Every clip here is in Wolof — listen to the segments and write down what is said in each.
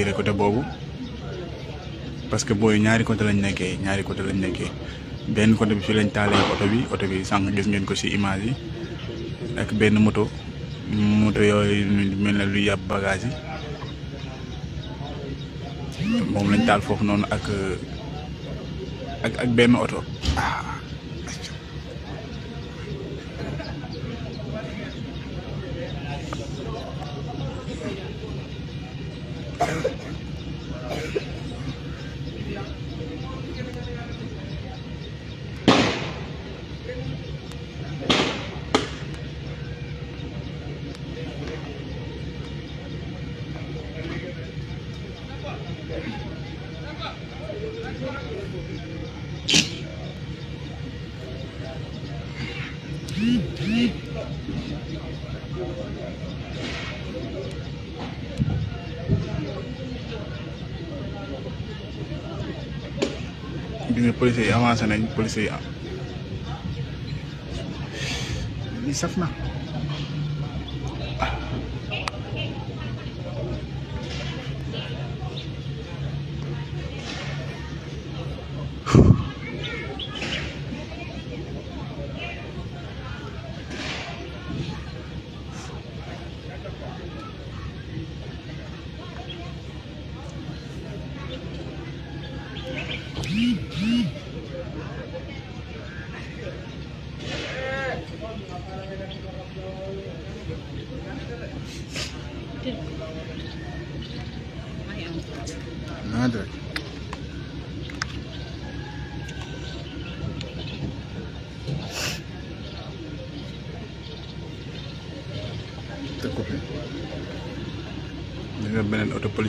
inspiré côté boobu parce que booy ñaari côté lañ nekkee ñaari côté lañ nekkee benn côté bi fi lañ taalee oto bi oto bi sànq gis geen ko ci image yi ak benn moto moto yooyu mel na luy yàpp bagage moom lañ taal foofu noonu ak ak ak benn oto. policiers yi avancé nañ policiers yi am li saf na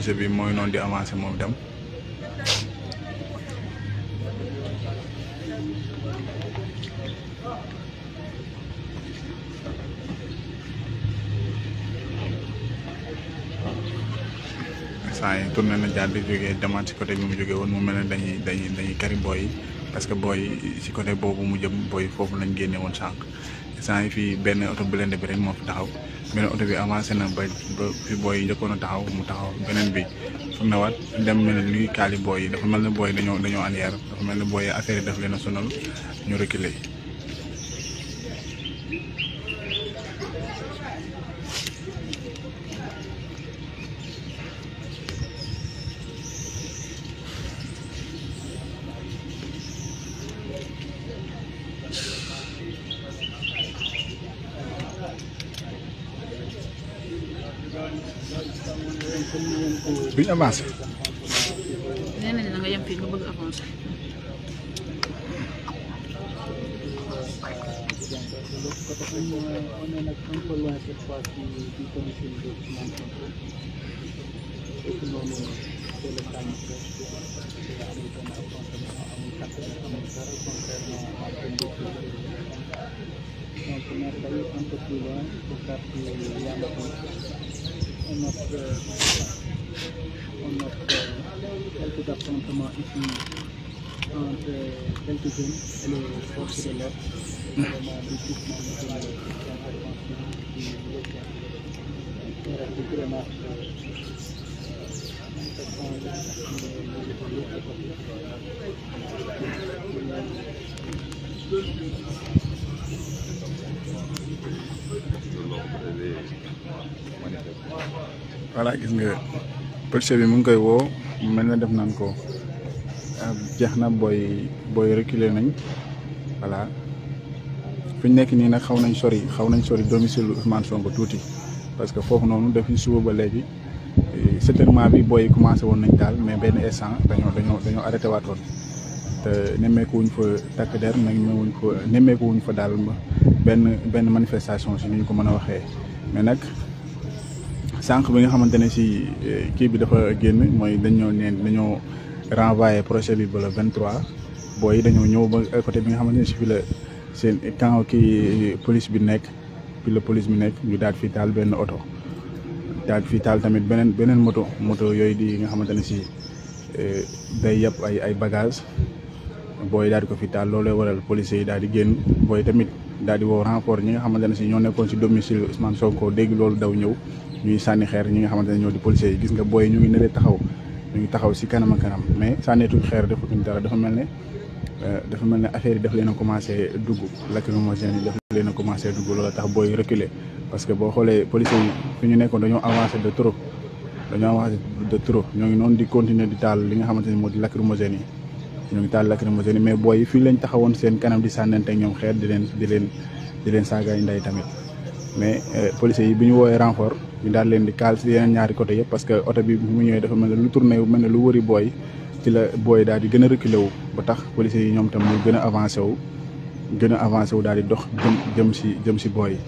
projet bi mooy noonu di avancer moom itam saa yi tourné na jaar di jógee demaat si côté bi mu jógee woon mu mel na dañuy dañuy dañuy kari booy yi parce que booy si côté boobu mu jëm booy foofu lañ génne woon sànq saa yi fii benn oto bu lende bi rek moo fi taxaw. beneen oto bi avancé na ba ba fi booy yi njëkkoon a taxaw mu taxaw beneen bi foog na waat dem mel ni luy kaali booy yi dafa mel ne booy dañoo dañoo àndiwaat dafa mel ne booy affaire yi daf leen a sonal ñu reculer. avancé. nee na nga yem fii nga bëgg avancé. on a quelques affrontements ici entre quelques jeunes et les forces de l'ordre. Vraiment, le mouvement de l'intervention du Reste vraiment voilà gis nga policier bi mu ngi koy woo mel na def naan ko ah, jeex na booy booy reculer nañ voilà fi ñu nekk nii nag xaw nañ sori xaw nañ sori domicile lu Ousmane Sonko tuuti parce que foofu noonu depuis suba ba léegi eh, certainement bi booy commencé woon nañ daal mais benn instant dañoo dañoo dañoo arrêté waatoon te nemmeeku wuñ fa takk der nag ñëwuñ fa nemmeeku wuñ fa daal benn benn manifestation si ni ko mën a waxee mais nag. sànq bi nga xamante ne si eh, kii bi dafa génn mooy dañoo neen dañoo renvoyé projet bi ba le 23 booy dañoo ñëw ba côté bi nga xamante ne si fi la seen camp kii police bi nekk fi la police bi nekk ñu daal fi taal benn oto daal fi taal tamit beneen beneen moto moto yooyu di nga xamante ne si eh, day yàpp ay ay bagages booy daal ko fi taal looloo waral police yi daal di génn booy tamit daal di woo renfort ñi nga xamante ne si ñoo nekkoon si domicile Ousmane Sonko dégg loolu daw ñëw. ñuy sànni xeer ñi nga xamante ne ñoo di policiers yi gis nga booy ñu ngi nële taxaw ñu ngi taxaw si kanam ak kanam mais sànneetuñ xeer defuñ dara dafa mel ne euh, dafa mel ne affaire yi daf leen a commencé dugg yi daf leen a commencé dugg loola booy reculer parce que boo xoolee policiers yi fi ñu nekkoon dañoo avancé de trop dañoo avancé de trop ñoo ngi noonu di continuer di taal li nga xamante ne moo di lacrymogène yi ñoo ngi taal lacrymogène mais booy yi fii lañ taxawoon seen kanam di sànnante ñoom xeer di leen di leen di leen saagaay tamit mais euh, policiers yi bi ñu woowee renfort ñu daal leen di kaal si yeneen ñaari côté yëpp parce que oto bi mu ñëwee dafa mel ne lu tourné wu mel ne lu wëri booy ci la booy daal di gën a reculé wu ba tax police yi ñoom tam ñu gën a avancé wu gën a avancé wu daal di dox jëm jëm si jëm si booy yi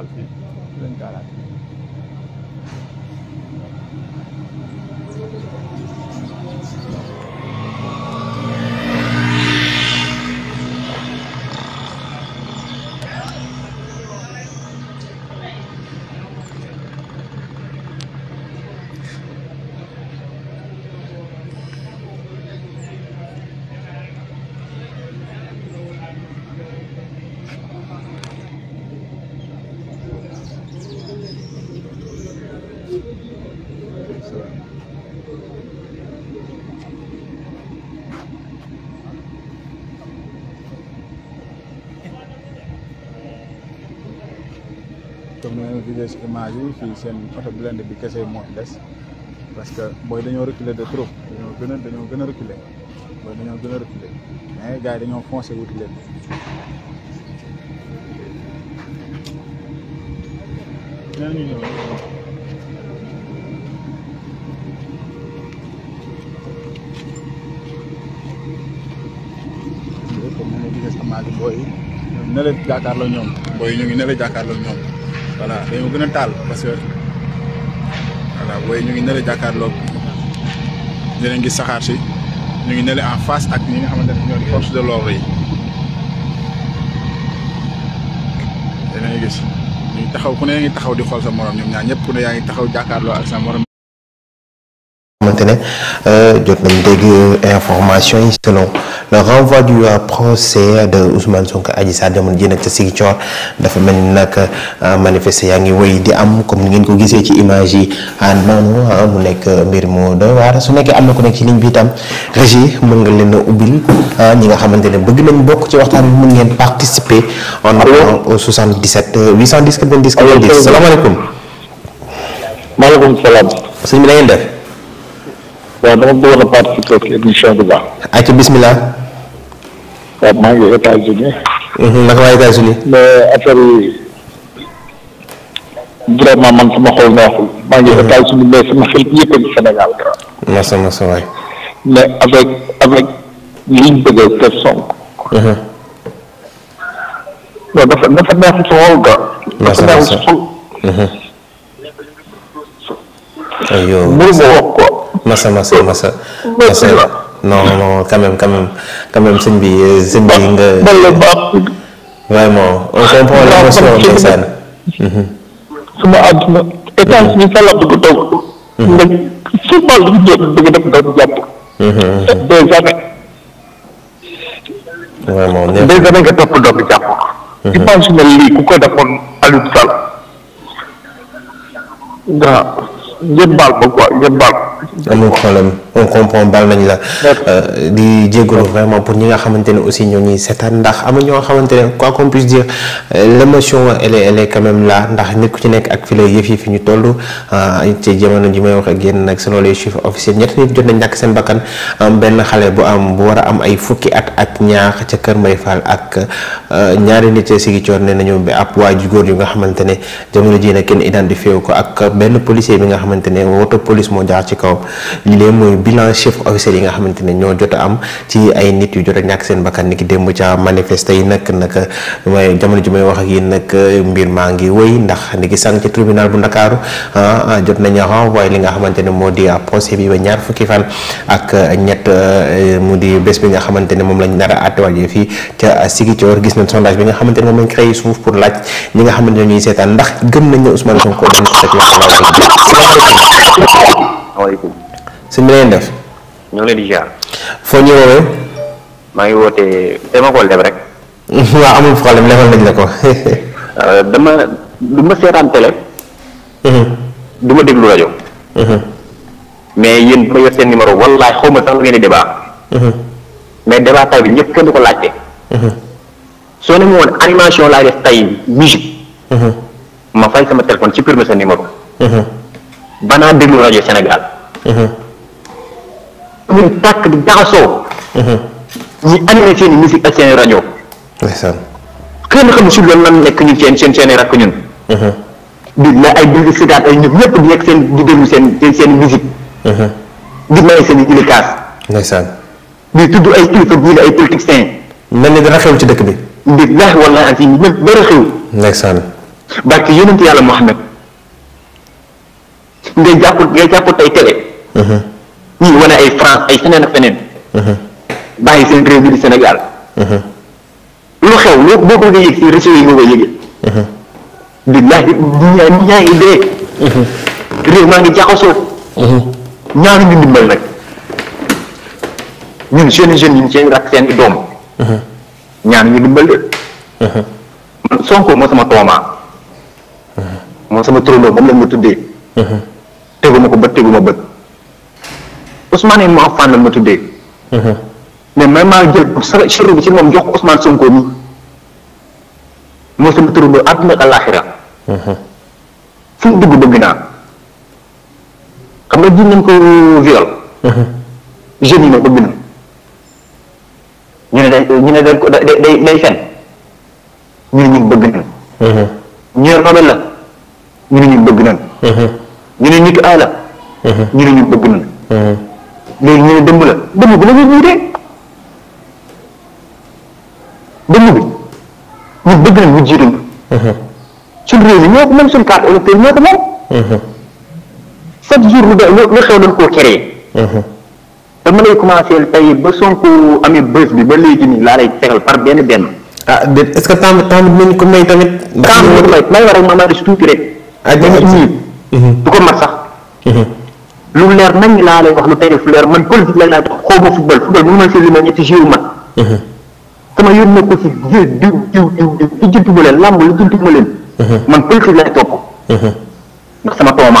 daal fii comme ni ngeen gisee si image yi fii bi kese moo des parce que booy dañoo reculer de trop dañoo gën dañoo gën a reculer booy dañoo gën a reculer dañoo foncé wuti leen. comme ni ñoom booy ñu ngi ne la jàkkaarloo ñoom. voilà dañoo gën a taal parce que voilà ñu ngi nële jàkkaarloog dinañ ngi saxaar si ñu ngi nële en face ak ñi nga xamante ñoo di de l'ordre yi dinañ gis ñu taxaw ku ne yaa ngi taxaw di xool taxaw jàkkaarloo ak sa morom. xamante ne euh, jot nañ dégg information yi selon le renvoi du procès de Ousmane Sonko Adji Sarr jamono ji nag ca Ziguinchor dafa mel ni euh, am comme ni ngeen ko gisee ci image yi ah, ah, mu nekk mbir mu doy waar su nekkee am na ku nekk ci ligne bi itam régie mën nga leen a ubbil ah, ñi nga xamante ne bëgg nañ bokk ci waxtaan bi mën ngeen participer en appelant au 77 810 90 90 salaamaaleykum maaleykum waaw dama bëggoon a participer ci émission bi baax. ayca bismillah. waaw maa ngi États-Unis. Mhm, naka waa États-Unis. mais affaire yi vraiment man sama xol neexul. maa ngi mhm. États-Unis mais sama xel yëpp a ngi Sénégal. masa masa waay. mais avec avec liñ bëggee Kër Sonko. Mhm. non dafa dafa neexul sa xol ga. dafa neexul sa xol. aywa mënu ma wax ko. masa masa masa masa non non quand même quand même quand même sëñ bi euh, sëñ bi nga vraiment on comprend l'émotion ndeysaan mhm. suma àdduna étage bi fa la bëgg toog mhm. nga football bi jot bëgg def doon jàpp mhm, des années vraiment des années nga topp doon jàpp imagine lii ku ko defoon Aliou Sall waaw ngeen baal ma quoi ngeen baal ma. nañ la. Euh, di jégalu vraiment pour ñi nga xamante ne aussi ñoo ñuy seetaan ndax amu ñoo xamante ne quoi qu'on puisse dire euh, l' émotion elle est elle ndax nit ku ci nekk ak fi la yëf yi fi ñu toll euh, ci jamono ji may wax génn yéen nag selon les chiffres officiels ñetti nit jot nañ ñàkk seen bakkan benn xale bu am bu war a am ay fukki at ak ñaax ca Kër Mbay Fall ak ñaari nit si gi coor ne nañu ab waaju góor yu nga xamante ne jamono ji nag kenn identifié ko ak benn policier bi nga xam xamante ne woto police moo jaar ci kawam li lee mooy bilan chef officiel yi nga xamante ne ñoo jot am ci ay nit yu jot a ñàkk seen bakkan ni ki démb ca manifeste yi nag naka may jamono ji may wax ak yéen nag mbir maa ngi wëy ndax ni sànq ci bu Ndakaaru ah, jot nañu renvoyé li nga xamante ne moo di à bi ba ñaar fukki fan ak ñett eh, mu di bés bi nga xamante ne moom lañ nar a àttewalee fii ca Ziguinchor gis nañ sondage bi nga xamante ne moom lañ créé suuf pour laaj ñi nga xamante ne ñuy seetaan ndax gëm nañ ne Ousmane Sonko dañ ko teg loxo wala waaleykum. sëñ bi ngeen def. ñoo leen di ziar. foo ñu maa ngi wootee dama ko leb rek. waaw amul problème lebal nañ la ko. Euh, dama du ma seetaan télé. Mhm. déglu rajo. Mhm. mais yéen bu ma yor seen numéro wallaay xaw ma sax lu ngeen di débat. Mhm. mais débat tay bi ñëpp kenn du ko laajte. soo ne ma woon animation laay def tay musique ma fay sama téléphone supprimer sa numéro. banaa déglu rajo Sénégal. ñun mhm. tàkk di jaxasoo. Mhm. ñu animé seen i ak seen i rajo. ndeysaan. kenn xam su loolu lan nekk ñu seen seen seen rakk ñun. di mhm. la ay bind sigaat ay ñoom ñëpp di nekk seen di déglu seen seen i musique. di maye seen i ilikaas. ndeysaan. di tudd ay kilifa bii la ay politiciens. mel ni dana xew ci dëkk bi. di laaj wala ak yi ñëpp dara xew. ndeysaan. barke yonent yàlla Muhammad ngay jàpp ngay jàpp tey télé. Mhm. ñii wane ay France ay feneen ak feneen. Mhm. bàyyi seen réew bi di Sénégal. Mhm. lu xew loo boo ko yëg si réseau yi ngi dee. réew maa ngi jaxasoo. ñaanu ñu ndimbal nag ñun seen i yi seen rak seen i doom. ñaanu ñu ndimbal de. Sonko moo sama toomaa. moo sama turandoo moom la ma tuddee. teguma ko bët teguma bët Ousmane yéen mu am fànn ma tuddee. mais mhm. man jël sa chéri moom jox ko Ousmane Sonko mi moo sama tur ba àdduna ak àllaaxira mhm. fu mu dugg bëgg naa xam nga ji nañ ko viol. Mhm. jeunes yi nag bëgg na ñu ne dañ ñu ne day day fen ñu ne ñu bëgg nañ. ñu ne noonu la ñu ne ñu bëgg nañ. ñu ni nit aala ñu ne ñun bëgg nañ léegi ñu ne dëmb la dëmb bi la ñuy wuutee dëmb bi ñu bëgg nañ mu jiituñ suñ réew mi ñoo ko moom suñ ko moom chaque jour lu d lu dama lay commencé tey ba Sonko amee bés bi ba léegi nii laa lay tegal par benn benn ah déet est-ce que temps temps dinañ ko may tamit temps may may war ak ma ma si tuuti rek ah Mm-hmm. du ko mat sax. Mm-hmm. lu leer nañ laa lay wax lu tey fu leer man politique lay laaj xaw ma football football bu ñu mën saisir ma ñetti jeu man. Mm-hmm. sama yoon nekkul si diw diw diw diw diw li jëntu ma leen làmb li leen. man politique lay topp. ndax tooma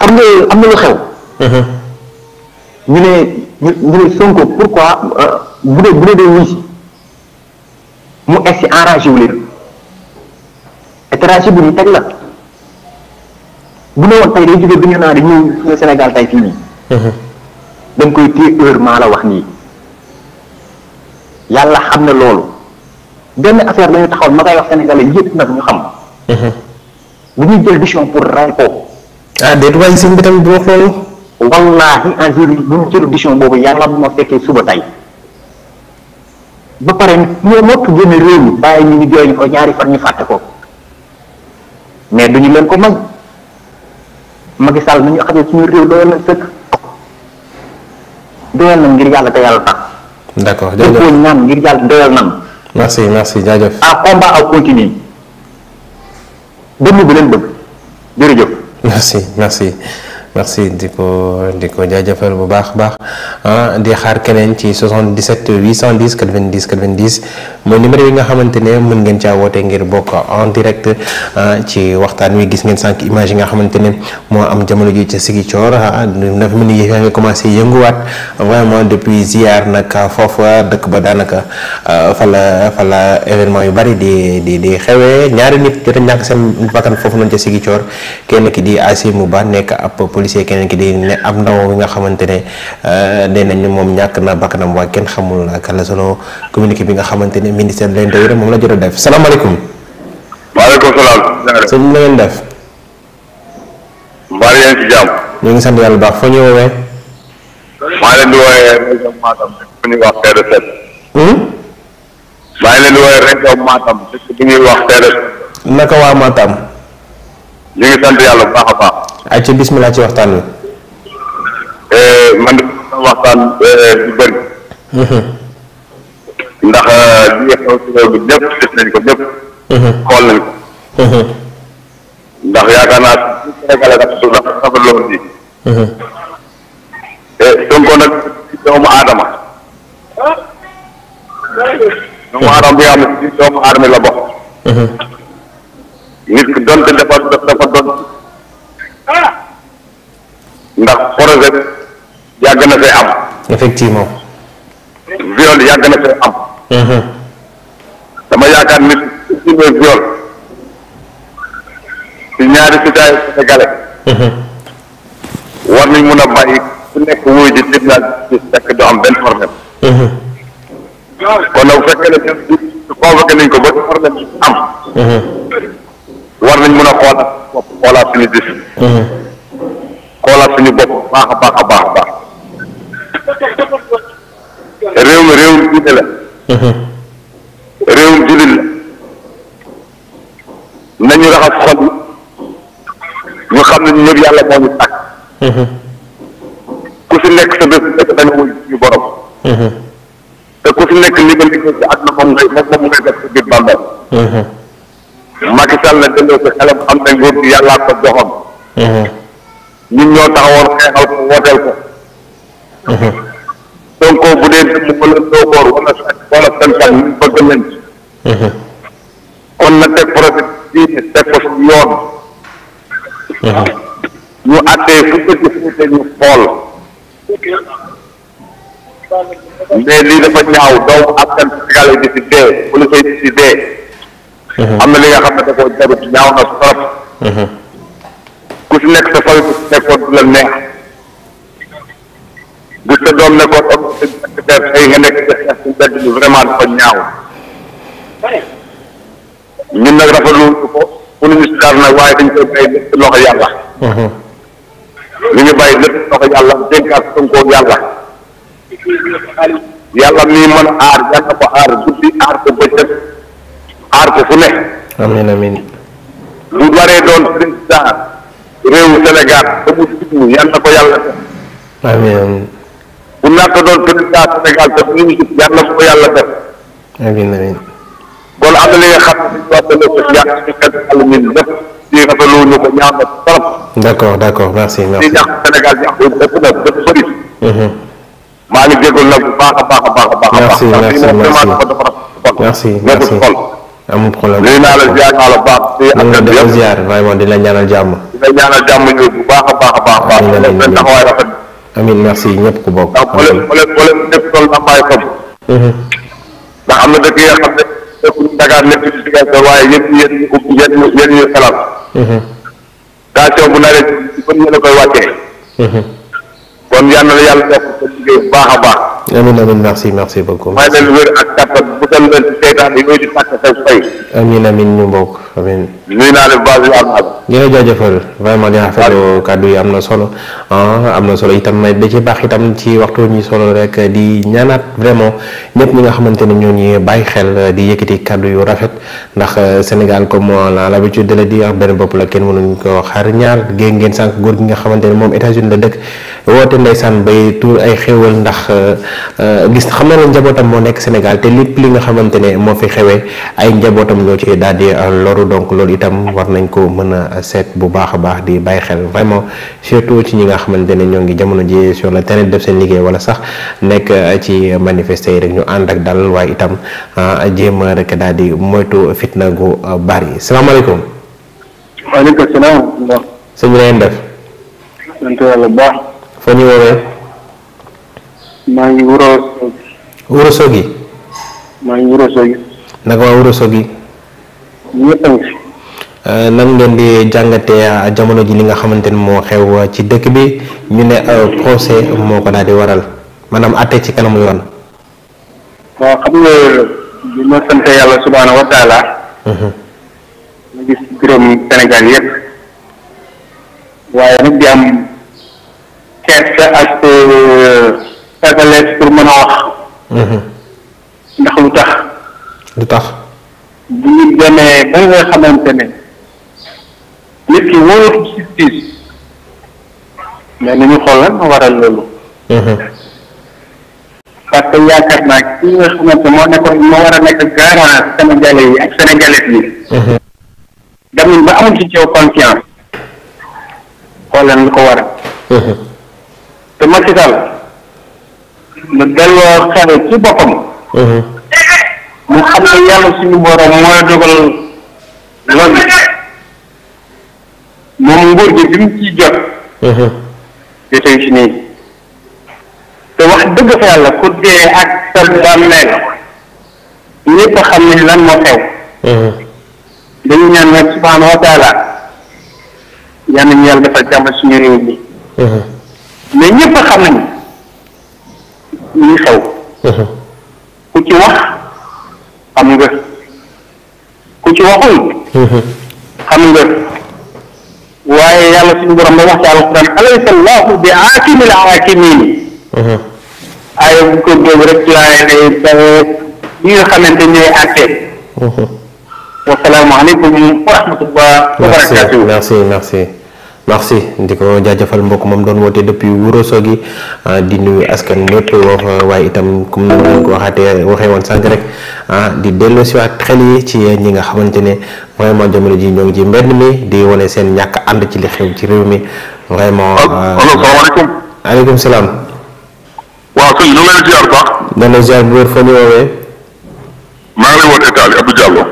am nga am lu xew. ñu ne Sonko pourquoi euh, bu dee bu dee mu egg si enragé wu leen étranger bu ñu la. bu ne woon tey day jógee bi ñu naan ñëw suñu Sénégal tey fii nii. Uh-huh. dañ koy téye heure maa la wax nii yàlla xam ne loolu benn affaire la ñu taxaw ma koy wax sénégalais yëpp nag ñu xam. Uh-huh. bu ñuy jël décision pour ray ko. ah déet waaye sëñ bi tamit bu wax loolu. wallaahi en jour boobu yàlla bu ma fekkee suba tey ba pare ñoo mottu génn réew mi bàyyi ñu ñu jooy ko ñaari fan ñu fàtte ko mais duñu leen ko may. Macky Sall nañu xam ne suñu réew doyoon na sëkk doyoon na ngir yàlla te yàlla tax. d'accord jërëjëf ñu ñaan ngir yàlla doyoon nañu. merci merci jaajëf. ah combat à continuer dënnu bi leen bëgg jërëjëf. merci merci. merci di ko di ko jaajëfal bu baax baax ah, di xaar keneen ci ne mën ngeen caa woote ngir bokk en direct ah, ci waxtaan wi gis ngeen sànq image am jamono ji ci Ziguinchor ah, dafa mel ni yaa ngi yënguwaat vraiment depuis ziar nag foofa dëkk ba daanaka fa la fa la événement yu bari di di di xewee ñaari nit jot a ñàkk seen bakkan foofu noonu ca Ziguinchor kenn ki di Asimou Ba nekk ab police policier keneen ki di ne ab ndaw bi nga xamante ne euh, nee nañ moom ñàkk na bakkanam waaye kenn xamul naka la selon communiqué bi nga xamante ne ministère de l'intérieur moom la jot a def salaamaaleykum. waaleykum salaam. sëñ bi na ngeen def. mbaa leen ci jàmm. ñu ngi sant yàlla bu baax foo ñu woowee. maa leen di woowee région Matam hmm? maa leen di woowee région wax Terre Sept. naka waa Matam. ñu ngi sant yàlla bu baax a baax. ay ci bismillah ci waxtaan wi. Eh, man de waxtaan du eh, bëri. Mhm. ndax eh, li nga xew bi lépp def nañ ko lépp. Mhm. Mhm. yaakaar naa si Sénégal dafa suuf aadama. Ah. doomu bi nga la bokk. nit ki donte dafa dafa doon ndax projet yàgg na fee am. effectivement. viol yàgg na fee am. Mhm. dama yaakaar nit ki viol ci ñaari citoyen sénégalais. Mhm. war nañ mun a bàyyi ku nekk wuy ji tribunal ci fekk du am benn problème. Mhm. kon nag bu fekkee ne convoqué nañ ko ba problème am. war nañ mën a mhm. xoolaat suñu bopp xoolaat suñu gis. xoolaat suñu bopp baax a baax a baax a baax réew mi réewum diine la. Mhm. réewum jullit la nañu raxas xol yi ñu xam ne ñu ñëpp yàlla moo ñu tàkk. Mhm. ku si nekk sa bés bu nekk da nga wuyu ku si nekk li nga liggéey moom ngay moom yàlla delloo ko xelam xam ne nguur gi yàllaa ko joxoon mhm. ñun ñoo taxawoon xeexal ko wooteel ko Sonko mhm. bu dee dëmm wala dookoor wala wala fenkat ñu bëgg nañ mhm. kon na teg projet diine teg ko su yoon ñu àttee fu bëgg fuute ñu xool mais lii dafa ñaaw doomu askan Sénégal yi di si dee policiers yi di si Mhm. am na li nga xam ne da koo jarut ñaaw na trop. Mhm. ku ci nekk sa famille ku ci nekkoon du la neex bu sa doom nekkoon am na ay nga nekk sa si mbedd bi vraiment dafa ñaaw ñun nag rafetlu ko pour ñu si dara nag waaye dañ koy bàyyi lépp loxo yàlla. li mhm. ñu bàyyi lépp loxo yàlla dénkaat Sonko yàlla. yàlla mi mën aar yàlla ko aar guddi aar ko bëccëg. aar ko fu ne. amiin amiin. lu waree doon président réewu Sénégal te mu jublu yal na ko yàlla def. amiin amiin. bu naata doon président Sénégal te mu jub yal na ko yàlla def. amiin amiin. kon am na li nga xam ne dañ ko doon def yàlla ci xel xel ñun ñëpp di rafetlu ñu ko ñaan trop. d'accord d'accord merci merci. di ñàkk Sénégal ñàkk yu bëri na dafa bëri. maa ngi jégalu nag bu baax a baax a baax a baax. merci merci merci merci merci. amul problème léegi naa la ziar naa la baax. di ak di la ziar vraiment di la ñaanal jàmm. di la ñaanal jàmm ñu bu baax a baax a baax. amiin amiin baax taxawaay rafet. amiin merci ñëpp ku bokk. amiin ndax mu leen mu leen ñëpp toll na mbaay xam. ndax am na dëkk yoo xam ne dëkk Dakar lépp ci a mm-hmm. merci merci may leen wér ak kattan. musal ci seytaan yi muy di sàkk sa fay. amiin amiin ñu mbokk amiin. nuyu naa leen baax yu am ñu lay jaajëfal vraiment di rafetlu kàddu yi am na solo ah, am na solo itam da ci baax itam ci waxtu ñi solo rek di ñaanaat vraiment ñëpp ñi nga xamante ne ñoo ñuy bàyyi xel di yëkkati kàddu yu rafet ndax euh, Sénégal comme on a l'habitude de le dire benn bopp la kenn mënuñ ko xaar ñaar géej ngeen sànq góor gi nga xamante ne moom États-Unis la dëkk woote ndeysaan bay tuur ay xéewal ndax euh, euh, gis xam na ne njabootam moo nekk Sénégal te lépp li nga xamante ne moo fi xewee ay njabootam ñoo ci daal di loru donc loolu itam war nañ ko mën a seet bu baax a baax di bàyyi xel vraiment surtout ci ñi nga xamante ne ñoo ngi jamono ji sur le terrain def seen liggéey wala sax nekk euh, ci manifester yi rek ñu ànd ak dal waaye itam euh, jéem a rek daal di moytu fitna gu euh, bari salaamaaleykum. maaleykum salaam. sëñ bi ngeen def. sant yàlla bu baax. fa ñu woowee. maa ngi wuro. wuro Sogi. maa ngi wuro Sogi. naka waa wuro Sogi. ñëpp Euh, nan ngeen di jàngatee euh, jamono ji li nga xamante ni moo xew euh, ci dëkk bi ñu ne procès moo ko daal di waral maanaam àtte ci kanamu yoon. waaw xam nga bi ma sant yàlla subhaana wa mhm. mhm. ndax lu tax. lu tax. bu ñu demee ba nga xamante ne. nit ki wóorul si siis mais ni ñu xool lan waral loolu. Mhm. parce que yaakaar naa ki nga xamante moo nekkoon moo war a nekk garant sénégalais yi ak sénégalaises yi. Mhm. dem nañ ba amul ci yow confiance xool lan lu ko war mhm. te Macky Sall mu delloo xel ci boppam. mu xam ne yàlla suñu borom mooy dogal loolu. moom nguur gi bi mu ciy jot jotee mhm. ci nii te wax dëgg yàlla ku dee ak sa bàmmeel ñëpp xam ne lan moo xew mhm. dañu ñaan nag subhaanahu wa taala yal nañu yàlla defal jàmm suñu réew mi mhm. mais ñëpp xam nañu li xew ku ci wax ku ci waxul xam nga waaye yàlla suñu borom ba wax ci alquran alaysa allahu bi aakimil aakimin uh-huh. aaya bu ko dóobu rek ci laaye ne ba ñi nga xamante ñooy àtte wasalaamu uh-huh. aleykum wa rahmatullah wa barakatuh merci merci merci di ko jaajëfal mbokk moom doon woote depuis Wuro Sogi ah, di nuyu askan ñëpp waaye itam comme ni ma ko waxaatee waxee woon sànq rek ah, di delloo si waat xel yi ñi nga xamante ne vraiment jamono ji ñoo ngi ci mbedd mi di wane seen ñàkk ànd ci li ci réew mi vraiment. Ah, allo salaamaaleykum. aleykum salaam. waaw sëñ ñu ngi lay ziar baax. dana ziar bu wér fa ñu woowee. lay wootee Tali Abdou Diallo.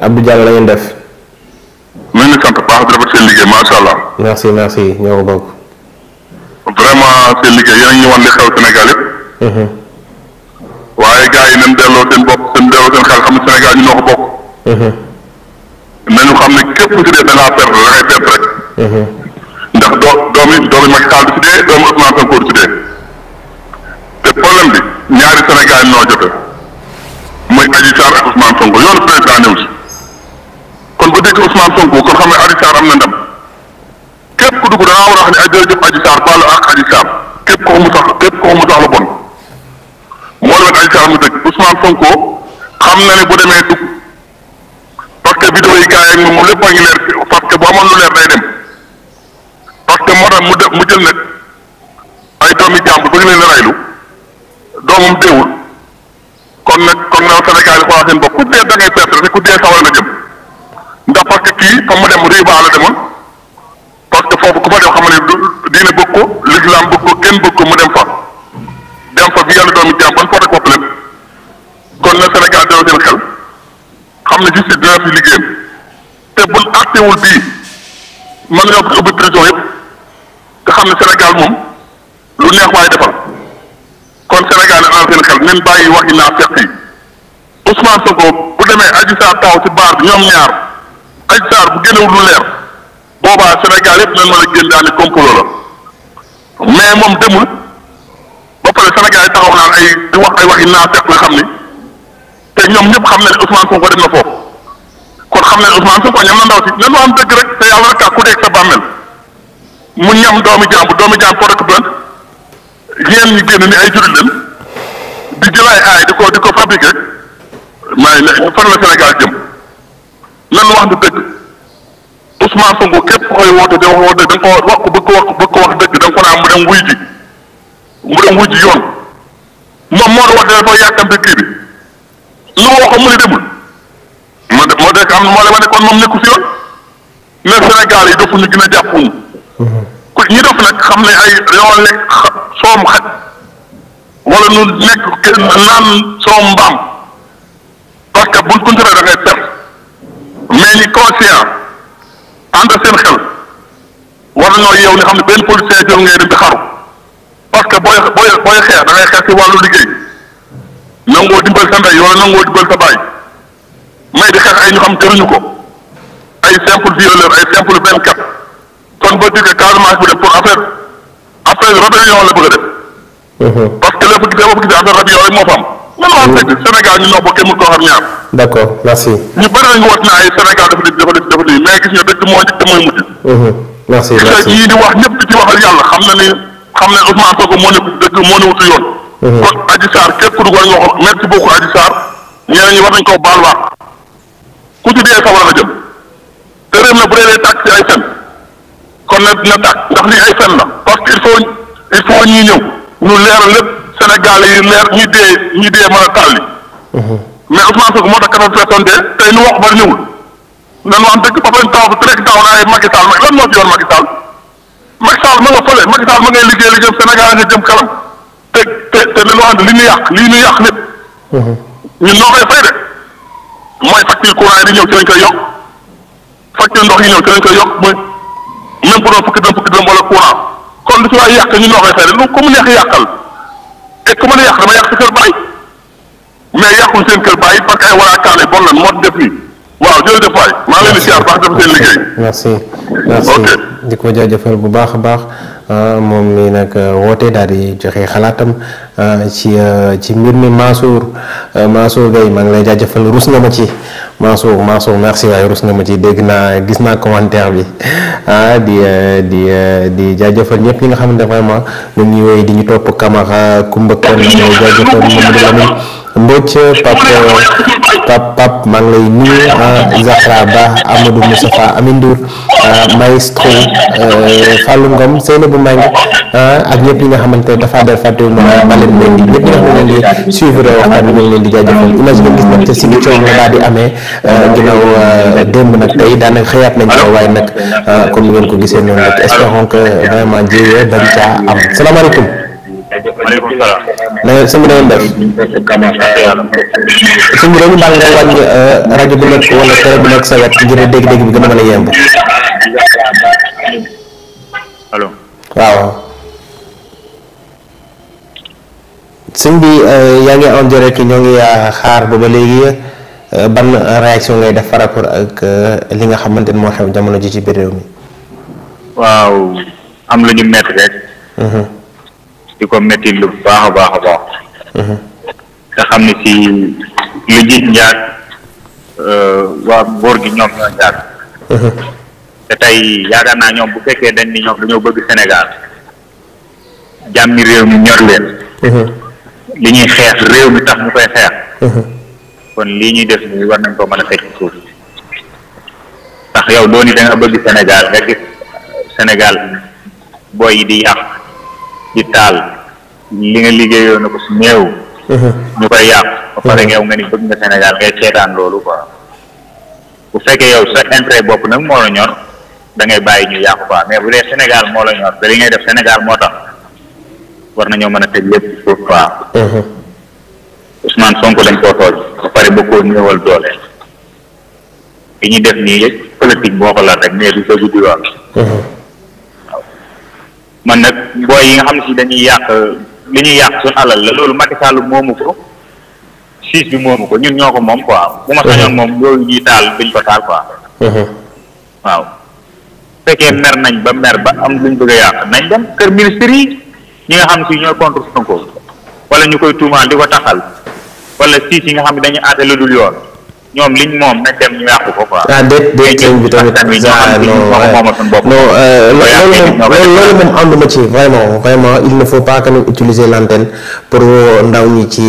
Abdou Diallo def. seen liggéey macha allah. merci merci ñoo ko bokk. vraiment seen liggéey yéen a xew Sénégal mhm. waaye gars yi nañ delloo seen bopp seen delloo seen xam ne Sénégal ñu ko bokk. Mhm. nañu xam ne képp ku ci dee da ngaa perte da ngay perte rek. Mhm. ndax doo doomi doomi Macky Sall du ci doomi Ousmane Sonko du ci te problème bi ñaari Sénégal ñoo muy Adji Sarr ak Ousmane Sonko yoonu président ñëw ci. kon bu déggee Ousmane Sonko kon xam ne Adji am na ndam képp ku dugg dangaa war a wax ne ay jërëjëf Adji Sarr ak Adji képp ko mu sax képp ko mu sax lu bon moo mu dëgg Ousmane Sonko xam na ne bu demee dugg parce bi vidéo yi gars yi moom lépp a ngi leer parce que bu amoon lu leer day dem parce que moo tax mu de mu jël nag ay doomi jàmbur bëgg leen a raylu doomam déewul kon nag kon na Sénégal yi xoolal seen bopp ku dee da ngay perte rek dee sawar na jëm ndax parce que kii fa mu dem riba la demoon parce que foofu ku fa dem xam ne diine bëgg ko l'islam bëgg ko kenn bëgg ko mu dem fa dem fa bi yàlla doomi jaam ban fa rek bopp leen kon na Sénégal delloo seen xam ne justice dina fi liggéeyam te bul àttewul bii mën nañoo ubbi prison yëpp te xam ne Sénégal moom lu neex waaye defal kon Sénégal ne am seen xel nañ bàyyi wax yi naa fekk yi Ousmane Sonko bu demee Adji Sarr taw ci baar bi ñoom ñaar ay Sarr bu génnewul lu leer boobaa Sénégal yëpp nañ mën a génn daal ni la mais moom demul ba pare Sénégal yi taxaw naan ay di wax ay waxi naa fekk nga xam ni te ñoom ñëpp xam na ne Ousmane Sonko dem na foofu kon xam na ne Ousmane Sonko ñam na ndaw si nan ma dëgg rek te yàlla rek ku nekk sa bàmmeel mu ñam doomi jàmb doomi jàmb ko rek bant yéen génn ni ay jullit leen di jëlaay aay di ko di ko fabriqué maa ngi ne fan la Sénégal jëm. lan wax nga dëgg Ousmane Sonko képp koy woote di wax dëgg da nga ko wax ko bëgg ko wax bëgg ko wax dëgg da ko naan mu dem wuy ji mu dem wuy ji yoon moom moo di wax dafa yàkkamte kii bi lu ma waxoon mu ne demul ma de moo am moom nekku si yoon mais Sénégal yi dofuñu gën a jàppuñu ku ñi dof nag xam ne ay dañoo lekk soom xaj wala nu nekk naan soom mbaam parce que buñ continué da ngay perte mais ñi conscient ànd seen xel war nañoo yow ni xam ne benn politicien jël ngay dem di xaru parce booy booy booy xeex da ngay xeex ci wàllu liggéey nangoo dimbal sa ndey wala nangoo dimbal sa may di xeex ay ñu xam jëruñu ko ay simple violeur ay simple vingt-quatre kon ba dégg Casamance bi dem pour affaire affaire rébellion la bëgg a def. Mhm. parce que gisee boo fa gisee affaire rébellion rek moo fa man waa fekk Sénégal ñu noo bokkee mun koo xam ñaar. d' merci. ñu bëri nañu wat naa ay Sénégal dafa def dafa def dafa gis nga dëgg moo njëkk te mooy mujj. Mhm, merci merci ñii di wax ñëpp di ci na ni xam na Ousmane Sonko moo nekk moo ne wutu yoon. Mhm. kon Adji Sarr képp ku dugg war nga ko merci beaucoup Adji Sarr ñeneen ñi war nañ koo baal waax ku ci dee sawar a jëm te réew na bu dee dee tàkk ci ay fen kon na na tàkk ndax lii ay fen la parce que il faut il faut ñuy ñëw ñu leeral lépp. Sénégal yi leer ñi dee ñi dee mën a tàlli uh-huh. mais Ousmane Sonko moo tax kanam personne dee tey lu wax bari ñëwul nan wax dëgg ba bañ taw rek taw na ay Macky Sall lan moo ci yor Macky Sall Macky Sall ma nga fële Macky Sall ma ngay liggéey liggéeyam Sénégal nga jëm kanam te te te li ñu wax li ñu yàq lii ñu yàq lépp. Uh-huh. ñun noo koy fay de mooy facture courant yi di ñëw ci lañ koy yokk facture ndox yi ñëw ci lañ koy yokk mooy même bu doon fukki dërëm fukki wala courant kon li ci waay yàq ñun noo koy fay de lu et ku mën a yàq dama yàq sa kër baay mais yàqul seen kër baay parce que ay waraakaane bon lan moo def nii waaw jërëjëf waay maa ngi leen di siyaar baax def seen liggéey. merci di ko jaajëfal bu baax a baax euh, moom mi nag euh, woote daal di joxe xalaatam euh, ci ci mbir mi Mansour Mansour Gueye maa ngi lay jaajëfal rus nga ma ci Mansour Mansour merci waaye rus nga ma ci dégg naa gis naa commentaire bi ah di di di jaajëfal ñëpp ñi nga xam ne vraiment ñu ngi wéy di ñu topp Camara Kumba Kone jaajëfal Mamadou Lamine Mbodj Pape Pape Pape maa ngi lay nuyu ah, Zahra Ba Amadou Moustapha Amindour ah, maestro eh, Fallou Ngom Seynabou Mbengue ah, ak ñëpp ñi nga xamante ne dafa del fàttewu ma ma leen leen di ñëpp ñëpp leen di suivre waxtaan bi ñu ngi leen di jaajëfal image bi gis nag te si coow nga daal di amee eh, ginnaaw eh, démb nag tey daanaka xëyaat nañ ko waaye nag comme ni ngeen ko gisee noonu rek espérons que vraiment jéyee bañ caa am salaamaaleykum maaleykum salaam. bi rajo bu nekk wala télé bu nekk sa wet ngir dégg-dégg bi gën a yaa ngi en direct ñoo ngi xaar ba ba léegi ban réaction ngay def par rapport ak li nga xamante ni moo xew jamono ji ci biir réew mi. waaw am lu ñu rek. Mm-hmm. di ko métti lu baax a baax a baax te xam ne si lu jiit njaag euh, waa góor gi ñoom ñoo njaag te tey yaakaar naa ñoom bu fekkee dañ ni ñoom dañoo bëgg Sénégal jàmmi réew mi ñor leen li ñuy xeex réew mi tax mu koy xeex kon lii ñuy def nii war nañ ko mën a fekk suuf ndax yow dooni da nga bëgg Sénégal nga gis Sénégal booy yi di yàq ci taal li nga liggéeyoo a ko si néew uh-huh. ñu koy yàqu ba pare uh-huh. nga ni bëgg nga Sénégal ngay seetaan loolu quoi bu fekkee yow sa intérêt bopp nag moo la ñor da ngay bàyyi ñu yàqu quoi mais bu dee Sénégal moo la ñor da li ngay def Sénégal moo tax war nañoo mën a tëj lépp foofu quoi uh-huh. Ousmane Sonko dañ ba pare ba koo néewal doole li ñuy def nii politique boo ko la rek mais du dëgg man nag booy yi nga xam ni si dañuy yàq li ñuy yàq suñu alal la loolu Macky Sall moomu ko siis bi moomu ko ñun ñoo ko moom quoi bu ma sañoon moom loolu ñuy taal duñ ko taal quoi uh-huh. waaw fekkee mer nañ ba mer ba am luñ bëgg a yàq nañ dem kër ministre yi ñi nga xam ne si ñooy contre Sonko wala ñu koy tuumaal di ko taxal wala siis yi nga xam ne dañuy aate lu dul yoon ñoom liñ moom nañ ko quoi. ah déet bi tamit ah non loolu moom loolu moom ànduma ci vraiment vraiment il ne faut pas que ñu utiliser l'antenne pour ndaw ñi ci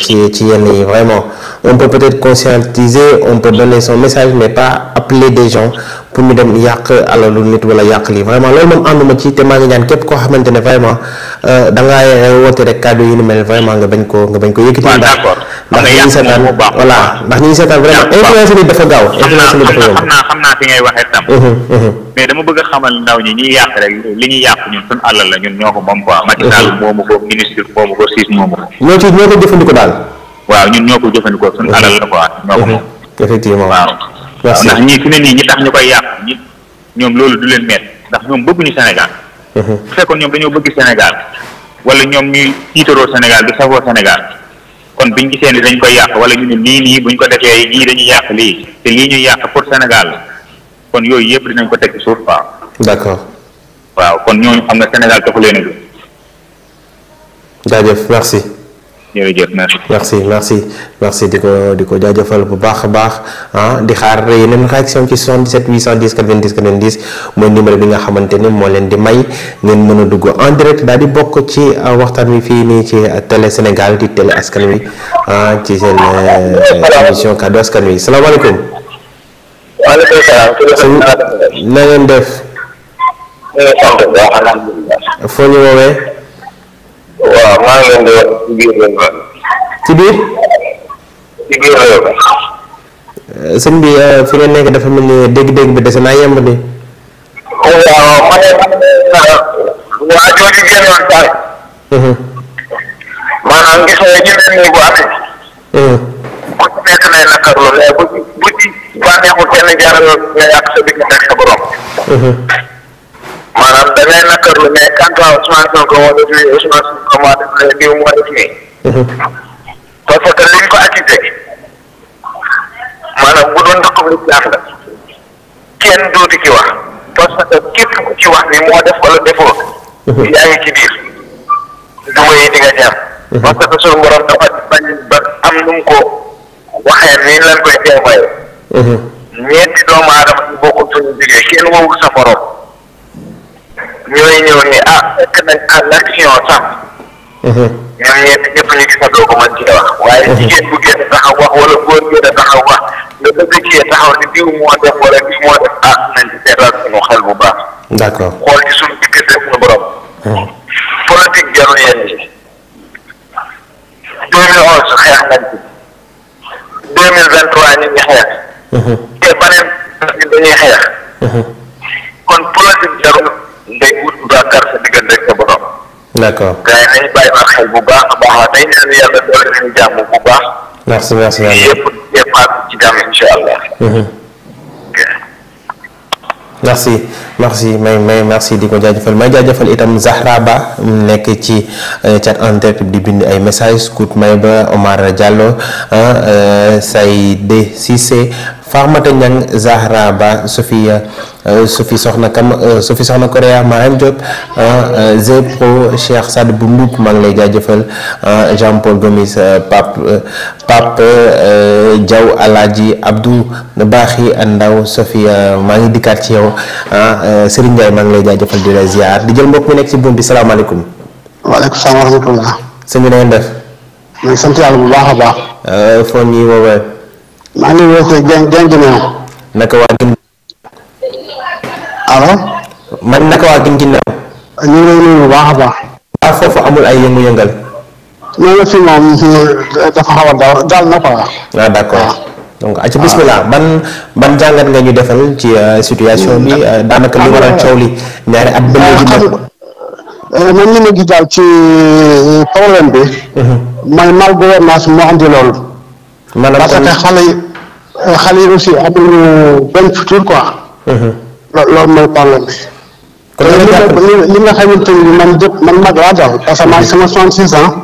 ci ci yenn yi vraiment on peut peut-être conscientiser on peut donner son message mais pas appeler des gens pour ñu dem yàq alalu nit wala yàq lii vraiment loolu moom ànduma ci te maa ngi képp koo xamante ne vraiment da ngaa woote rek kàddu yu ni mel vraiment nga bañ ko nga bañ ko yëkkati. waaw d'accord. ndax ñi seetaan voilà ndax ñi seetaan vraiment influence bi dafa gaaw influence bi xam naa xam naa fi ngay waxee tam mhm, mhm. mais dama bëgg a xamal ndaw ñi ñu yàq rek li ñu yàq ñun suñu àll la ñun ñoo ko moom quoi Macky Sall mhm. moomu ko ministre moomu ko siis moomu ko ñoo ci ñoo ko jëfandikoo daal waaw ñun ñoo ko jëfandikoo suñu alal la quoi ñoo ko moom effectivement ndax ñii fi ne nii ñi tax ñu koy yàq ñoom loolu du leen metti ndax ñoom bëgguñu Sénégal bu fekkoon ñoom dañoo bëgg Sénégal wala ñoom ñuy tiitaroo Sénégal di safoo Sénégal kon biñ gisee ni dañ koy yàq wala ñu ne nii nii buñ ko defee ñii dañuy yàq lii te lii ñuy yàq pour Sénégal kon yooyu yëpp dinañ ko teg ci suuf waaw. d'accord waaw kon ñooñu xam nga Sénégal taxu leen a jóg. jaajëf merci. jërëjëf merci. merci merci merci di ko di ko jaajëfal bu baax a baax ah di xaar yeneen réaction ci 77 810 90 90 mooy numéro bi nga xamante ni moo leen di may ngeen mën a dugg en direct daal di bokk ci ah, waxtaan wi fii nii ci télé Sénégal di télé askan wi ah ci seen euh, émission kaddu askan wi salaamaaleykum. waaleykum salaam. na ngeen def. foo ñu woowee. waaw maa leen di ci biir réew mi. ci biir. ci biir réew mi. Eh, eh, fi nga nekk dafa mel ni dégg-dégg bi dese naa yemb ni. waaw man de waa jooju génnoon tànk. Mm-hmm. maanaam gis nga ñu ne nii bu amee. Mm-hmm. ku ci nekk lay nakarlu mais bu bu ci bànneexul kenn jaarale nga yàq sa diggante ak sa borom. Mm-hmm. maanaam da ngay nakarlu mais quant à Ousmane Sonko moo def nii Ousmane Sonko moo def nii diw moo def nii. parce que ko accusé maanaam bu doon naqam lu jaax la kenn dootu ci wax parce que képp ku ci wax ni moo def wala defoo. Mhm. yaa ngi ci biir duma yi di nga jàpp. Mhm. parce que suñu borom dafa bañ ba am nu mu ko waxee nii lan koy teewaayoo. Mhm. ñeenti doomu aadama ñu bokkul suñu jugee kenn wowul sa borom. ñooy ñëw ne ah fekk nañ en action sax. ñooy ñëpp ñëpp ñu gis nga doo ko mën ci wax. waaye jigéen bu génn taxaw wax wala góor génn taxaw wax nga dëgg cee taxaw ne diw moo def wala diw def ah bu baax. d'accord xool ci suñu diggante suñu borom. politique jarul yenn yi. 2011 xeex nañ ci. 2023 ñu ngi xeex. te beneen dañuy xeex. kon politique jarul. day wut bàkkaar sa diggante ak sa borom. d'accord gars yi bàyyi ma xel bu baax a baax nañ naan yàlla doole nañ jàmm bu baax. Mhm. merci merci may may merci di ko jaajëfal may jaajëfal itam Zahra Ba nekk ci euh, chat en direct di bind ay message Kout Mayba Omar Diallo euh, Saïdé Cissé Fahmata Niang Zahra Ba euh, Sophie euh, Sophie Soxna Kam Sophie Soxna Korea Maham Diop euh, Zepro Cheikh Sadd bu Mboup maa ngi lay jaajëfal Jean Paul Gomis Pape Pape Diaw Alaaji Abdou Baaxi Ndaw Sophie maa ngi dikkaat ci yow ah, Serigne maa ngi lay jaajëfal di la ziar di jël mbokk mi nekk ci buum bi salaamaaleykum. waaleykum salaam wa rahmatulah. sëñ bi bu baax a baax. foo ñuy woowee. maa ngi wootee Dieng Dieng Gineew. naka waa Guinée. allo. man naka waa Guinée. ñu ngi lay nuyu baax a baax. ah foofu amul ay yëngu-yëngal. ñu fi moom dafa xaw a daw daal na quoi. ah d' accord donc ci bismillah ban ban jàngat nga ñu defal ci euh, situation bi euh, daanaka li waral coow li ñaari at ba léegi ah, nag. Euh, man li ma gis daal ci problème bi. mooy mhm. mal gouvernance moo andi loolu. maanaam parce que xale xale yi aussi futur quoi. Uh-huh. loolu mooy problème bi. kon li nga xamante man jëpp man mag laa daal parce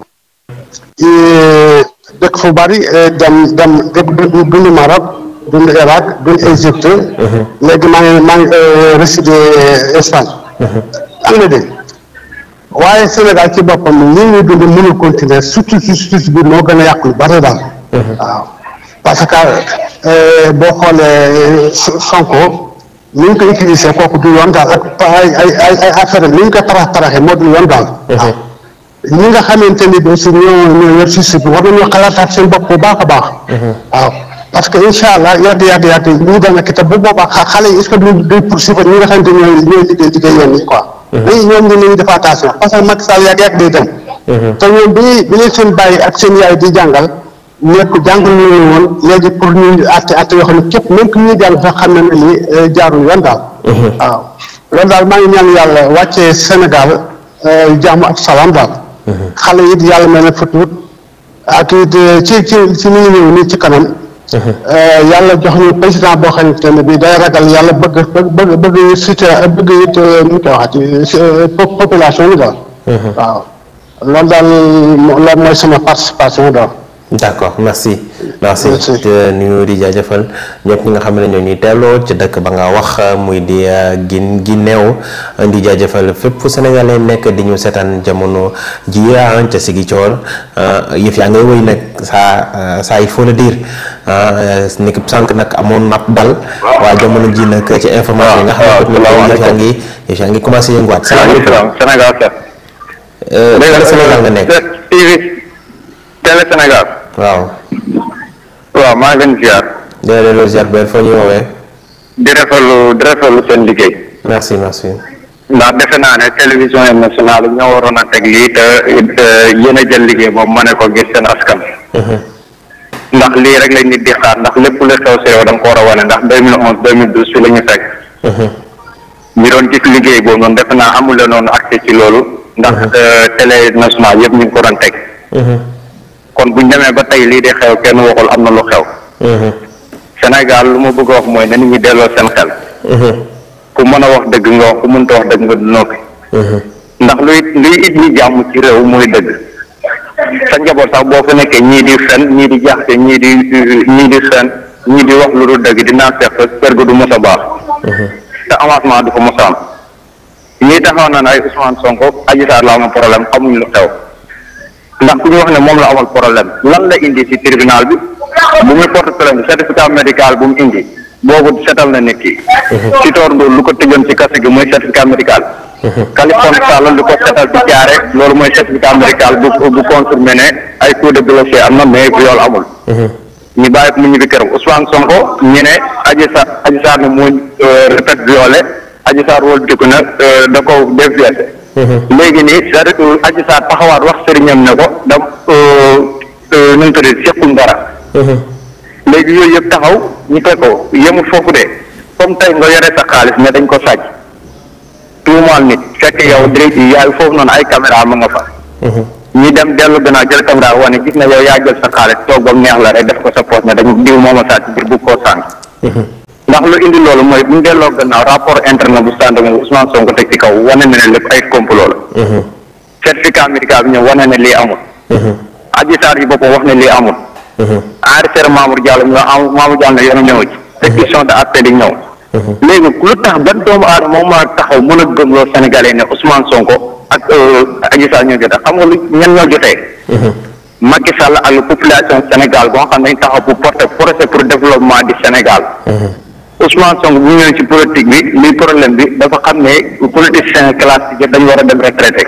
fu bari dem dem dëkk dund Maroc dund Irak dund Égypte. Uh-huh. léegi maa ngi maa ngi euh, résidé Espagne. Uh-huh. am na dégg ci boppam nii ñuy dund mënul continuer surtout si suuf moo gën a yàqu bari daal waaw. parce que euh, boo xoolee euh, Sonko ni ñu koy utilisé kooku du yoon daal ak ay ay ay ay affaire ñu koy parax paraxee moo du yoon daal. Mhm. Ah. ñi nga xamante ni aussi ñoo ñoo yor si bi seen bopp bu baax a baax. Mhm. waaw parce que incha allah yàgg yàgg yàgg ñu dana kita xale yi est ce que duñ duñ poursuivre ñi nga xamante ni ñooy mhm. ñu nañu def parce que Macky Sall yàgg dem. te ñoom bi bi seen bàyyi ak seen yaay di jàngal. nekk jàngal ñu ne léegi pour ñu àtte àtte yoo xam ne képp même ku ñuy jàng sax xam na ne lii euh, jaarul yoon daal. Mhm. waaw loolu daal maa ngi ñaan yàlla wàccee Sénégal euh, jàmm ak salaam daal. Mhm. xale yàlla mel ne fët ci ci ci li ci kanam. Mhm. Euh, yàlla jox ñu président ne bii day ragal yàlla bëgg bëgg bëgg cité bëgg it nu ñu koy waxati population bi participation daal. d' accord merci. merci te nuyu di jaajëfal ñëpp ñi nga xam ne ñoo ñuy teeloo ci dëkk ba nga wax euh, muy di euh, gin Guinée euh, di jaajëfal fépp fu sénégalais nekk di ñu seetaan jamono jii ah ca Ziguinchor yëf yaa ngay wéy nag saa saa nag amoon napp dal. waaye jamono ji nag ci information yëf yaa ngi yëf commencé yënguwaat. salaamaaleykum Sénégal set. Sénégal nga nekk. Télé Sénégal. waaw. waaw maa ngi leen di ziar. dina leen di ziar benn foo ñu woowee. di rafetlu di rafetlu seen liggéey. merci merci. ndax defe naa ne télévision nationale ñoo waroon a teg lii te yéen a jël liggéey boobu ma ne ko gis seen askan. Mhm. ndax lii rek lañ nit di xaar ndax lépp lu xew si yow da nga ko war a wane ndax deux mille onze deux mille douze fi la ñu fekk. Mhm. ñu doon gis liggéey boobu noonu defe naa amul la noonu accès ci loolu. ndax mhm. euh, télé nationale yëpp ñu ngi ko doon teg. kon buñ demee ba tey lii di xew kenn waxul am na lu xew mm-hmm. Sénégal lu ma bëgg a wax mooy na nit ñi delloo seen xel mm-hmm. ku mën a wax dëgg nga wax ku mënta wax dëgg nga noppi mm-hmm. ndax luy luy it ñi jàmm ci réew mooy dëgg sa njaboot sax boo fa nekkee ñii di fen ñii di jaxte ñii di ñii di fen ñii di wax lu dul dëgg dinaa seq kër ga du mos a baax te avancement du ko mos a am taxaw na ay Ousmane Sonko Adji Sarr la am problème xamuñ lu xew ndax ku ñu wax ne moom la amal problème lan la indi ci tribunal bi bu muy porte plainte certificat médical bu mu indi boobu setal na nit ki. Mhm. ci toor ndool lu ko tëjoon ci kase gi mooy certificat médical. Mhm. Kalifon Sall lu ko setal ci jaare loolu mooy certificat médical bu bu confirmé ne ay coup de blessé am na mais viol amul. Mhm. ñu bàyyi ko mu ñibbi këram Ousmane Sonko ñu ne Adji Sarr Adji Sarr ne moo euh, répète violé Adji Sarr wol dikku euh, da ko def dam euh, euh, nu mu tuddee sequl dara. léegi yooyu yëpp taxaw ñu teg ko yemul foofu de comme tey nga yore sa xaalis ne dañ ko sàcc tuumaal nit fekk yow direct yi yaay foofu noonu ay caméra ma nga fa. ñu dem dellu gannaaw jël caméra wane gis na yow yaa jël sa xaalis toog ba mu neex la rek def ko sa poche ne dañu diw moom a sàcc ngir bëgg koo sànq. ndax lu indi loolu mooy buñ ñu delloo gannaaw rapport interne bu gendarmerie Ousmane Sonko teg ci kaw wane na ne lépp ay complot la. certificat Adji Sarr ci boppam wax ne lii amul. enregistré Mamour Diallo mu am Mamour Diallo nag yoonam ñëw mhm. de appel yi ñëw. Mhm. léegi nag lu tax ban doomu aadama moom moo taxaw mën a gëmloo Sénégalais ne Ousmane Sonko ak euh, Adji Sarr ñoo jotee xam nga lu ñan ñoo jotee. Mhm. Macky Sall ak la population Sénégal boo xam ne dañ taxaw pour porter projet pour développement du Sénégal. Ousmane Sonko bu ñëwee ci politique bi luy problème bi dafa xam ne politicien classe dañ war a dem retraité.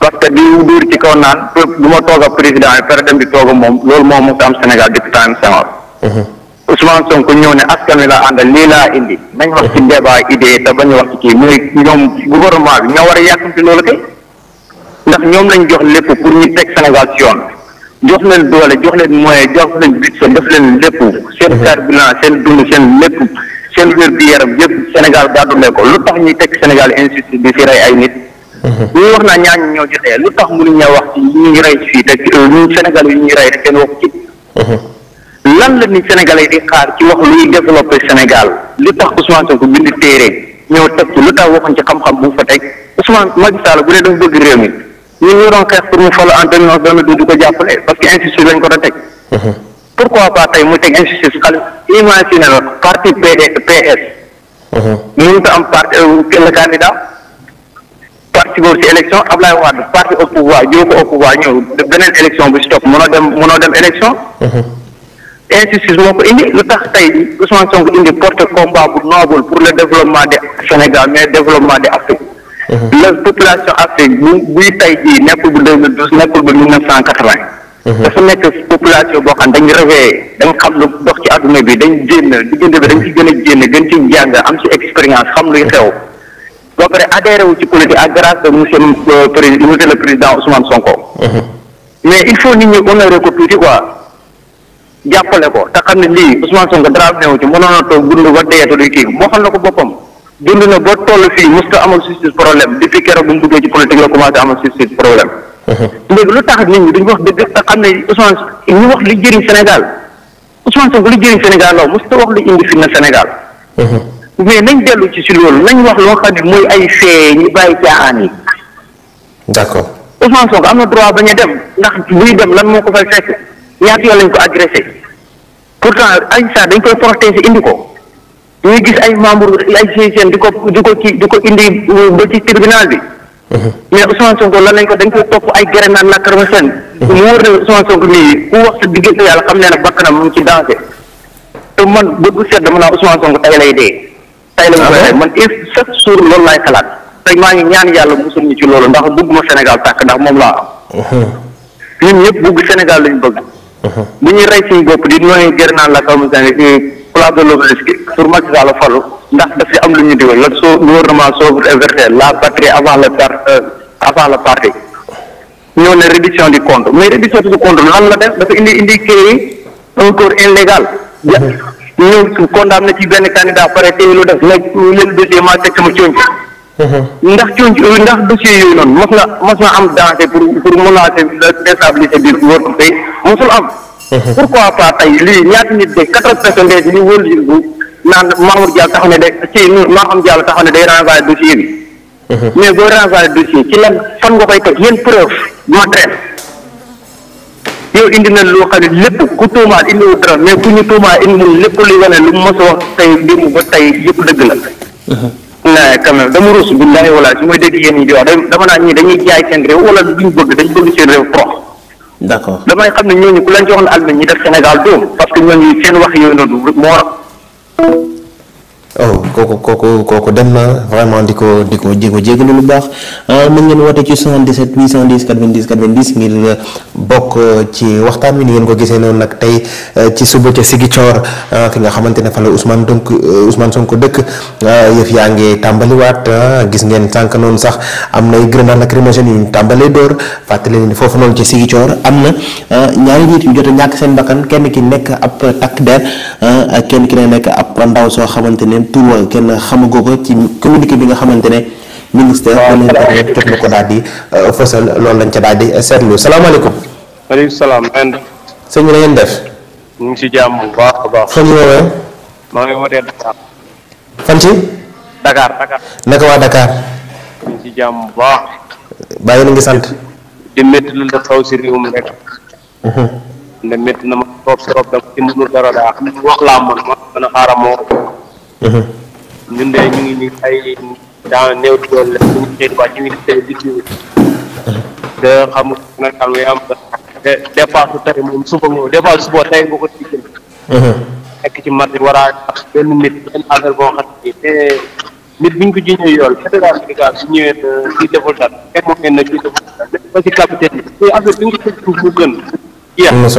parce que di dóor ci kaw naan du ma toog a président yi pare dem di toog moom loolu moom mos am Sénégal depuis temps Senghor mhm. son Sonko ñëw ne askan wi laa àndal lii laa indi nañ wax ci débat idée te bañ wax ci kii mooy ñoom gouvernement bi ñoo war a yàkkamti loolu kay ndax ñoom lañ jox lépp pour ñu teg Sénégal ci yoon jox leen doole jox leen moyen jox leen budget def leen lépp seen mhm. carburant seen dund seen lépp seen wér bi yaram yëpp Sénégal gàddu ne ko lu tax ñuy teg Sénégal injustice di si rey ay nit ñun wax naa ñaañ ñoo joxee lu tax mënu ñoo wax ci ñu ngi rey fii te ñun Sénégal ñu rey te kenn wax ci lan la ni Sénégalais di xaar ci wax luy développé Sénégal li tax Ousmane Sonko bind téere ñëw teg ci lu tax waxuñ ci xam-xam bu fa teg Ousmane Macky Sall bu dee dafa bëgg réew mi ñun ñu doon xeex pour mu falu en 2011 doon na du ko jàppale parce que injustice lañ ko doon teg pourquoi pas tey mu teg injustice xale imagine la parti PD PS mu a am parti euh, le candidat parti boobu ci élection Ablaye Wade parti au pouvoir jël ko au pouvoir ñëw beneen élection bu si topp mënoo dem mënoo dem élection. Mhm. injustice moo ko indi lu tax tey Ousmane Sonko indi porte combat bu noble pour le développement de Sénégal mais développement de Afrique. Mhm. la population Afrique bu buy tey jii nekkul bu deux mille douze nekkul bu mille neuf cent quatre vingt. Mhm. dafa nekk population boo xam dañu réveillé dañ xam lu dox ci adduna bi dañ génn diggante bi dañ ci gën a génn gën ci jàng am ci expérience xam luy ba pare adhéré wu ci politique à grâce de monsieur euh, monsieur le président Ousmane mhm. mais il faut nit ñi honoré ko tuuti quoi jàppale ko te xam ne lii Ousmane Sonko dara newu ci mënoon a toog dund ba deetu du kii moo xam na ko boppam dund na boo toll fii mosut a amal justice problème depuis keroog bu mu duggee ci politique la commencé amal justice problème. Mhm. léegi lu tax nit ñi duñ wax dëgg te xam ne Ousmane ñu wax li jëriñ Sénégal Ousmane Sonko li jëriñ a wax lu indi fitna Sénégal. Mhm. mais nañ dellu ci si loolu nañ wax loo xam ne mooy ay fee ñu bàyyi caaxaan yi. d'accord Ousmane Sonko am na droit bañ a dem ndax buy dem lan moo ko fay fekk ñaata yoon lañ ko agressé pourtant ay saa dañ koy protéger indi ko. ñuy gis ay membre ay GIGN ko kii di ko indi euh, ba bi. Mhm. mais Ousmane Sonko lan lañ ko dañ koy topp ay géré naan la kër seen. Mhm. mu wóor ne Ousmane Sonko nii wax sa diggante yàlla xam ne nag bakkanam mu ngi ci dansé te man bët bu set dama naa Ousmane Sonko tey lay dee. tey la ma koy ah man chaque jour loolu laay xalaat tey maa ngi ñaan yàlla musul ñu ci loolu ndax bëgguma Sénégal tàkk ndax moom la am uh-huh. ñun ñëpp bëgg Sénégal lañ bëgg bu ñuy rey suñu bopp di nooy gër naan la comme ça place de l'Obélisque pour Macky Sall falu ndax daf am lu ñu digal la soo gouvernement sobre et vertueux la patrie avant le euh, avant le parti ñoo ne réduction du compte mais réduction du compte lan la def dafa indi indi créer un corps illégal uh-huh. ñëw condamné ci benn candidat pare tey lu def nag leen dossier maa teg sama cooñ uh-huh. ndax cooñ ndax dossier yooyu noonu mos na mos na am danger pour pour menacer déstabiliser biir wóor tey mosul am uh-huh. pourquoi pas tey lii ñaata nit de quatorze personnes de ñu wóor li bu naan Mamour Diallo taxaw ne day ci Maham Diallo taxaw ne day renvoyer dossier bi uh-huh. mais boo renvoyer dossier ci lan fan nga koy teg yéen preuve matériel yow indi na loo xam ne lépp ku tuumaal indiwu dara mais ku ñu tuumaal indi lépp luy wane lu mos a wax tey démb ba tey yëpp dëgg la. mais uh-huh. quand même dama rus su may dégg yéen ñi di wax dama naan ñii dañuy jaay seen réew wala bëgg dañ bëgg seen réew damay xam ne ñooñu ku leen joxoon almin ñi def Sénégal doom parce que ñooñu seen wax yooyu noonu moo oh kooku kooku kooku dem na vraiment di ko di ko jéego jégalu lu baax euh, mën ngeen woote ci 77 810 90 waxtaan wi ni ngeen ko gisee noonu nag tey euh, ci suba ca Ziguinchor fi euh, nga xamante ne fa la Ousmane donc Ousmane Sonko dëkk yëf yaa ngi tàmbaliwaat gis ngeen sànq noonu sax am nay grenade lacrymogène yu ñu tàmbalee dóor fàttali leen foofu noonu ci Ziguinchor am na ñaari nit yu jot a ñàkk seen bakkan kenn ki nekk ab takk der kenn ki ne nekk ab ndaw soo xamante ne. tur wa kenn xamagoo ko ci communiqué bi nga xamante ne ministère de ne jot na ko daal di euh, fësal loolu lañ ca daal di seetlu salaamaaleykum. maaleykum salaam. sëñ bi ngi si jàmm bu baax a baax. fan maa ngi wootee Dakar. fan ci. Dakar Dakar. jàmm bu na sant. di métti lu def xaw si réew mi rek. Mhm. na a xaaral moo. Uh-huh. ñun de ñu ngi nii ay dans néew doole la ñu ngi tey di jiw. Uh-huh. te xam nga nag am moom suba moom dépense suba tey nga ko ci jënd. nekk uh-huh. ci marché war a tax benn nit benn affaire boo xam ne nit bi ñu ko jiñee yoon fédéral Sénégal su deful dara kenn mu ngeen na ba ci capitaine bi te affaire bi ñu ko suuf mu gën. jeex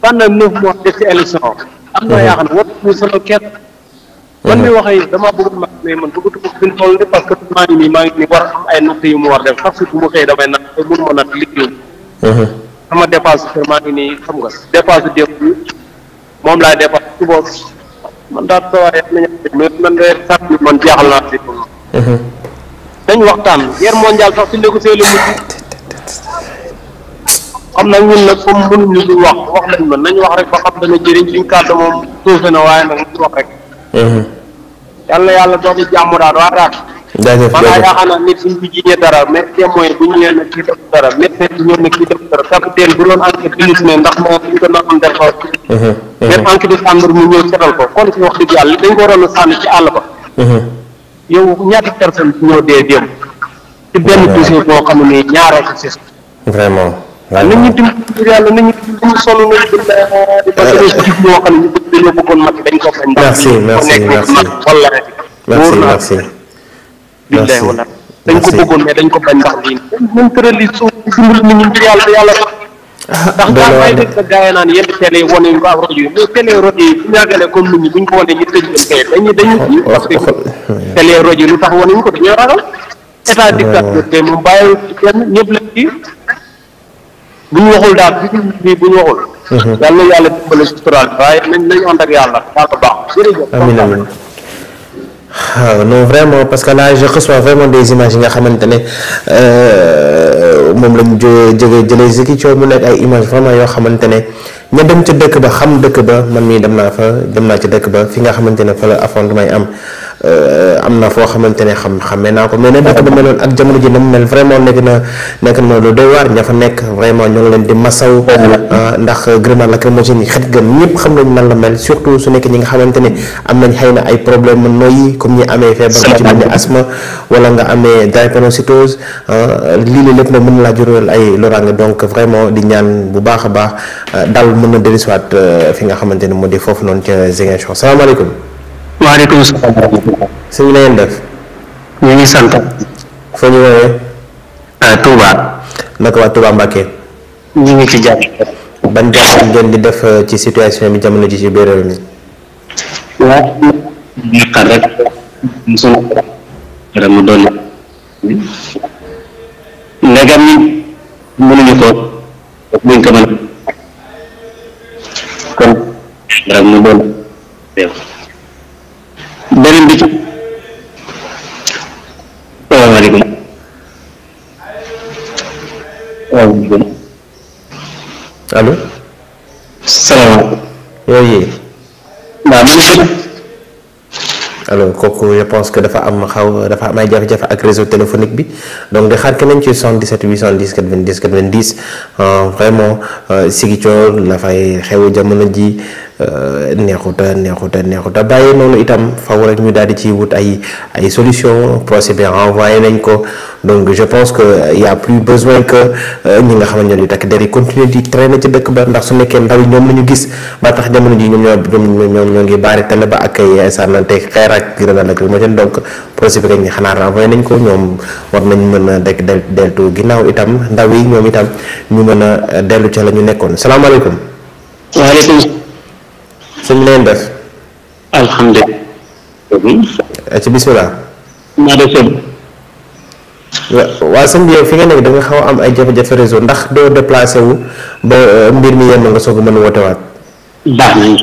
pendant neuf mois def ci élection am na yaakaar ne war nañu sama kenn. man mi mhm. waxee damaa bëggoon ma mais man bëggatu ko fi toll nii parce que maa ngi nii maa ngi nii war a am ay natt yu mu war def parce que bu ma xëyee damay natt te mënuma natt liggéey. Mhm. sama dépense kër maa ngi nii xam nga dépense démb bi moom laay dépense su boobu man daal sa waaye mais man jaaxal naa si. dañ mhm. waxtaan guerre mondiale sax suñ négocié lu mujj xam nag ñun nag comme mënuñu lu wax wax lañ man nañ wax rek ba xam dana jëriñ suñ kàddu moom suufe na waaye nag nañ wax rek. Mhm. yal na yàlla doon jàmm daal waa taat. jaajëf man daa yaakaar naa nit ñi ñu jiñee dara mais témoin bu ñu leen ne kii def dara médecin bu ñu leen kii def dara capitaine bu doon enquête bi ne ndax moom ñu ko naroon def ko. même enquête sàmbur mu ñëw setal ko kon si wax dëgg yàlla dañ ko waroon a sànni ci àll ba. Mhm. yow ñaata personne ñoo dee démb. ci benn dossier boo xam ne ñaareel ci vraiment. waaw nit ñi tamit ngir yàlla nit ñi ñu solo nañ di parce ñu mag dañ ko bañ. merci merci merci wala rek. merci merci. billaay wala dañ ko bëggoon mais dañ ko bañ ndax lii. ñun tërali suuf dimbali nit ñi ngir yàlla te yàlla tax. Ah, ndax daa may ko ak rajo yi mais télé rajo yi ñu yàggalee ñu ko wanee ñu tëj dañuy dañuy oh, kii parce que télé rajo yi lu tax wane ñu ko dañoo ragal ah. état dictateur te moom bàyyi kenn ñëpp la kii bu ñu waxul daal bi ñu bii bu ñu waxul. Mhm. yal na yàlla dimbale si sutural waaye nañ nañ ànd ak yàlla yàlla baax. jërëjëf amiin waaw ah, non vraiment parce que là je reçois vraiment des images yi nga xamante ne euh, moom lañ jóge jëlee Ziguinchor mu nekk ay images vraiment yoo xamante ne ña dem ca dëkk ba xam dëkk ba man mii dem naa fa dem naa ca dëkk ba fi nga xamante ne fa la affrontement am. Euh, am na foo xamante ne xam xam xamee naa ko me ne dafa dama meloon ak jamono ji na mu mel vraiment nekk na nekk na lu doy waar fa nekk vraiment ñoo ngi leen di masaw euh, ndax grenade lacrymogène yi xet gën ñëpp xam nañ nan la mel surtout su nekk ñi nga xamante ne am nañ xëy na ay problème comme ñi amee feebar bu ci mel ni asthme wala nga amee drépanocytose euh, lii la lépp nag mën laa jural ay loraange donc vraiment di ñaan bu baax a baax dal mën na dellusiwaat fi nga xamante ni moo di foofu noonu ca Ziguinchor salaamaaleykum waaleykum salaam wa rahmatulah. suñu la ngeen def. ñu ngi sant. fa ñu woowee. Euh, Touba. naka waa Touba Mbacké. ñu ngi ci jàpp. ban jàpp ngeen di def euh, ci situation bi jamono ji ci biir mi. waaw. naqar rek. mu doon. ko. buñ ko kon. dara mu doon. beneen bi ci salaamaaleykum salaamaaleykum allo salaamaaleykum yooyu waaw kooku je pense que dafa am xaw dafa am ay jafe-jafe ak réseau téléphonique bi donc di xaar keneen ci 77 810 90 90 vraiment euh, Ziguinchor la fay jamono ji Euh, neexuta neexuta neexuta bàyyi noonu itam faw rek ñu daal di ci wut ay ay solution procès bi renvoyé nañ ko donc je pense que euh, y a plus besoin que euh, ñi nga xam ne ñoo ñu takk der yi continuer ci dëkk ba ndax su nekkee ndaw yi ñoom la ñu gis ba tax jamono ji ñoom ñoo ñoom ñoo ngi baari télé ba ak ay sànnante xeer ak grenade ak lacrimogène donc procès bi kañ xanaa renvoyé nañ ko ñoom war nañ mën a dekk del deltu ginnaaw itam ndaw yi ñoom itam ñu mën a dellu ca la ñu nekkoon salaamaaleykum waaleykum sëñ bi leen def. alhamdulilah. Eh, ci bisimilah. maa de sëñ. waaw sëñ bi yow fi nga nekk da xaw am ay jafe-jafe réseau ndax doo déplacé wu ba euh, mbir mi yem nga soog a mën a wootewaat. baax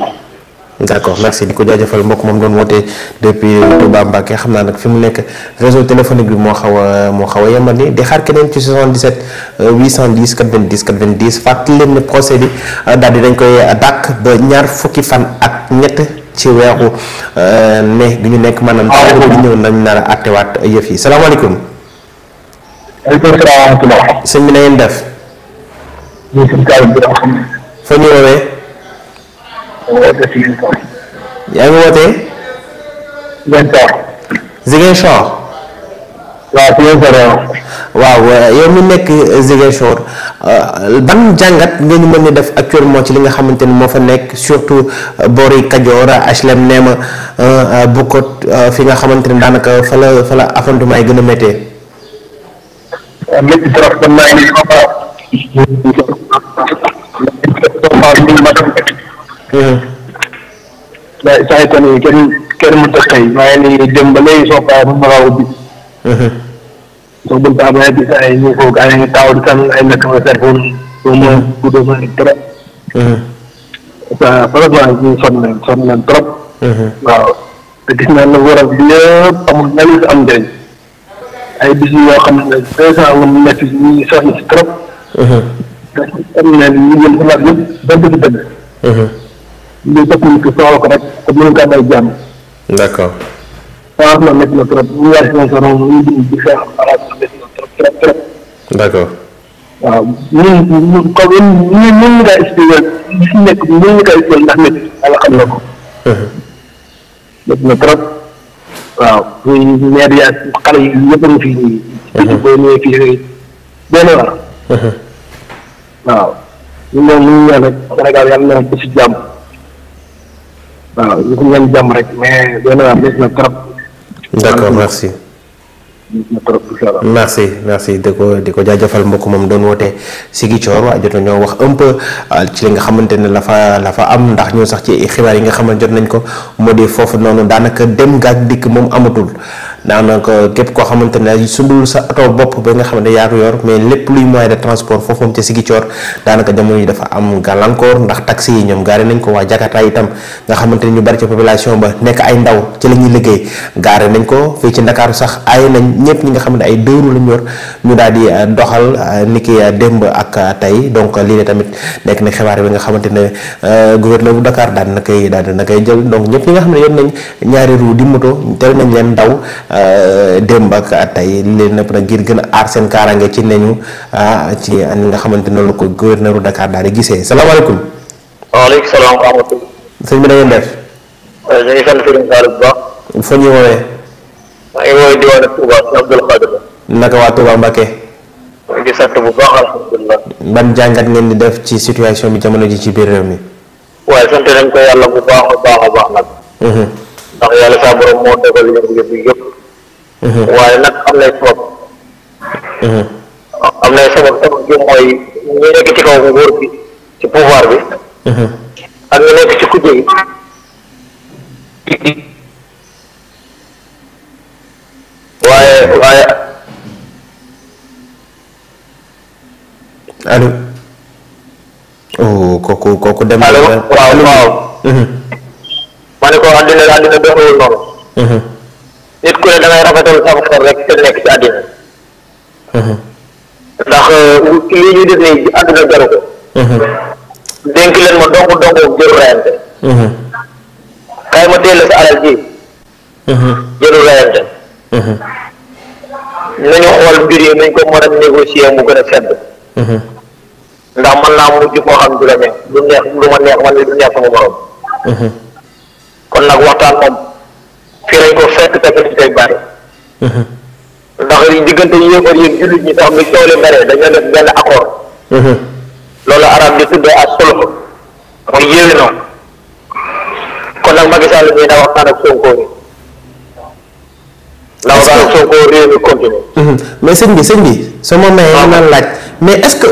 d'accord merci di ko jaajëfal mbokk moom doon woote depuis Touba Mbacké xam naa nag fi mu nekk réseau téléphonique bi moo xaw moo xaw a yemal ni di xaar keneen ci 77 810 90 90 fàttali leen ne procès bi euh, daal di dañ koy euh, dàkk ba ñaar fukki fan ak ñett ci weeru ne euh, gi ñu nekk maanaam na bi ñëw nañ nar a àttewaat yëf yi salaamaaleykum. waaleykum salaam wa rahmatulah. sëñ bi na ngeen def. ñu ngi woowee. woote Ziguinchor. yaa ngi wootee. Ziguinchor. Ziguinchor. waaw Ziguinchor waaw. waaw eh, yow mi nekk eh, Ziguinchor eh, ban jàngat nga ñu ni def actuellement ci li nga xamante ni moo fa nekk surtout boori Kajoor HLM Néma Bukot fi nga xamante ni daanaka fa la fa la affrontement yi gën a méttee. waaye saa yu kon kenn kenn mënut a xëy waaye nii dem ba léegi soo paay mën ngaa ubbi. soo bëgg a amee gis ay ñu ko gaa yi taw di kan ay nekk ma serfone moom mooy guddo ma trop. waaw vraiment ñu sonn nañ sonn nañ trop. waaw te gis naa ne waral bi lépp amul na lu am njëriñ ay bis yoo xam ne deux cent nga nekk ñu sonn si trop. te xam naa ne ñu ngi leen xalaat yëpp benn bi dëgg. li soppi ki soxla ko rek te mënuñ kaa bay jàmm. d'accord. waaw loolu métti na trop bu weer si ma soxla moom ñu ngi di xeex xalaat métti na trop trop trop. d'accord. waaw ñun ñun comme ñun ñun ñu kaa expliqué li si nekk ñun ñu kaa expliqué ndax métti yàlla xam na ko. Mhm. métti na trop. waaw muy maire yaa xale yi yëpp a ngi fi. fii boo mhm. ñëwee fii benn war. Mhm. waaw ñun moom ñu ngi ñaan rek Sénégal yàlla na ko si jàmm. waaw ñu ngi leen rek mais doon na des na trop. d'accord merci. merci merci de ko di ko jaajëfal mbokk moom doon woote Ziguinchor waa jot ñoo wax un peu ah, ci li nga xamante ne la fa la fa am ndax ñu sax ci xibaar yi nga xamante jot nañ ko moo di foofu noonu daanaka dem gaag dikk moom amatul. daanaka képp koo xamante ne sundul sa oto bopp ba nga xam ne yaa ko yor mais lépp luy moyen de transport foofu moom ca Ziguinchor daanaka jamono yi dafa am gàllankoor ndax taxi yi ñoom gaare nañ ko waa Jakarta itam nga xamante ni ñu bari ci population ba nekk ay ndaw ci la liggéey gaare nañ ko fii ci Ndakaaru sax ay nañ ñëpp ñi nga xam ne ay dëwru lañ yor ñu daal di euh, doxal euh, ni ki euh, démb ak tey donc lii ne tamit nekk na xibaar bi nga xamante ne gouverneur bu ndakaar daal na koy daal na koy jël donc ñëpp ñi nga xam ne yor nañ ñaari roue di moto tere nañ leen daw Euh, démb ak tey leen lépp nag ngir gën a aar seen kaaraange ci nañu ah, ci ni nga xamante noonu la ko gouverneur Dakar daal di gisee salaamaaleykum. waaleykum salaam wa rahmatulah. sëñ bi na ngeen def. Euh, ñu ngi sant Serigne Sall bu baax. fa ñuy woowee. maa ngi woowee diwaanu Touba si Abdoul Khadir. bu baax alhamdulilah. ban jàngat ngeen di def ci situation bi jamono ji ci biir réew mi. waaye sant nañ ko yàlla bu baax a baax a baax nag. Mhm. ndax yàlla saa borom moo dogal yëngu yëpp. Mm-hmm. waaye nag am nay sabab mm-hmm. am nay sabab sabab bi mooy ñi nekk ci kaw nguur bi ci pouvoir bi mm-hmm. ak ñu nekk ci kujje yi waaye waaye allo oh kooku kooku dem allo waaw waaw ma ne ko àddina àddina doxewul noonu nit ku ne da ngay rafetal sa xol rek te nekk ci àddina. Uh-huh. ndax uh, lii ñuy def nii àddina jaru ko. Uh-huh. dénk leen ma donc donc jëru rayante. Uh-huh. kaay ma teel sa alal ji. jëru nañu xool mbir yi nañ ko mën a négocier mu gën a sedd. ndax man naa mujj koo xam du la neex du neex lu ma neex man li du neex sama morom. kon nag waxtaan moom. fii lañ ko fekk te fekk day bari. ndax diggante yéefar yi jullit ñi sax bi coow li bare dañoo def benn accord. loolu arab di tuddee ak sulh mooy yéwénoo kon nag Macky Sall mii na waxtaan ak Sonko ni na waxtaan ak Sonko réew mi continue mais sëñ bi sëñ bi soo ma mayee naan laaj mais est-ce que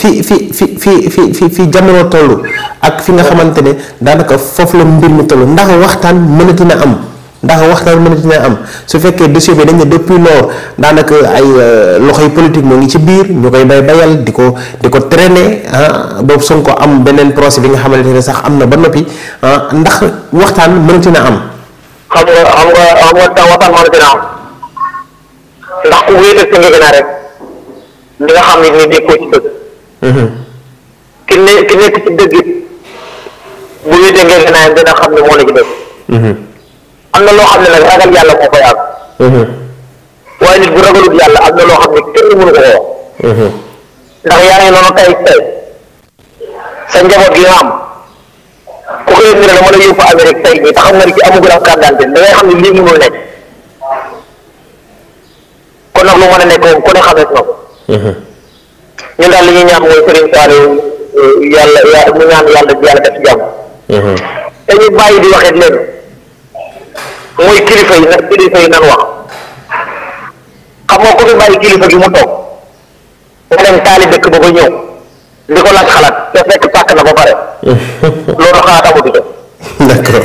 fii fii fii fi fii fii fii jamono toll ak fi nga xamante ne daanaka foofu la mbir mi toll ndax waxtaan mënati na am ndax waxtaan mën dina am su fekkee dossier bi dañ ne depuis lors daanaka ay euh, loxoy politique moo ngi ci biir ñu koy bay bayal di ko di ko traîner ah boobu ko am beneen procès bi nga xamante ne sax am na ba noppi ah, ndax waxtaan mënati na am. am ndax ku wéete sa njëgën rek li nga xam ne nii nekkoo ci mhm. nekk ci a dina xam am na loo xam ne nag ragal yàlla moo koy am. Mhm. waaye nit bu ragalut yàlla am na loo xam ne kenn mënu ko woo. Mhm. ndax yaa ngi noonu tey tey sa njaboot gi nga am ku koy yëngu ne dama la yóbbu Amérique tey jii taxaw nga ni am carte d'identité da ngay xam ne lii mënul nekk kon nag lu mën a nekk moom ne xamee na ko. Mhm. ñun daal li ñuy ñaan mooy Serigne Saliou yàlla mu ñaan yàlla yàlla def ci jàmm. te ñu di waxee léegi. mooy kilifa yi nag kilifa yi nan wax xam nga ku bàyyi kilifa gi mu toog nga dem taali dëkk ba ba ñëw di ko laaj xalaat te fekk pàkk na ba pare loolu xalaat amatu ca d'accord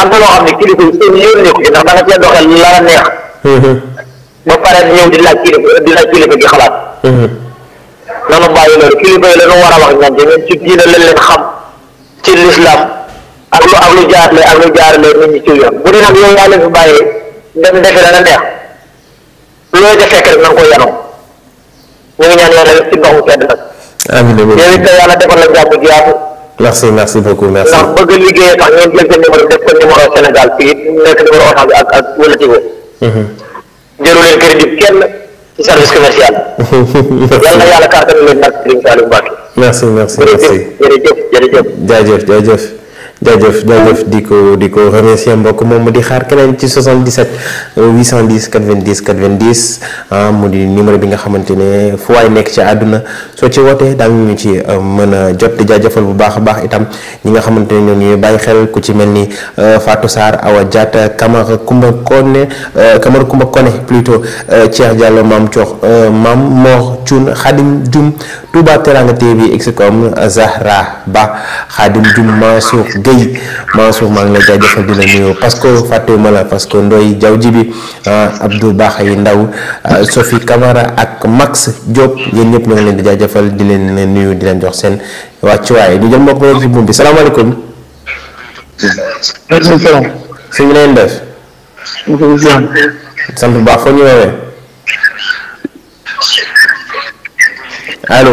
am na loo xam ne kilifa yi seen yoon nekku ci ndax da nga cee la la neex mm-hmm. ba pare ñëw di laaj kilifa di laaj kilifa gi xalaat mm-hmm. nanu bàyyi loolu kilifa yi lañu war a wax ñante ñoom ci diina lañ leen xam ci lislaam ak lu ak lu jaarale ak lu jaarale nit ñi ci yoon bu dee nag yow yaa leen fi bàyyee dem defe la neex loolu de fekk rek na nga ko yanoo ñu ngi ñaan yàlla ci ndox mu sedd nag. amiin amiin yow it yàlla defal la jàmm ji yaatu. merci merci beaucoup merci. ndax bëgg liggéeyee sax ngeen jël seen numéro def ko numéro Sénégal fii nekk numéro orange ak ak wala Tigo. Mhm. jëru leen crédit kenn ci service commercial. yàlla na yàlla kàttan leen nag Serigne Saliou Mbacké. merci merci merci jërëjëf jërëjëf. jaajëf jaajëf. jaajëf jaajëf di ko di ko remercier mbokk moom di xaar keneen ci 77 810 90 90 ah mu di numéro bi nga xamante ne fu waay nekk ci àdduna soo ci wootee daañu ñu ci euh, mën a jot di jaajëfal bu baax a baax itam ñi nga xamante ne ñoom ñuy bàyyi xel ku ci mel ni euh, Fatou saar Awa Diatta Kamara Kumba Kone euh, Kamara Kumba Kone plutôt Cheikh Diallo Maam Thiox Maam Mor Thioune Khadim Dioum Touba Teranga TV excom Zahra Ba Khadim Dioum Mansour Guèye Mansour maa ngi lay jaajëfal di la nuyu parce que fàttewuma la parce que Ndoye Jaw ji bi ah, Abdou Bakhay Ndaw ah, Sophie Camara ak Max Diop yéen ñëpp ñoo leen di jaajëfal di leen nuyu di leen jox seen wàccuwaay ñu jël mbokk moom ci buum bi salaamaaleykum. maaleykum salaam. sëñ bi sant baax foo ñu woowee. allo.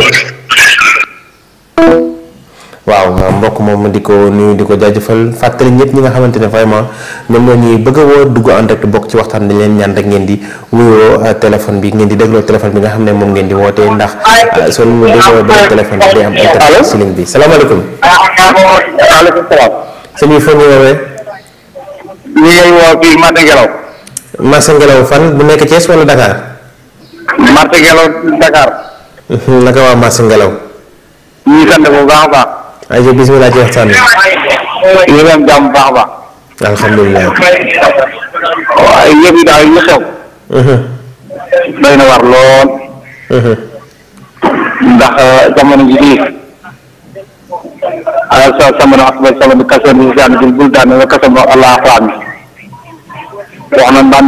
waaw mbokk moom di ko nuyu di ko jaajëfal fàttali ñëpp ñi nga xamante ne vraiment ñoom ñoo ñuy bëgg a woo dugg en direct bokk ci waxtaan dañ leen ñaan rek ngeen di wuyoo euh, téléphone bi ngeen di dégloo téléphone bi nga xam ne moom ngeen di wootee ndax euh, soo ñu dégloo benn téléphone bi day am internet si bi salaamaaleykum. waaleykum salaam. sëñ bi foo ñu woowee. Ngelaw. Martin Ngelaw fan nekk Thiès wala Uhm, naka waa marché ngelaw. ñu ngi sant bu baax a baax. ayca bisimilah ci waxtaan bi. ñu ngi leen jàmm bu baax a baax. alhamdulilah. waaw yëpp yi daal xew. Uhm. doy na war lool. Uhm. ndax euh, jamono ji nii. sa sama na asbal sama bi kasoon bi daan jël bul daan la kasoon ba allah xalaat mi wax nañ daan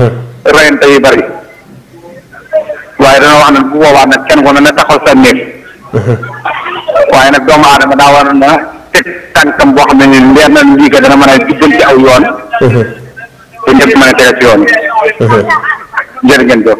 dem rayante yu bari waaye dana wax ne bu boobaa nag kenn ku ne na taxaw sa néeg waaye nag doomu aadama daa war na teg tànkam boo xam ne ni leer na lii dana mën a jubal ci aw yoon te ñëpp a tege ci yoon jërë ngeen jëf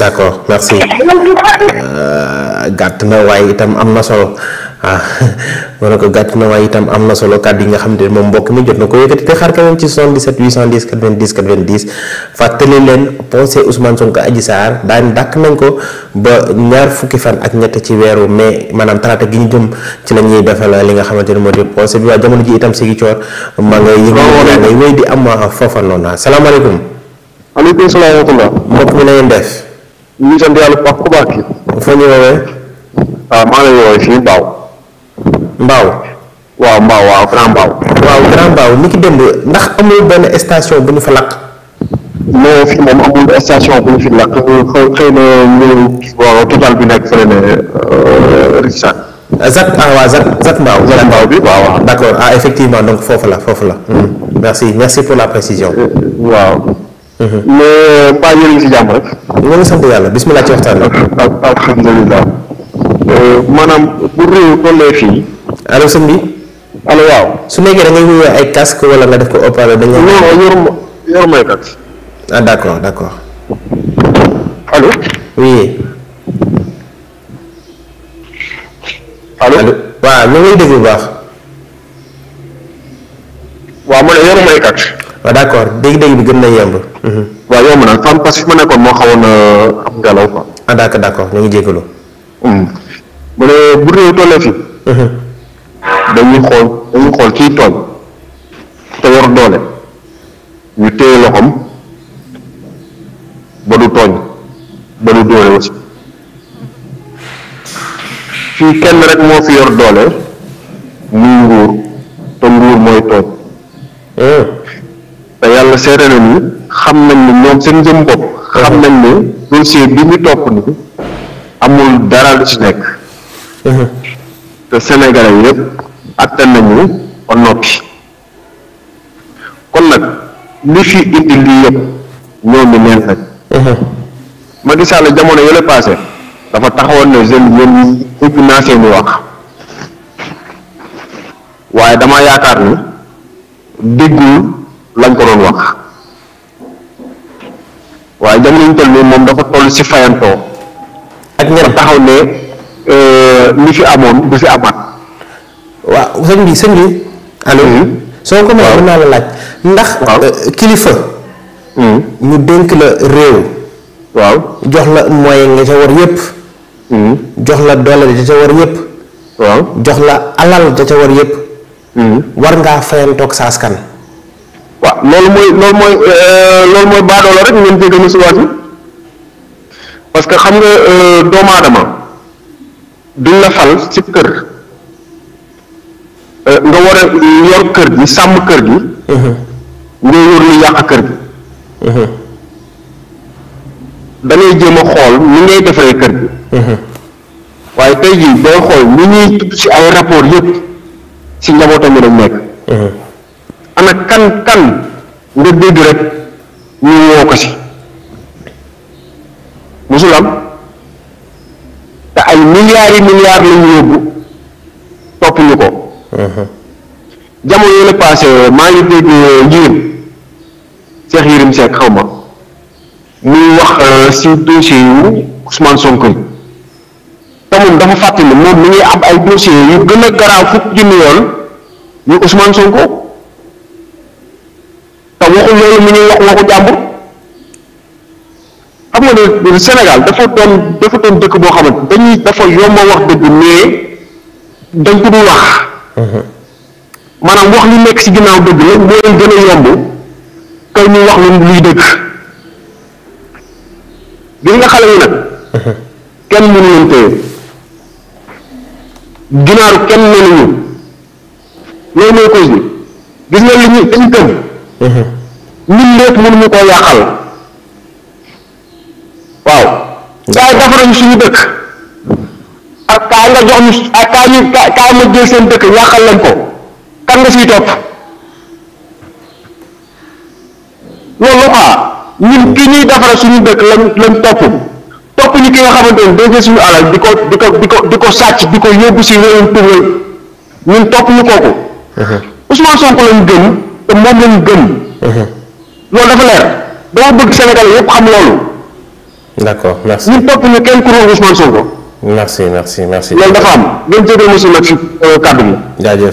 d'accord merci euh, gàtt na waaye itam am na solo ah ma ne ko gàtt na waaye itam am na solo kàddu yi nga xamante ne moom mbokk mi jot na ko yëkkati te xaar kanam ci 77 810 90 90 fàttali leen procès Ousmane Sonko Adji Sarr daan dàkk nañ ko ba ñaar fukki fan ak ñett ci weeru mai maanaam talaata gi ñu jëm ci la ñuy defal li nga xamante ne moo di procès bi waaye jamono ji itam sigi coor maa ngay yëg maa ngay wéy di am ah, foofa noonu ah, salaamaaleykum. maaleykum salaam wa rahmatulah. mbokk mi na ngeen def. ñu ngi sant yàlla mbaaw waaw mbaaw waaw grand mbaaw waaw grand mbaaw ni ki démb ndax amul benn station bu ñu fa lakk mais fii moom amul station bu ñu fi lakk xëy na ñu waaw bi nekk fële ne euh, Richard Zac ah, waaw d'accord ah effectivement donc foofu la foofu la hmm. merci merci pour la précision euh, waaw hmm. mais mbaa yéen a ngi si jàmm rek ñoo ngi sant yàlla bismillah ci waxtaan la alhamdulilah Euh, maanaam bu réew tollee fii. allo sëñ bi. allo waaw. su nekkee da ngay wuyoo ay casque wala nga def ko opéra dañu. non yoruma yoruma ay casque. ah d' accord d' accord. allo. oui. allo allo waaw ñu ngi dégg bu baax. waaw ma ne yoruma ay ah, dégg-dégg bi gën na yemb. Mhm. waaw yomb na fan parce que fi ma nekkoon moo xawoon euh, am ngelaw quoi. ah d' accord d' ngi jégalu. Mm. mu ne bu réew tollee fi dañuy xool dañuy xool kii tooñ te yor doole ñu téye loxoom ba du tooñ ba du doole aussi fii kenn rek moo fi yor doole muy nguur te nguur mooy tooñ hmm. te yàlla seete na ni xam nañ ni ñoom seen jëm bopp xam hmm. nañ ne dossier bi ñu topp ni amul dara lu ci nekk te Sénégalais yëpp attan nañu ba noppi kon nag li fi indi lii yëpp ñoom mi neen nag Macky Sall jamono yële passé dafa taxawoon ne jeune yéen ñëpp naa seeni wax waaye dama yaakaar ni déggul lañ ko doon wax waaye jamono ñu toll moom dafa toll ci fayantoo ak ñer taxaw ne Euh, lu ci amoon du fi amaat. waaw sëñ bi sëñ bi. Mm-hmm. soo ko mënee mën naa la laaj. ndax euh, kilifa. Mm-hmm. ñu dénk la réew. jox la moyen nga ca war yépp. Mm-hmm. jox la doole da ca war yépp. jox la alal da ca war yépp. war ngaa fayantoog sa askan. waaw loolu mooy loolu mooy euh, baadoola rek ngeen dégg na si waat parce xam nga doomu aadama. duñ la fal ci kër euh, nga war a yor kër gi sàmm kër gi mhm. ngay yor lu yàq kër gi mhm. da ngay jéem a xool ni ngay defaree kër gi mhm. waaye tey jii booy xool ni ñuy tudd ci ay rapport yëpp ci njabootam yi dañ nekk ana kan kan nga dégg rek ñu woo ko ci milliards yi milliards la topp ñu ko. Uh-huh. jamono yële passé maa ngi dégg euh, Yérim Cheikh Yérim Seck xaw ma muy wax euh, si dossier yu Ousmane Sonko yi te moom dafa fàttali moom mi ngi am ay dossier yu gën a garaaw fukk junni yoon yu Ousmane Sonko te waxul loolu mu ñuy wax waxu jàmbur. Sénégal dafa doon dafa doon dëkk boo xamante dañuy dafa yomb wax dëgg mais dañ ko du wax maanaam wax li nekk ci ginnaaw dëgg la moo gën a yomb kay mu wax lu luy dëgg gis nga xale yi nag kenn mënu leen téye ginaaru kenn mënuñu loolu mooy cause bi yàqal waaw waaye defarañu suñu dëkk ak kaa nga jox ñu ak seen dëkk yàqal lañ ko kan nga siy topp loolu ah ñun ki ñuy defara suñu dëkk lañ lañ topp topp ñu ki nga xamante ne dégg suñu alal di ko di ko di ko di ko sàcc di ko yóbbu si réewum tugal ñun topp ñu kooku uh-huh. Ousmane Sonko lañ gëm te moom lañ gëm uh-huh. loolu dafa leer dama bëgg Sénégal yépp xam loolu d'accord merci ñun topp ñu merci merci merci. loolu dafa am. ngeen jégal monsieur Mathieu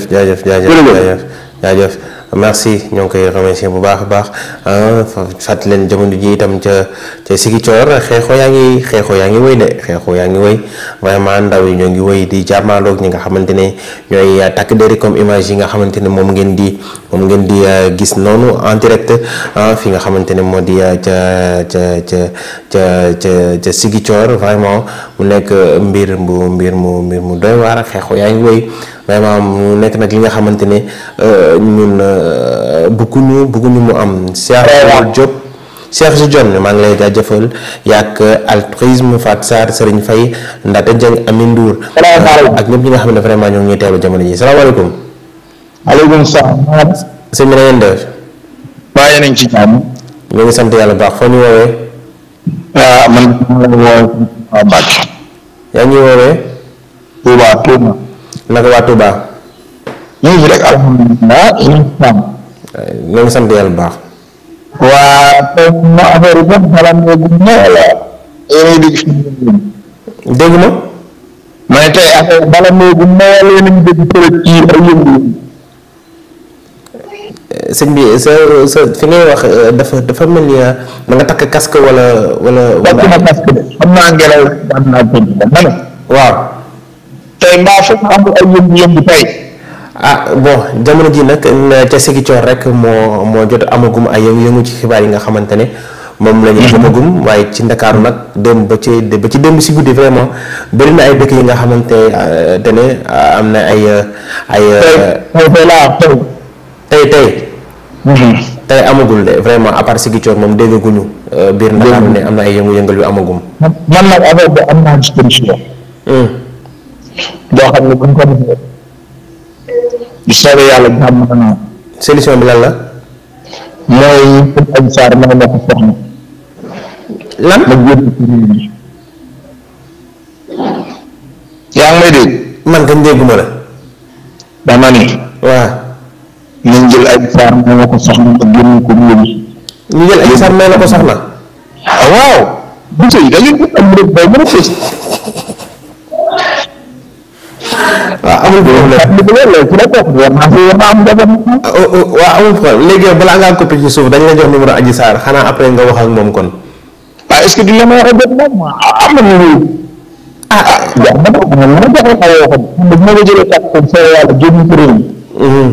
kàddu gi. merci ñoo ngi koy remercier bu baax a baax ah, fàttali leen jamono ji itam ca ca Sigicoor xeexoo yaa ngi xeexoo yaa ngi wéy de xeexoo yaa ngi woy vraiment ndaw yi ñoo ngi woy di jàmmaaloog ñi nga xamante ne ñooy takk deri comme image yi nga xamante ne moom ngeen di moom ngeen di ah, gis noonu en direct ah, fi nga xamante ne moo di ca ca ca ca ca ca Sigicoor vraiment mu nekk mbir mu mbir mu mbir mu doy waar xeexoo yaa ngi wéy vraiment mu nekk nag li nga xamante ne euh, ñun euh, bëgguñu bëgguñu mu am. Cheikh Diop Cheikh si maa ngi lay jaajëfal yàgg euh, altruisme Fatou Sarr Serigne Faye Ndate Dieng Amine Ndour. ak ñëpp ñi nga xam ne vraiment ñoo ngi ñuy teewlu jamono ji salaamaaleykum. maaleykum salaam. sëñ bi na ngeen def. ci jàmm. sant yàlla baax ah, man. yaa ngi woowee. naka waa Touba. ñu ngi rek alhamdulilah ñu ngi ngi sant waa ma affaire yi moom xalaat dégg ma. ma tey bala néegu mawal yéen a ngi dégg përëg ay yëngu. sëñ bi sa sa fi ngay wax euh, dafa dafa mel ni euh, da takk casque wala wala. wala takk na ngelaw am waaye mbaa foofu am tey. ah bon jamono ji nag ca Sigicoor rek moo moo jot amagum ay yëngu-yëngu ci xibaar yi nga xamante ne. moom la ñu mhm. amagum waaye ci ndakaaru nag démb ba ci ba ci démb si guddi vraiment bëri na ay dëkk yi nga xamante ah, te ne ah, am na ay ay. tey ah, tey tey. Mhm. tey amagul de vraiment à part Sigicoor moom déggaguñu euh, biir ndakaaru ne am na ay yëngu-yëngal yu amagum. man boo xam ne buñ ko defee bu yàlla jàmm na bi lan la. mooy pour Adji Sarr lan la man kañ dégguma la. mën na ko soxna nga génn ko réew ñu jël Adji Sarr mën na ko soxna. waaw. bu sëy waaw amul problème waaw amul problème léegi balaa ngaa coupé ci suuf dañ la jox numéro Adji Sarr xanaa après nga wax ak moom kon. ah est-ce que du la may wax ak moom ah, am na numéro. Ah, ah waaw man man man joxoon naa la waxoon. man ma la jëlee kàddu comme ça yàlla génn ci réew mi. Mhm.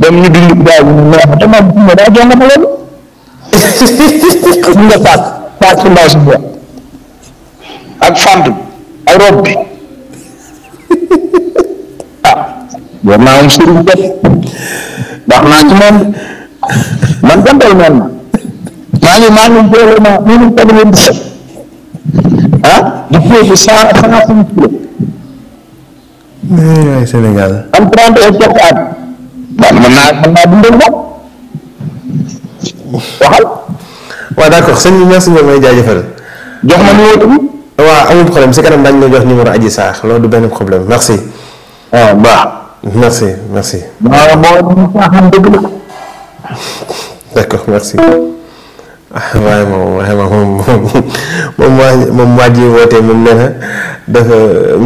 dem ñu dindi daal ñu ne ma damaa ma daa jox ma loolu. mu nga paak paak su ndaw si ak fant ak robe bi. ah naa am sëriñ bët wax naa ci moom man gàntal maa ngi maa ngi boole ma mu ngi di set ah di foofu cent cent cinq kilo mais Sénégal man naa mën naa dundal bopp waxal waaw d'accord sëñ bi merci ñoo may jaajëfal jox ma numéro bi waaw problème si kanam dañ la jox numéro Adji Sarr loolu du benn problème merci waaw ah, baax. merci merci. waaw boo xam dëgg la. d'accord merci. Ah, waaye moom waaye moom moom waa moom waa ji wootee moom nee na dafa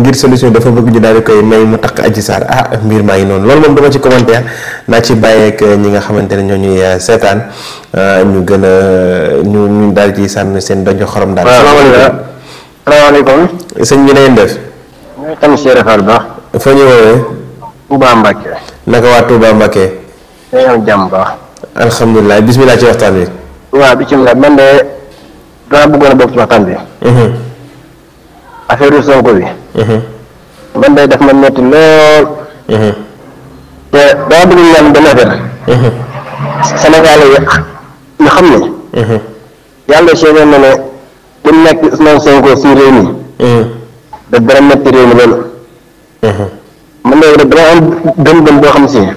ngir solution dafa bëgg ñu daal di koy may mu takk Adji Sarr ah mbir maa ngi noonu loolu moom dama ci commentaire naa ci bàyyeek eh, ñi nga xamante ne ñoo ñuy eh, seetaan ah, ñu gën a ñu ñu daal ci sànni seen dojo xorom daal. waaw salaamaaleykum. salaamaaleykum. sëñ bi na ngeen def. tamit Cheikh Fall baax. fa ñu woowee. Touba Mbakke. naka waa Touba Mbakke. day am jàmm baax. alhamdulilah bisimilah ci waxtaan bi. waaw bisimilah man de dama bëggoon a mhm. Sonko bi. Mhm. de daf ma metti mhm. bëgg ñaan benn yi ñu xam ne. yàlla seede na ne bu nekk Ousmane Sonko si réew mi. da dara metti réew mi loolu. man léegi nag dama am gëm-gëm boo xam si ne.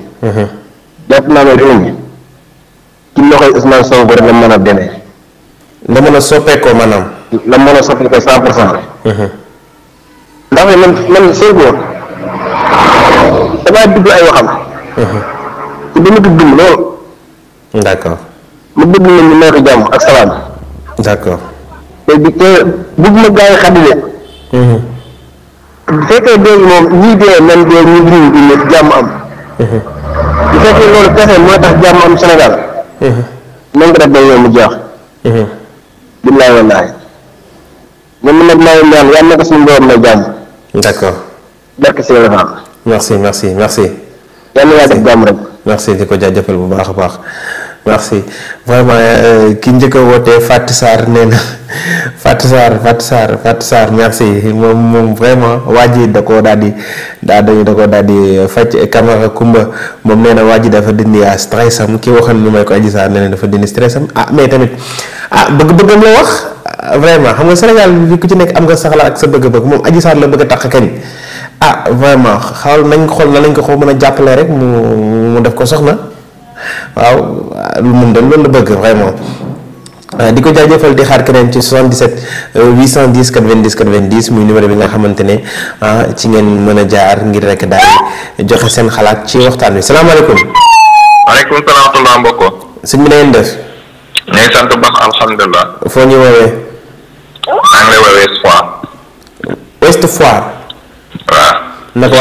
jàpp naa ne réew mi ci loxoy Ousmane Sonko rek la mën a demee. la mën a soppeekoo maanaam. la mën a soppeekoo cent pour cent. ndax man man Sonko damaa déglu ay waxam. te dama ko dund lool. d' mu dégg nit ñi jàmm ak salaam. d' te bi te bëgg ma gaa yi bu fekkee dee moom ñii dee nan dee ñu ngi ñu ngi jàmm am. Uh-huh. bu fekkee loolu pexe mooy tax jàmm am Sénégal. Uh-huh. nan nga ba mu jeex. Uh-huh. billaay wallaay. ñoom nag maa ngi ñaan yàlla na ko suñu borom may jàmm. d'accord. si la merci merci merci. yàlla na def jàmm rek. merci di ko jaajëfal bu baax baax. merci vraiment euh, ki njëkk a wootee Fatou Sarr nee na Fatou Sarr Fatou Sarr Fatou Sarr merci moom moom vraiment waa ji da koo daal di daa da koo daal di euh, faj Camara Kumba moom nee na waa ji dafa dindi stress am ki waxoon ñu may ko Adji Sarr nee na dafa dindi stress am ah mais tamit ah bëgg-bëggam la wax vraiment xam nga Sénégal bi ku ci nekk am nga saxla ak sa bëgg-bëgg moom Adji Sarr la bëgg a tax kañ ah vraiment xaal nañ xool na lañ ko xaw mën a jàppale rek mu mu def ko soxna. waaw moom daal loolu la bëgg vraiment. Euh, di ko jaajëfal di xaar keneen ci 77 810 90 90 muy numéro bi nga xamante ne ah, ci ngeen mën a jaar ngir rek daal joxe seen xalaat ci waxtaan wi salaamaaleykum. waaleykum salaam wa rahmatulah mbokk. sëñ bi na ngeen def. ñu ngi sant baax alhamdulilah. foo ñu woowee. maa ngi lay woowee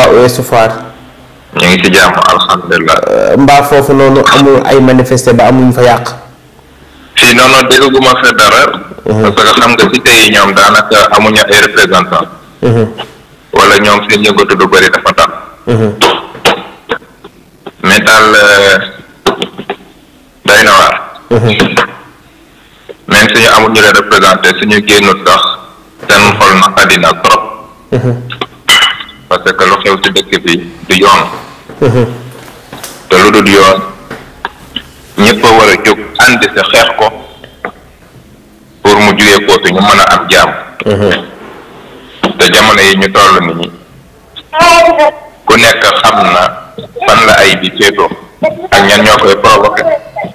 Ouest Foire. ñu ngi ci jàmm alhamdulilah. Euh, mbaa foofu noonu amul ay manifester ba amuñ fa yàq. fii noonu dégguma fa dara. Mhm. parce que xam nga ci tey ñoom daanaka amuñu ay représentant. Mhm. wala ñoom seen yëngatu lu bëri dafa tax. Mhm. mais daal euh, day na waar. même suñu amul ñu leen représenté suñu génnul sax seen xol naqadi trop. parce que lu xew ci dëkk bi du yoon. te lu dul yoon ñëpp war a jóg ànd sa xeex ko pour mu jugee ko ñu mën a am jàmm te jamono yi ñu toll nit ñi ku nekk xam na fan la ay bi féetoo ak ñan ñoo koy provoqué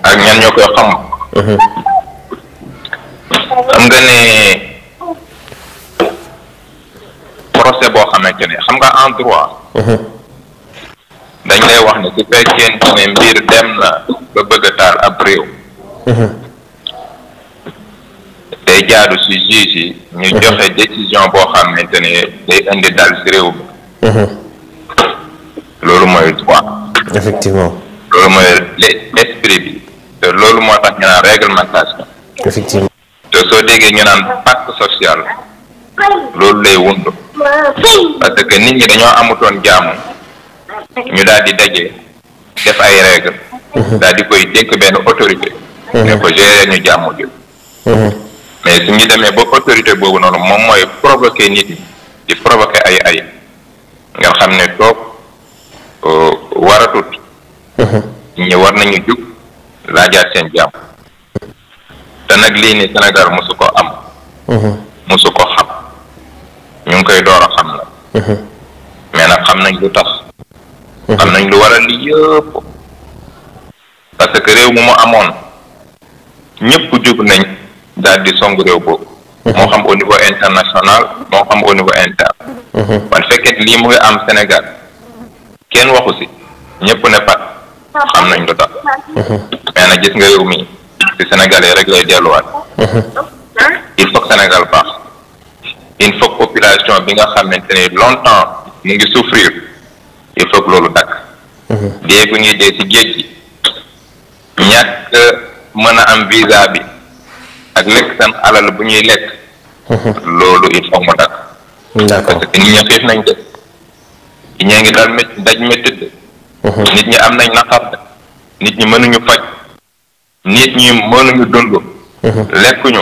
ak ñan ñoo koy xam xam nga ne procès boo xamante ne xam nga en droit dañ lay wax ne su fekkente ne mbir dem na ba bëgg a taal ab réew mhm. day jaadu si juge yi ñu mhm. joxe décision boo xamante ne day indi daal si réew bi mhm. loolu mooy droit effectivement loolu mooy l'esprit bi te loolu moo tax ñu naan réglementation effectivement te soo déggee ñu naan pacte social loolu lay wund parce que nit ñi dañoo amutoon jaamu ñu daal di daje def ay règle mhm. daal di koy dénk benn autorité mhm. ne ko gérer ñu jàmm ji mhm. mais su ñu demee ba autorité boobu noonu moom mooy provoquer nit ñi di provoquer ay ay nga xam ne toog euh, waratut ñu war nañu jug laajaat seen jàmm te nag lii ni Sénégal mosu ko am mosu ko xam ñu ngi koy door a xam na mais nag xam nañ lu tax am mhm. nañ lu waral li yëpp parce que réew mu mu amoon ñëpp jub nañ daal di song réew boobu mhm. moo xam au niveau international moo xam au niveau interne mhm. man fekkee lii mu ngi am Sénégal kenn waxu si ñëpp ne pat xam nañ lu tax mais nag gis nga réew mi ci Sénégal yi rek lay delluwaat il faut Sénégal baax il faut population bi nga xamante ne longtemps mu ngi souffrir il faut loolu dakk mhm. dee gu ñuy dee ci géej gi mën a am visa bi ak lekk seen alal bu ñuy lekk mhm. loolu il faut mu dakk parce nañ de ngi daal mét de mhm. nit ñi am nañ naqar de nit ñi mënuñu faj nit ñi mënuñu dund lekkuñu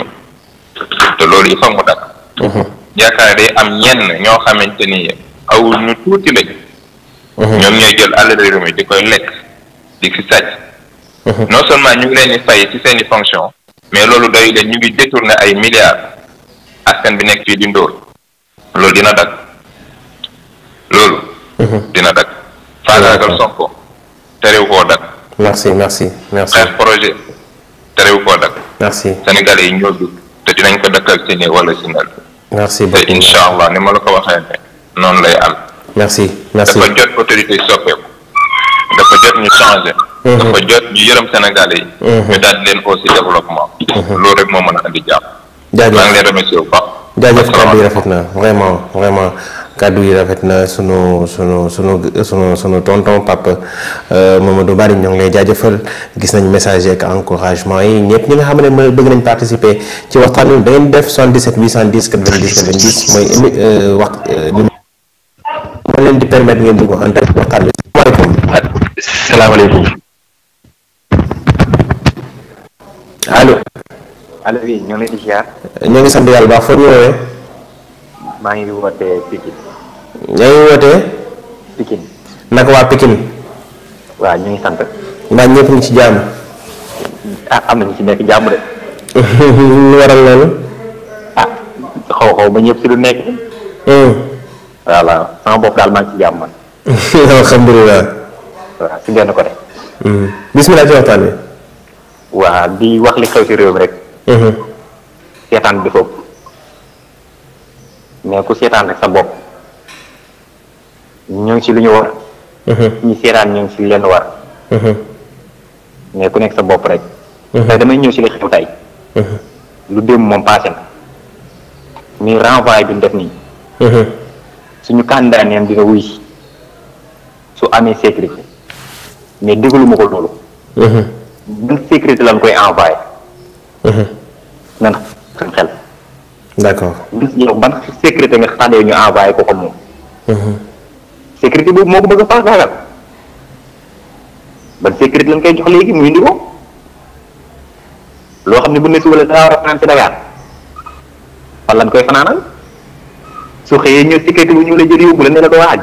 te loolu il faut mu dakk yaakaar day am ñenn ñoo xamante ni aw ñu tuuti lañ Mhm. ñoom ñooy jël àll réew mi di koy lekk di ci sàcc mhm. non seulement ñu ngi leen di fay ci seen i mais loolu doy leen ñu ngi détourné ay milliards askan bi nekk fii di loolu dina dak loolu mhm. dina dak faagaagal Sonko terew koo dak merci merci merci xeex projet terew koo dak merci sénégalais yi ñoo jug te dinañ ko dakkal si nii wala si nal merci te incha allah ni ma la ko waxee ne noonu lay am merci merci dafa jot autorité soppeeku dafa jot ñu changé. Mhm. dafa jot ñu yërëm Sénégalais yi. Mhm. ñu daal leen aussi développement. Mhm. loolu rek moo mën a andi jàpp. jaajëf maa ngi rafet na vraiment vraiment jaajëf yi rafet na vraiment vraiment kàddu yi rafet na sunu sunu sunu sunu sunu tonton Pape euh, Mamadou Bari ñoo ngi lay jaajëfal gis nañu message ak encouragement yi ñëpp ñi nga xam ne bëgg nañ participer ci waxtaan wi da ngeen def 77 810 90 90 mooy émi euh, wax. Euh, moo leen di permettre ngeen dugg en tant bi salaamaaleykum. salaamaaleykum. allo. ngi sant yàlla baax foo ñu woowee. maa ngi wootee Pikine. yaa ngi wootee. Pikine. naka waa Pikine. waaw ñu ngi sant. ndax ñëpp ngi ci jàmm. ah am na ñu ci nekk jàmm de. lu waral loolu. ah xaw xaw ba ñëpp ci lu nekk. Hmm. voilà sama bopp daal maa ngi ci jàmm man. alhamdulilah. waaw si benn côté. Hmm. bisimilah ci waxtaan wi. waa di wax li xew ci réew mi rek. Hmm. seetaan bi foofu mais ku seetaan rek sa bopp ñu ngi ci lu ñu war. Hmm. ñu seetaan ñu ngi ci leen war. mais ku nekk sa bopp rek. tey damay ñëw ci li xew tey. lu démb moom passé na. muy renvoi bi nii. suñu candidat dina wuy su amee sécurité mais dégluwuma ko loolu. Mhm. ban sécurité lañ koy envoyé. Mhm. nan suñ xel. d'accord yow ban sécurité nga xaar ñu envoyé ko ko moom. Mhm. sécurité boobu moo ko bëgg a faagaagal ban sécurité lañ koy jox léegi muy indi ko loo xam ne bu ne si wala war a fanaan si Dakar fan lañ koy fanaanal. su xëyee ñëw sécurité bi ñu la jël yóbbu la ne la doo àgg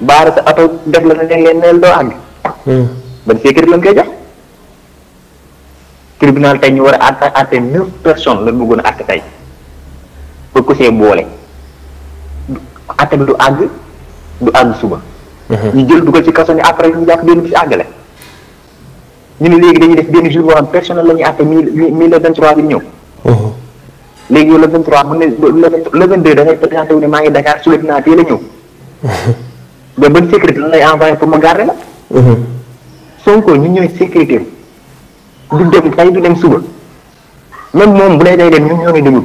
baara sa oto la ne leen ne la doo àgg. Hmm. lañ koy jox. tribunal tey ñu war a àtte àtte neuf personnes la bëggoon a àtte tey ba ko see boole àtte bi du àgg du àgg suba. Hmm. ñu jël dugal ci kaso ni après ñu jàpp benn bi ci àggale. ñu ne léegi dañuy def benn jour boo xam personnel la àtte mille mille vingt trois bi ñëw. Hmm. léegi la le 23 bu ne le 22 da ngay présenté wu ne maa ngi Dakar suba dinaa teel a ñëw. mais ban sécurité la lay envoyé pour ma garder la. Mhm. Sonko ñun ñooy sécurité du dem tey du dem suba même moom bu lay day dem ñu ñoo ngi demul.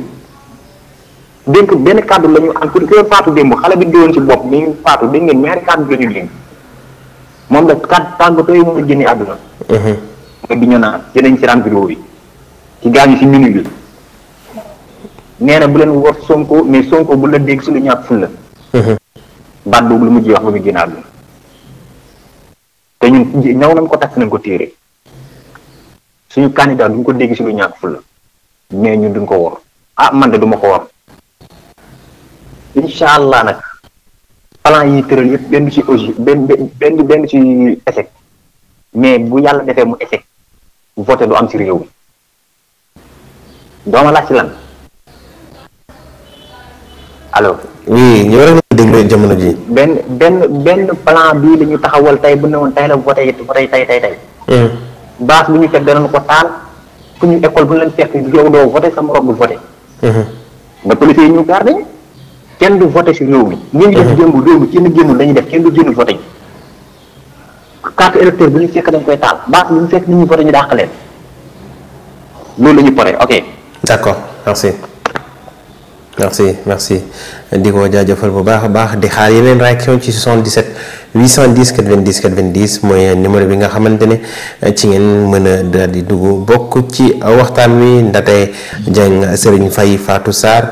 dénk benn kàddu lañu ñu am pour que faatu démb xale bi diwoon ci bopp bi ñu faatu dégg ngeen ñaari kàddu la ñu moom la kàddu tàggatoo yi moom la génnee àdduna. Mhm. mooy bi ñu naan dinañ ci rendre vidéo bi ci gaañu ci minute nee na bu leen wor Sonko mais Sonko bu la dégg si lu ñàkk ful baat boobu lu mujj wax ba mu génnaat a te ñun ko takk nañ ko téere suñu candidat duñ ko dégg si lu ñàkk la mais duñ ko ah, duma ko allah nag plan yi tëral yëpp benn ci auge benn benn benn mais bu yàlla defee mu échec voté du am si réew mi dooma laaj ci lan allo. oui ñu war a déglu leen jamono ji benn benn benn plan bii la ñu taxawal tey bu ne woon tey la voté voté tey tey tey. Hmm. base bu ñu fekk danañ ko taal fu ñu école bu ñu leen fekk yow doo voté sa morom hmm. ñu gardé kenn du voté si réew mi. ñu ngi def hmm. jëmb réew dañuy def kenn du génn voté. carte dañ koy taal base bu ñu fekk ni ñu voté ñu dàq leen loolu la ñu pare ok. d'accord merci. merci merci di ko jaajëfal bu baax a baax di xaar yeneen réaction ci 77. 810 90 90 mooy numéro bi nga xamante ne euh, ci ngeen mën a daal di dugg bokk ci waxtaan wi Ndate Dieng Serigne fay faatu Sarr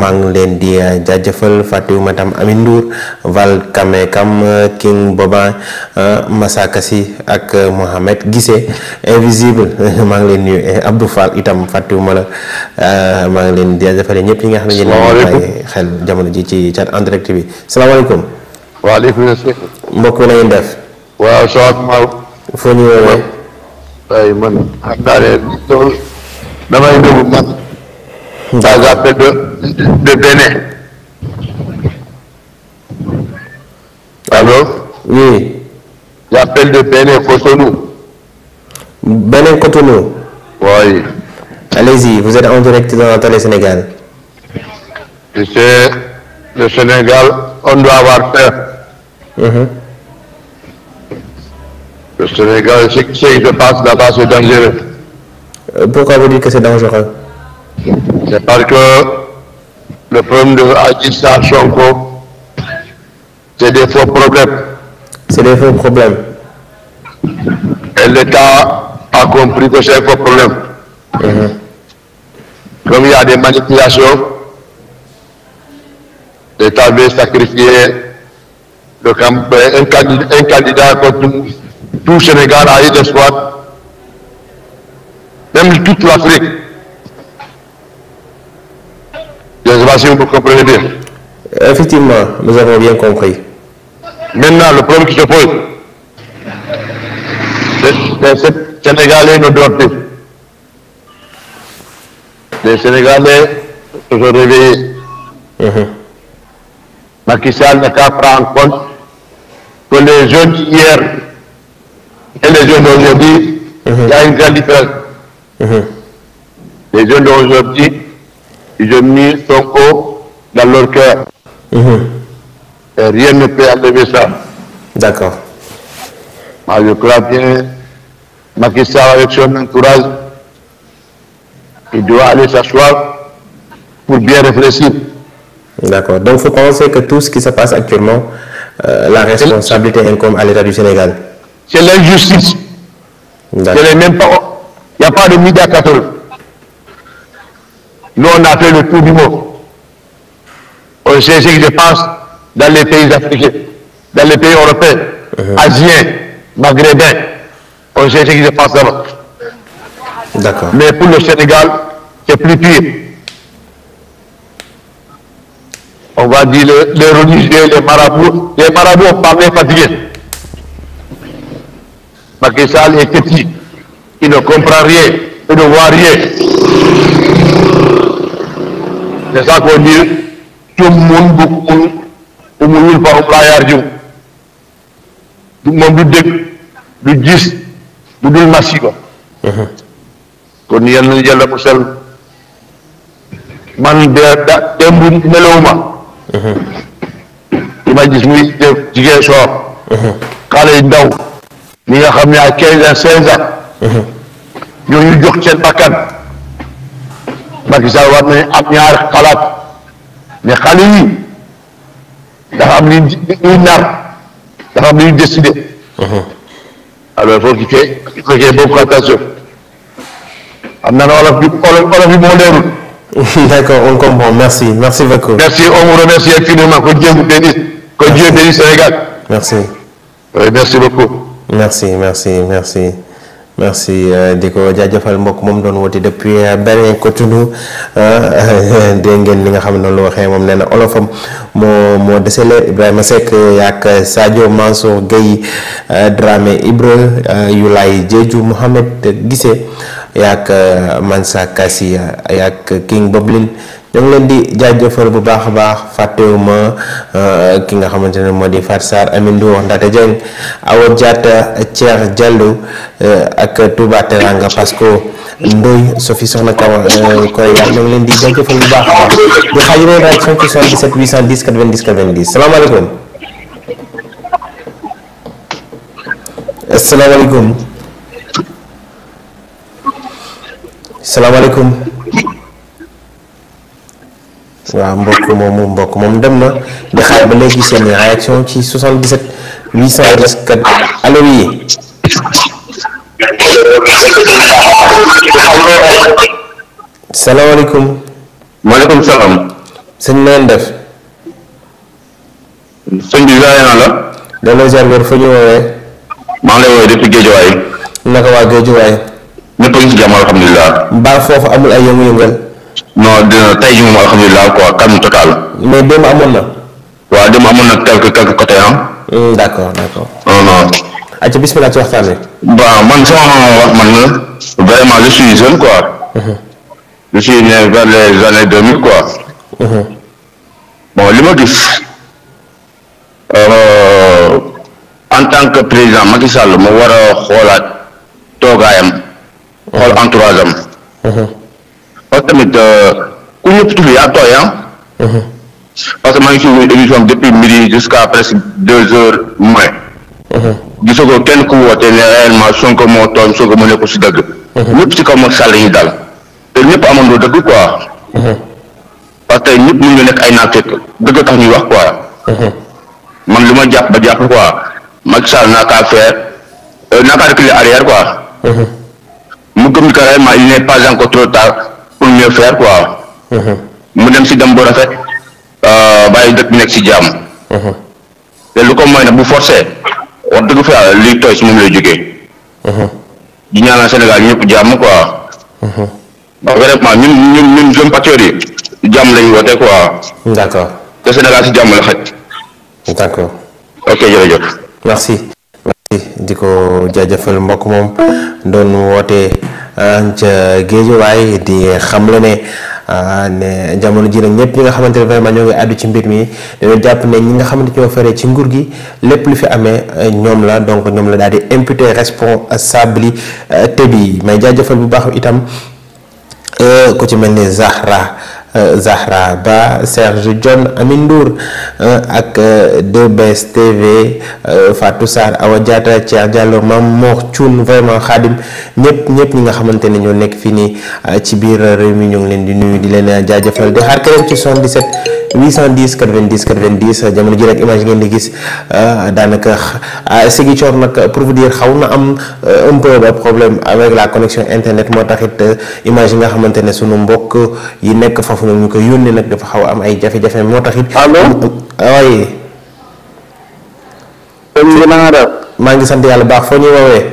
maa ngi leen di jaajëfal Fatou Matam Amin Ndour Val Kamekam King Boba Masakasi ak Mohamed Gissé invisible maa ngi leen nuyu Abdou Fall itam Fatou ma la maa ngi leen di jaajëfale ñëpp ñi nga xam ne yéen xel jamono ji ci chat en direct bi salaamaaleykum waaleykum salaam. mbokk mi nañu def. waaw soo ak Maodo. foo ñu woowee. waaye man xam naa ne loolu damay déglu man. de de Bénin. allo. oui. j'appelle de Bénin Cotonou. Bénin Cotonou. oui. Allez-y, vous êtes en direct dans Télé Sénégal. Monsieur le Sénégal, on doit avoir peur. Le Sénégal, ce qui se passe là-bas, c'est dangereux. Pourquoi vous dites c'est dangereux? C'est parce que le problème de Adji Sarr c'est des faux problèmes. C'est des faux problèmes. Et l'État a compris que c'est un faux problème. Mmh. Comme il y a des manipulations, l'État veut Donc un, tout, Sénégal a eu d'espoir, même l'Afrique. Effectivement, nous avons bien compris. Maintenant, le problème qui se pose, c'est que les Sénégalais ne dorment plus. Les Sénégalais se sont réveillés. Mmh. que les jeunes d'hier et les jeunes mhm. y a une grande différence. Uh mhm. -huh. Les jeunes d'aujourd'hui, ils ont dans leur cœur. Uh mhm. -huh. Et ne peut enlever ça. D'accord. Moi, je crois bien Macky son entourage, il doit aller s'asseoir pour bien réfléchir. D'accord. Donc, vous pensez que tout ce qui se passe actuellement Euh, la responsabilité incombe à l'État du Sénégal. C'est l'injustice. Je n'ai même pas. Il n'y a pas de midi à Nous, on a fait le tour du monde. On sait ce qui se passe dans les pays africains, dans les pays européens, uh-huh. asiens, maghrébins. On sait ce qui se passe là Mais pour le Sénégal, c'est plus pire. on va dire les, les religieux, les marabouts. Les marabouts ont parlé fatigués. Macky Sall est petit. Il ne comprend rien. Il ne voit rien. C'est ça qu'on dit. Tout le monde, beaucoup, tout le monde, par exemple, du moom du dégg du gis du dul masi ko kon yal na yàlla musal man de da démb nelawuma li ma gis muy jëf jigéen soor xale yi ndaw ñi nga xam ne ay quinze ans seize ans ñooñu jox seen bakkan Macky Sall war nañu am ñaari xalaat ne xale yi dafa am lu ñuy nar dafa am lu ñuy décider alors il faut qu'il fasse am na wolof bi wolof bi moo leerul D'accord, on comprend. Merci. Merci beaucoup. Merci, on vous remercie infiniment. Que Dieu Merci. Oui, merci Merci, merci, euh, di ko jaajëfal mbokk moom doon woote depuis euh, beneen Cotonou euh, dégg ngeen li nga xam ne lu waxee moom nee na olofam moo moo desele Ibrahima Seck yaak Sadio Mansour Gueye Dramé Ibra Yulaay Jeeju Mohamed Gise yaak euh, Mansa Kassi yaak King Boblin ñu ngi leen di jaajëfal bu baax a baax fàttewuma euh, ki nga xamante ne moo di Fat Sarr Amine Ndour Ndate Dieng Awa Diatta Thier Diallo euh, ak Touba Teranga parce que Ndoy soxna ko koy yaar ñu ngi leen di jaajëfal bu baax a baax di xaaju leen raaj 77 810 90 salaamaaleykum waaw mbokk moomu mbokk moom dem na di xaar ba léegi seen réaction ci 77 824 allo oui. salaamaaleykum. maaleykum salaam. sëñ leen def. sëñ bi jaay naa la. delloo ziar fa ñu woowee. maa ngi lay woowee depuis Géejawaay. naka waa Géejawaay. ñëpp a ngi ci jàmm alhamdulilah. mbaa foofu amul ay yëngu-yëngal. non dina tey alhamdulilah quoi calme total. mais démb amoon na. waaw démb amoon na quelque quelque côté ah. Hmm, d' accord d' accord. non non. ayca bisimilah wax man la vraiment je suis jeune quoi. Mm-hmm. je suis né vers deux mille quoi. Mm-hmm. bon li ma gis euh, en tant que président Macky Sall mu war a xoolaat toogaayam. xool entourage am. Uh-huh. que tamit euh, ku ñëpp tudd yaa tooy ah. uh-huh. parce que maa ngi suñu émission bi depuis midi jusqu'à presque deux heures moins. Uh-huh. gisagoo kenn ku woote ne réellement Sonko moo tooñ Sonko moo nekkul si dëgg. ñëpp si kaw mag sàll yi daal te ñëpp amandoo dëgg quoi. parce que ñëpp mën nga nekk ay naafeq dëgg tax ñuy wax quoi. man lu ma jàpp ba jàpp quoi Macky Sall naa kaa faire euh, naa kaa reculer arrière quoi. mu gëm carrément il n'est pas encore trop tard pour mieux faire quoi. Mm-hmm. mu dem si dem bu rafet euh, bàyyi dëkk bi nekk si jàmm. Mm-hmm. te lu ko mooy nag bu forcé wax dëgg fa yàlla liy tooy si moom lay jógee. Mm-hmm. di ñaanal Sénégal ñëpp jàmm quoi. waaw yi jàmm lañu woote quoi. d'accord te Sénégal si jàmm la xaj. d'accord ok merci. merci di ko jaajëfal mbokk moom doon wootee ca géejuwaay di la ne ah, ne jamono ji nag ñëpp ñi nga xamante ne vraiment ñoo ngi àddu ci mbir mi dañoo jàpp ne ñi nga xamante ñoo feree ci nguur gi lépp lu fi amee ñoom la donc ñoom la daal di impute imputer responsabilité bi may jaajëfal bu baax itam eh, ko ci mel ni Zahra. Euh, Zahra Ba Serge John Amin Ndour euh, ak 2BS euh, TV Fatou Sarr Awa Diata Thierno Diallo Mame Mor Thioune vraiment Khadim ñëpp ñëpp ñi nga xamante ne ñoo nekk fii nii ci biir réew mi ñu ngi leen di nuyu di leen jaajëfal di xaar keneen ci 77 810 90 90 jamono ji rek image ngeen di gis daanaka sigi coor nag pour vous dire xaw na am un peu problème avec la connexion internet moo taxit image yi nga xamante ne sunu mbokk yi nekk foofu. foofu noonu ñu koy yónnee nag dafa xaw am ay jafe-jafe moo tax it. waaye. maa ngi sant yàlla baax foo ñuy woowee.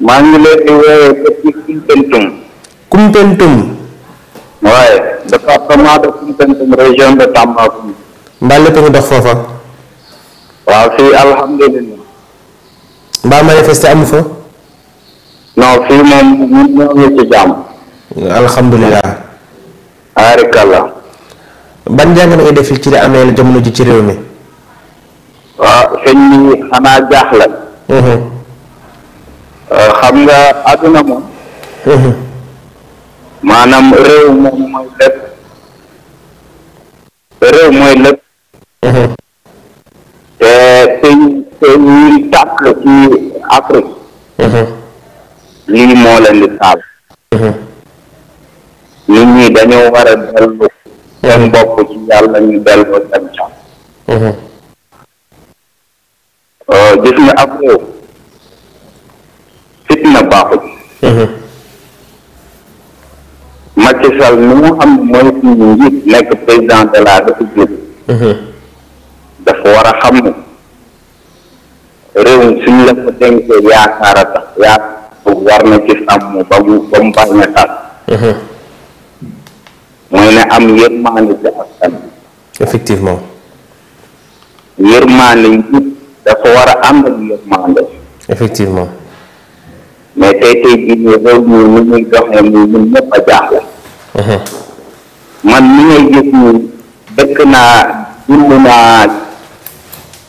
maa ngi leen di woowee Koumpentoum. Koumpentoum. waaye département de Koumpentoum mbaa lépp ngi dox foofa. waaw fii alhamdulilah. mbaa manifester amu fa. non fii moom ñun ñoo ngi ci jàmm. alhamdulilah. aarikàlla. ban njàng ngay def ci li amee jamono ji ci réew mi. waaw ah, sëñ bi xanaa jaaxle. Ah, xam nga àdduna moom. maanaam réew moom mooy lépp. réew mooy lépp. te pays yi tàkk ci Afrique. lii moo leen di taal. nit ñi dañoo war a dellu seen bopp ci yàlla ñu dellu seen jàmm mm-hmm. euh, gis nga ab réew fitna baaxul mm-hmm. Macky Sall ni mu xam mooy suñu njiit nekk président de la république mm-hmm. dafa war a xam ne réew suñ la ko dénkee yaakaar a tax yaakaar war na ci sàmm ba mu ba mu mooy ne am yërmaande ci askan effectivement yërmaande nit dafa war a ànd ak effectivement mais tey tey jii nii réew mi ni muy doxee nii ñun ñëpp a jaaxle mhm. man mi ngay gis nii naa dund naa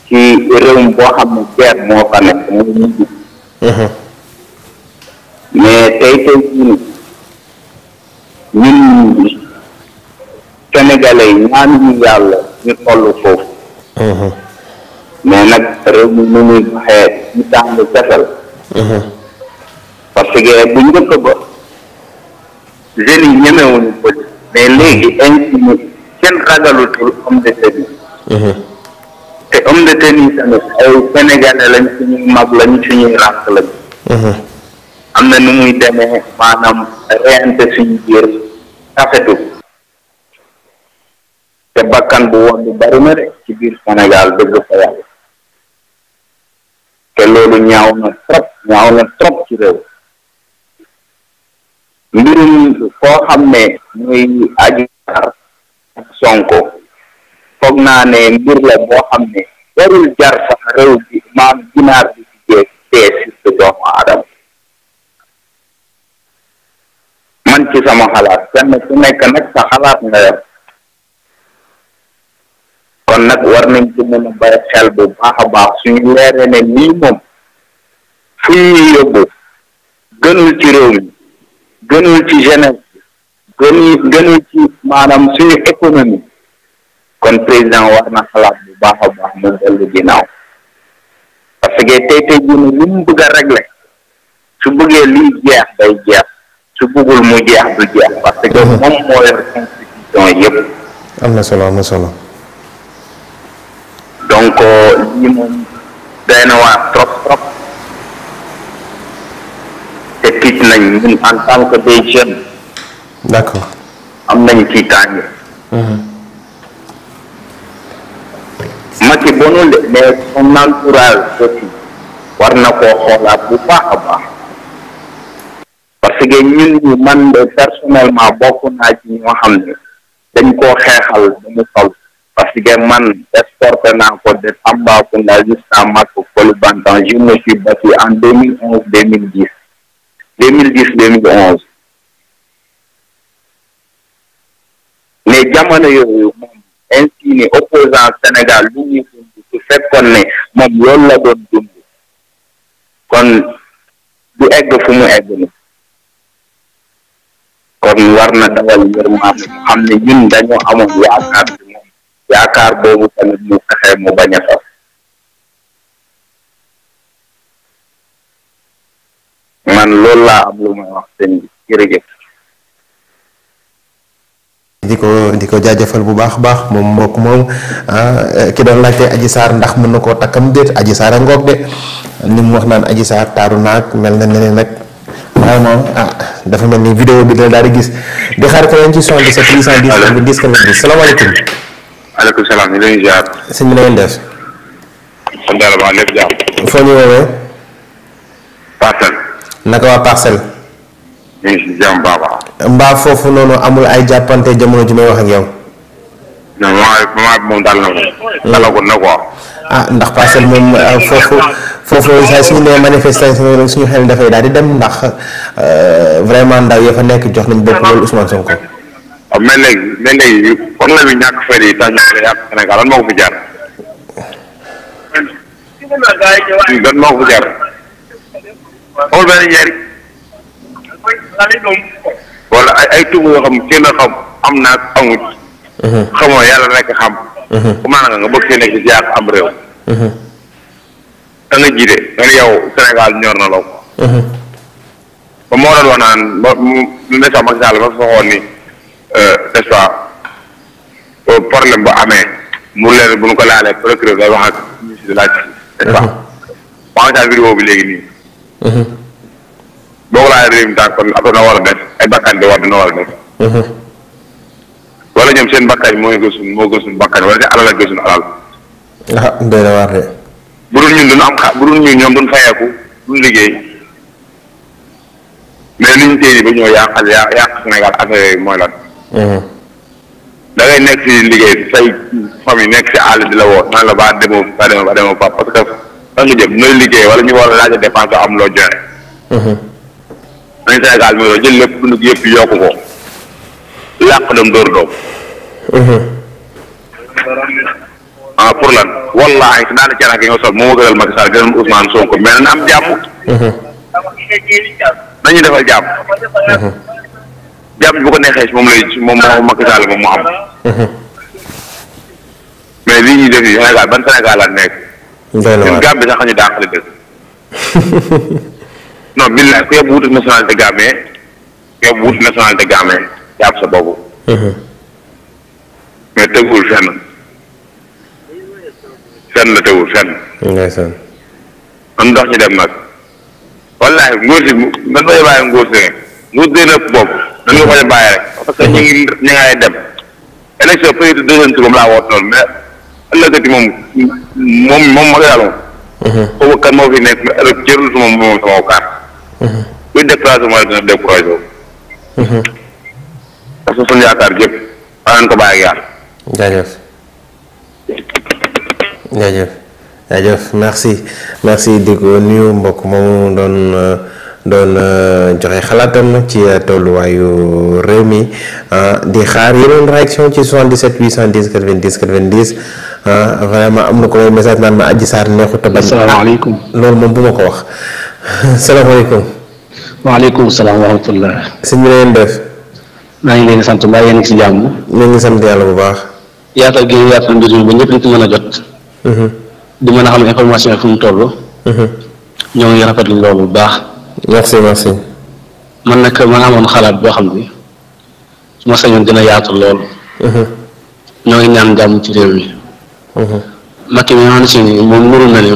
ci réewum boo xam ne guerre moo fa nekk muy ñu gis mais tey tey jii nii ñun sénégalais yi ñaanuñu yàlla ñu toll foofu. Mhm. mais nag réew mi nu muy doxee ñu tàng gasal. Mhm. parce que bu njëkk ba jeunes yi ñemewuñu mais léegi insinué kenn ragalutul homme de tenue. Mhm. te homme de tenue am na nu muy demee maanaam reyante suñu biir rafetul. te bakkan bu wax bu bari na rek ci biir Sénégal dëgg fa yàlla te loolu ñaaw na trop ñaaw na trop ci réew mbirum koo xam ne muy Adji Sarr Sonko foog naa ne mbir la boo xam ne warul jar sax réew bi maam ginaar bi ci jeex tee surtout doomu aadama man ci sama xalaat kenn ku nekk nag sa xalaat nga yor kon nag war nañ ci mën a bàyyi xel bu baax su baax suñu leeree ne lii moom fu ñuy yóbbu gënul ci réew mi gënul ci jeunesse gën gënul ci maanaam suñu économie kon président war na xalaat bu baax a baax mu dellu ginnaaw parce que tey tey jii ne li mu bëgg a régler su bëggee liy jeex day jeex su bëggul mu jeex du jeex parce que mhm. moom moo yor constitution am na solo am na solo donc euh, lii moom doy na waar trop trop te tiit nañ ñun en tant que des am nañ tiitaange. Mhm. Macky bonul de mais son entourage war na koo xoolaat bu baax a baax parce que ñun ñu man de personnellement bokk naa ci ñoo xam ne dañ koo xeexal ba mu toll. parce que man exporté naa ko de Tambacounda jusqu'à Maka Kolobantan je me suis battu en deux mille onze deux mille dix deux mille onze mais jamono yooyu moom ainsi ni opposant Sénégal lu ñu dund su fekkoon ne moom loolu la doon dund kon du egg fu mu egg ni kon war dawal yërmaande xam ne ñun dañoo amoon yaakaar yaakaar boobu tamit mu fexe mu bañ a fas man loolu laa am di ko di ko jaajëfal bu baax a baax moom mbokk ah, ki doon laajte Adji Sarr ndax mën na koo takkam déet Adji Sarr a ngoog de li mu wax naan Adji Sarr taaru mel na ne nag vraiment ah dafa mel ni bi la daal di gis di xaar ko leen ci 77 810 10 90 salaamaaleykum aleykum salaam ñu ngi leen di ziar. sëñ lépp jàmm. foo ñu woowee. parcelle. noonu amul ay jàppante jamono ji may wax yow. non moment bi moom daal na ko. dalagoon na quoi. ah ndax parcelle moom euh, foofu foofu saa suñu nee manifestation rek suñu xel dafay daal di dem ndax euh, vraiment ndaw ya fa nekk jox nañ bopp loolu Ousmane Sonko. waaw mais léegi mais léegi problème yi ñàkk fay yi tax moo ko fi jaar. lan moo ko fi jaar. amul ay ay tuuma xam kenn xam am naa amut. xamoo yàlla rek xam. ku maanaam nga bëgg see nekk si yàq am réew. da nga nga ne yow Sénégal ñor na la ko. Uhuh. ba moo doon wax ba mu ne sax Macky ba fa nii. n'est-ce pas problème bu amee mu leer bu ñu ko laalee procureur day wax ak ministre de la justice n'est-ce pas maa ngi saa vidéo bi léegi nii uh-huh. boo ko laalee réew mi daal kon na war a def ay uh-huh. ñoom seen bakkan mooy gësuñ moo gësuñ bakkan wala seen alal ak gësuñ alal ah doy na waar bu dul ñun duñu am xa bu dul ñun ñoom duñ fayeeku duñ liggéey mais liñ téye ba ñëw yàq yàq Sénégal affaire mooy lan Uh-huh. da ngay nekk si liggéey say famille nekk si àll di la woo naan la baa demoo baa demoo baa demoo pap parce que fa nooy liggéey wala ñu war a laaj a am loo joxe. nañ uh-huh. Sénégal mooy jël lépp dund yëpp yokk ko làq dem dóor doom. Uh-huh. ah pour lan wallaahi si daanaka canaak ma gënal Macky Sall am jàmm. nañu defal jàmm. jàpp bu ko neexee si moom lay moom moom Macky Sall moom mu am. mais lii ñuy def yi Sénégal ban Sénégal la nekk. ndey la waay ñun Gambie sax ñu dàqali dëkk. non billaay ku yóbbu wuti nationalité Gambie ku yóbbu wuti nationalité Gambie jàpp sa bopp. Mhm. mais tegul fenn fenn la tegul fenn. ndeysaan. am ndox ci dem nag. wallaahi ngóor si man ma yóbbaale ngóor si rek ngóor si bopp. dañ nga bàyyi rek. parce que ñu ngi ñu ngay dem. élection peut-être deuxième tour laa woote noonu mais ëllëgati moom moom moom ma daal moom. Mhm. foofu kan moo fi nekk mais ëllëg jërul moom mhm. mhm. ko bàyyi doon. Euh, doon euh, joxe xalaatam ci euh, tolluwaayu réew mi ah, di xaar yeneen réaction ci 77 810 90 90 vraiment am na ko lay message naan ma Adji Sarr neexut a bañ. asalaamaaleykum ah, loolu moom bu ma ko wax. salaamaaleykum. waaleykum salaam wa rahmatullah. sëñ bi na ngeen def. maa ngi leen sant mbaa yéen ngi si jàmm. ñu ngi sant yàlla bu baax. yaatal gi yaatal mbir mi ba ñëpp dañ mën a jot. Mhm. di mën a xam information yi fu mu toll. Mhm. ñoo ngi rafetlu loolu bu baax. merci man nag man amoon xalaat boo xam ni su ma sañoon dina yaatu lool. Uh-huh. ñoo ngi ñaan jàmm ci réew mi. Uh-huh. Macky mi nga xam ne moom nuru na ne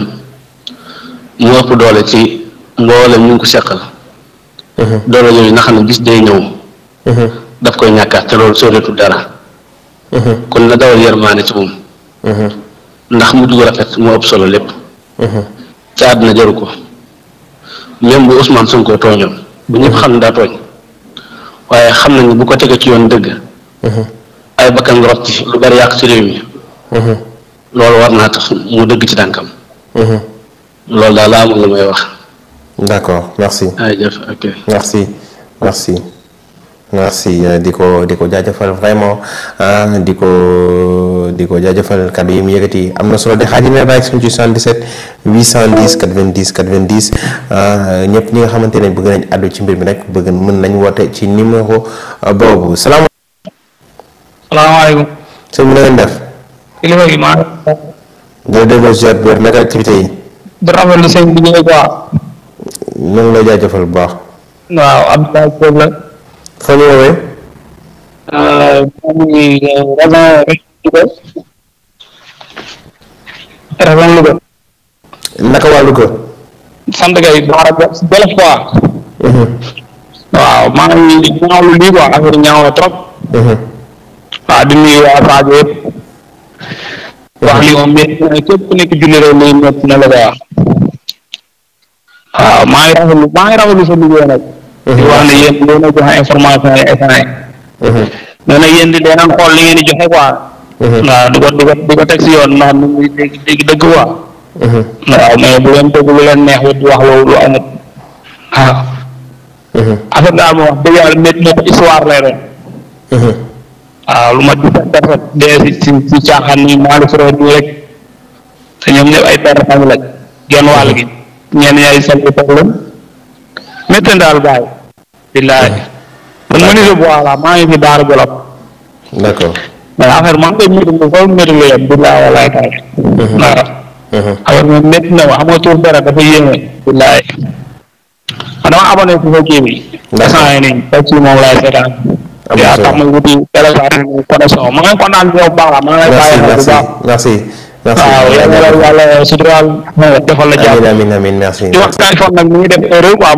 mu ëpp doole ci mboole ñu ngi ko seqal. Uh-huh. doole yooyu nga xam ne gis day ñëw. daf koy ñàkkaat te loolu sooreetu dara. kon na dawal yërmaane ci moom. ndax mu dugg rafet moo ëpp solo lépp. ca àdduna jaru ko. même bu Ousmane Sonko tooñoon bu ñëpp xam ne daa tooñ waaye xam nañu bu ko tegee ci yoon dëgg. Mhm. ay bakkan ci lu bari yàq ci réew mi. Mhm. loolu war naa tax mu dëgg ci tànkam. Mhm. loolu daal laa amoon lu may wax. d'accord merci. jërëjëf ok merci merci. merci euh, di ko di ko jaajëfal vraiment ah, di ko di ko jaajëfal kàddu yi mu yëkkati am na solo de xaaj yi may bàyyi suñu ci 77 810 90 90 ñëpp ñi nga xamante ne bëgg nañ àddu ci mbir mi rek bëgg mën nañ woote ci numéro boobu salaamaaleykum. sëñ bi na ngeen def. kilifa gi maa. doo delloo ziar bu wér naka activité yi. di rafetlu sëñ bi ñu ngi quoi. ñu ngi lay jaajëfal bu baax. waaw Abdoulaye soo ñu woowee. maa ngi Ravan Louga. Ravan Louga. naka waa Louga. sant kay Baara mhm. ñaawlu lii quoi affaire ñaaw trop. Mhm. waaw di nuyu waa Sadio mhm. li moom métti na képp ku nekk julli réew na la quoi. waaw maa ngi rafetlu maa ngi rafetlu di wax ne yéen leen a joxe information yi état yi mhm. nee na yéen di xool li ngeen di joxe quoi mhm. waaw du du ko du ko teg ci yoon ndax mu mhm. ngi dégg dégg dëgg lu neex wut wax lu dëgg yàlla métti lu ma di defet dee si si ni maali frère nii rek te ñoom ñëpp ay père famille lañ genn wàll gi ñenn ñay sal bi teg leen métti na daal bàyyi. billaahi. man ma ni sa voilà maa ngi fi Daara Jolof. d' accord man koy métti mu foofu métti la yem billaahi walaay taay. naara. Mhm. Mhm. affaire na ma xam nga tur dara dafa yéeme. billaahi. man dama abonné si sa kii bi. d' accord instant yii nii fekk si moom laay seetaan. am na solo yaa ma wuti téléphone connexion ma ngi kontaan yow baax la ma ngi lay bàyyi. merci merci waaw defal la jàmm nag mu ngi def erreur waaw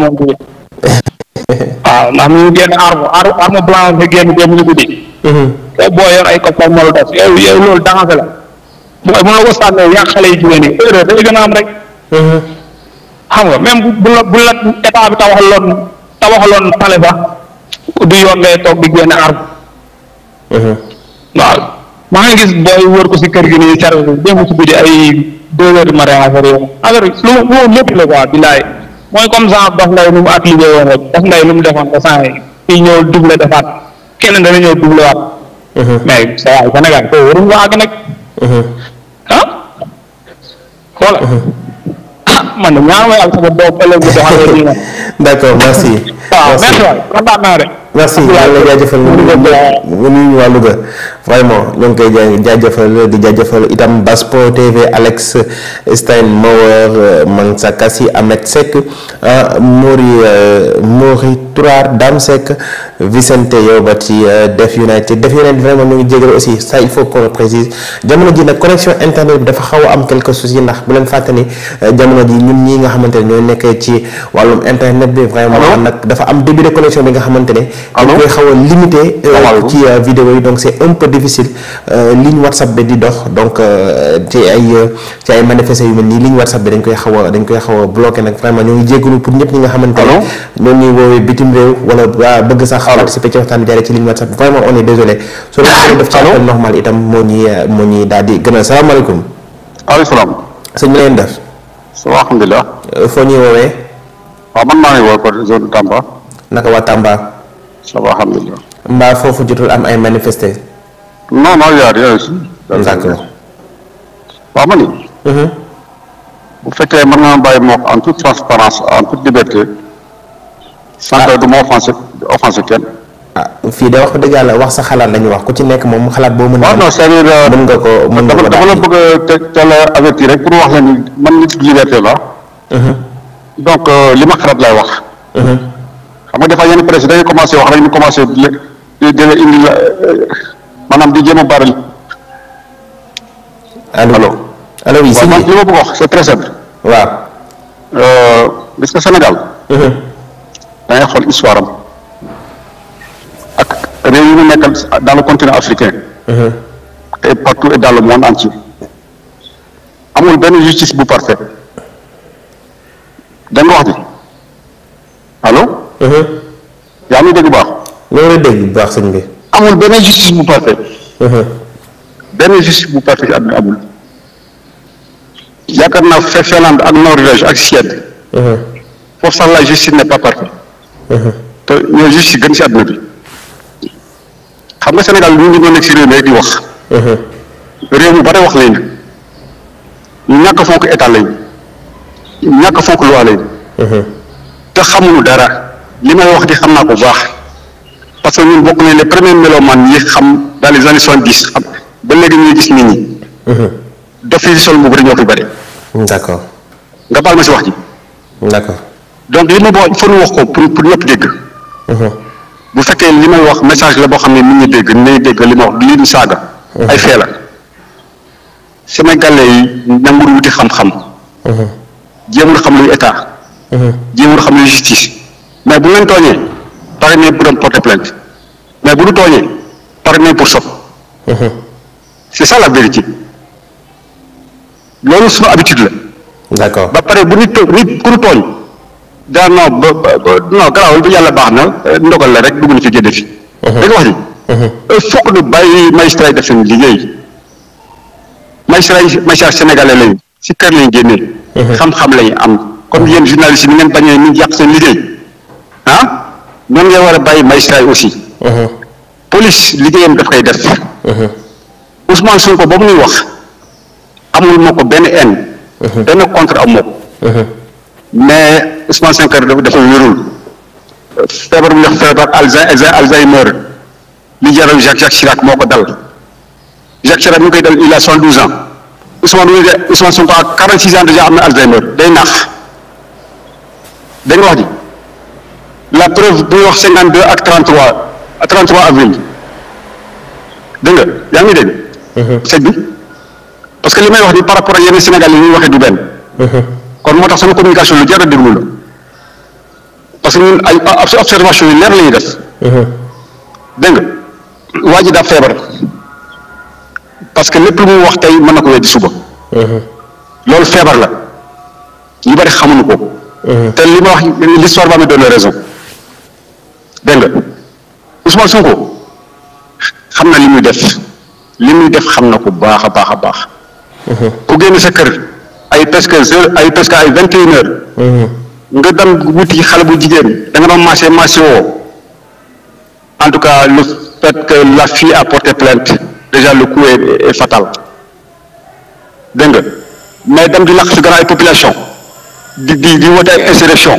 ndax mu ngi génn arme arme blanche bi génn démb ñu guddi. Mhm. Eh, boo yor ay coppar molotov yow yow loolu danger la mooy mën la ko sànnee yàq xale yi jigéen yi erreur day gën a am rek. Mhm. xam nga même bu la la état bi tabaxaloon tabaxaloon pale ba du yoon ngay toog di génn arme. Mhm. waaw. maa ngi gis booy wër ko si kër gi nii sar démb si guddi ay deux heures du matin affaire yooyu affaire lu loolu lépp la quoi bilaay Bas Ndao nu mu appliqué woon mu defoon ko saa yi fii ñëw double defaat kenn dana ñëw double waat mhm. mais sa waay Sénégal ko waruñu ko àgg nag mhm. ah? Mhm. ah man de ñaar mooy ak sama bopp ëllëg bu doxalee nii nag d'accord merci waaw merci waay kontaan merci yàlla jaajëfal ñu nuyu waa Louga vraiment ñoo ngi koy jaajëfal di jaajëfal itam Baspo TV Alex Steinmauer Mansa Kassi Ahmed Seck ah, Mori euh, Mori Tourard Dame Seck Vicente yow ba ci euh, Def United Def United vraiment ñu ngi jégalu aussi ça il faut qu'on précise jamono ji nag connexion internet bi dafa xaw a am quelques soucis ndax bu leen fàttali euh, jamono ji ñun ñii nga xamante ne ñooy nekkee ci wàllum internet bi vraiment nag dafa am début de connexion bi nga xamante ne dañ koy xaw a limité euh, ci euh, vidéo yi donc c' est un peu difficile euh, ligne whatsapp bi di dox donc ci ay ci ay manifesté yu mel nii ligne whatsapp bi dañ koy xaw a dañ koy xaw a bloqué nag vraiment ñoo ngi jégalu pour ñëpp ñi nga xamante ne ñoo ñuy woowee bitim réew wala waa bëgg sax participer ci waxtaan bi jaaree ci ligne whatsapp bi vraiment on est désolé so loolu def ci appel normal itam moo ñuy moo ñuy daal di gën a salaamaaleykum waaleykum salaam sëñ bi leen def foo ñuy woowee waaw man maa ngi woo ko zone Tamba waa Tamba alhamdulilah. mbaa foofu jotul am ay manifesté. non non y' a rien ici. d'accord waaw ma ni. Mhm. bu fekkee mën naa bàyyi moo en toute transparence en toute liberté. sans que du ma kenn. Ah, fii de wax dëgg yàlla wax sa xalaat la ñuy wax ku ci nekk moom xalaat boo mën a. non euh, nga ko mën nga ko dama la bëgg a te teel a rek pour wax la ni man nit liberté la. Mhm. donc euh, li ma xalaat lay wax. Mhm. xam defaa dafa yenn presse dañuy commencé wax rek ñu commencé di la di la indi la euh, maanaam di jéem a baral. allo allo. allo oui si man li ma bëgg c'est très simple. waaw. Euh, gis nga Sénégal. Uh-huh. da ngay xool histoire am ak réew yi mu nekkal dans le continent africain. et uh-huh. partout et dans le monde entier. amul benn justice bu parfait. da nga may dégg baax. ñoo ngi dégg bu baax sëñ bi. amul benn justice bu parfait. benn justice bu parfait ci àdduna amul. yaakaar naa fe ak Norvège ak Suède. foofu sax la justice n'est pas parfaite. te ñoo justice gën ci àdduna bi. xam nga Sénégal ñu ngi doon nekk ci réew mi rek di wax. réew mu ba tey wax lañu ñu ñàkk fonk état lañu ñu ñàkk fonk loi lañu. te xamuñu dara. li may wax di xam naa ko baax parce que ñun bokk nañ les premiers mélomanes yi xam dans les années soixante dix xam ba léegi ñuy gis nit ñi. Mhm. dof yi sol bari ñoo fi bëri. d'accord nga baal ma si wax ji. d'accord donc li ma boo il wax ko pour pour ñëpp dégg. Mhm. bu fekkee li may wax message la boo xam ne nit ñi dégg nañ dégg li ma wax lii du saaga. Mhm. ay fee la Sénégalais yi nangu wuti xam-xam. jéemul xam luy état. jéemul xam luy justice. mais bu leen tooñee pare nañ pour dem porter plainte mais bu ñu tooñee pare nañ pour sob c'est ça la vérité loolu suñu habitude la. ba pare bu nit nit ku ñu tooñ daa non ba non garaawul ba yàlla baax na euh, ndogal la rek dugg na ci génn fi. da wax ni. fokk ñu bàyyi magistrat def seen liggéey magistrat yi magistrat sénégalais lañu si kër lañ génnee. xam-xam lañu am comme yéen journalistes yi ni ngeen bañee ñu yàq seen liggéey. ah ñoom ñoo war a bàyyi magistrat aussi. Uh-huh. police liggéeyam daf koy def. Uh-huh. Ousmane ko ba muy wax amul ma ko benn haine. Uh-huh. benn contre am ma ko. mais Ousmane Sonko dafa wérul feebar bu ñuy wax feebar Alzheimer li jaral Jacques Jacques Chirac moo ko dal Jacques Chirac mi ngi koy dal il a soixante douze ans Ousmane bu Ousmane Sonko à quarante six ans déjà am Alzheimer day naax dégg nga wax ji. la preuve bu wax 52 ak 33 ak 33 avril dégg nga yaa ngi dégg. Uh-huh. sëñ parce que li may wax ni par rapport ak yenn Sénégal yi ñuy waxee du benn. Uh-huh. kon moo tax sama communication lu jar a déglu la parce que ñun ay observation yi leer la ñuy def. Uh-huh. dégg nga waa ji daa feebar parce que lépp mu wax tey mën na ko weddi suba. loolu feebar la ñu bari xamuñu ko. te li ma wax l'histoire ma me donner raison. dégg nga Ousmane ko xam na li muy def li muy def xam na ko baax a baax a baax. ku génn sa kër ay presque ay presque ay vingt et une heures. nga dem wuti xale bu jigéen da nga doon marché marché woo en tout cas le fait que la fille a plaint plainte déjà le coup est, fatal dégg nga mais dem di laq si gannaaw population di di di wote ay insurrection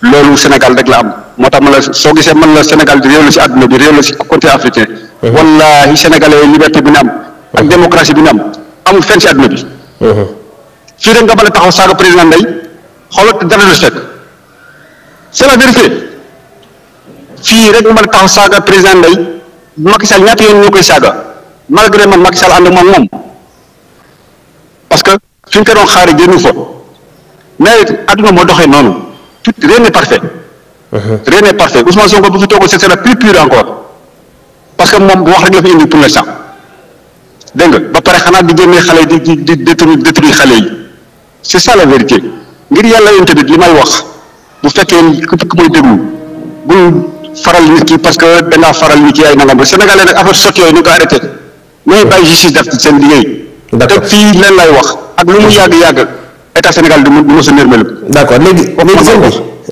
loolu Sénégal rek la am. moo tax man la soo gisee man la Sénégal di réew la si àdduna bi réew la si continent africain uh-huh. wallahi sénégalais liberté bi ñu am ak uh-huh. démocratie bi ñu am amul fenn si àdduna bi uh-huh. fii rek nga mën a taxaw saaga président Ndeye xoolal te dara du fii rek nga a taxaw saaga président Ndeye Macky Sall ñaata yoon ñoo koy saaga malgré man Macky Sall ànd ak moom parce que fi ñu ko doon xaaree génnu fa mais àdduna moo doxee noonu tout rien n'est parfait rien n'est parfait Ousmane Sonko bu fi toogoon ce sera plus pur encore parce que moom wax rek la fi indi pour l'instant dégg nga ba pare xanaa di génnee xale di di di détruire détruire xale yi c'est ça la vérité ngir yàlla yéen tamit li may wax bu fekkee ku ku may déglu bul faral nit ki parce que dangaa faral nit ki ay nangam ba Sénégalais nag affaire sot yooyu ñu ko arrêté mais bàyyi justice def seen liggéey. d'accord te fii leen lay wax ak lu mu yàgg yàgg état Sénégal du mu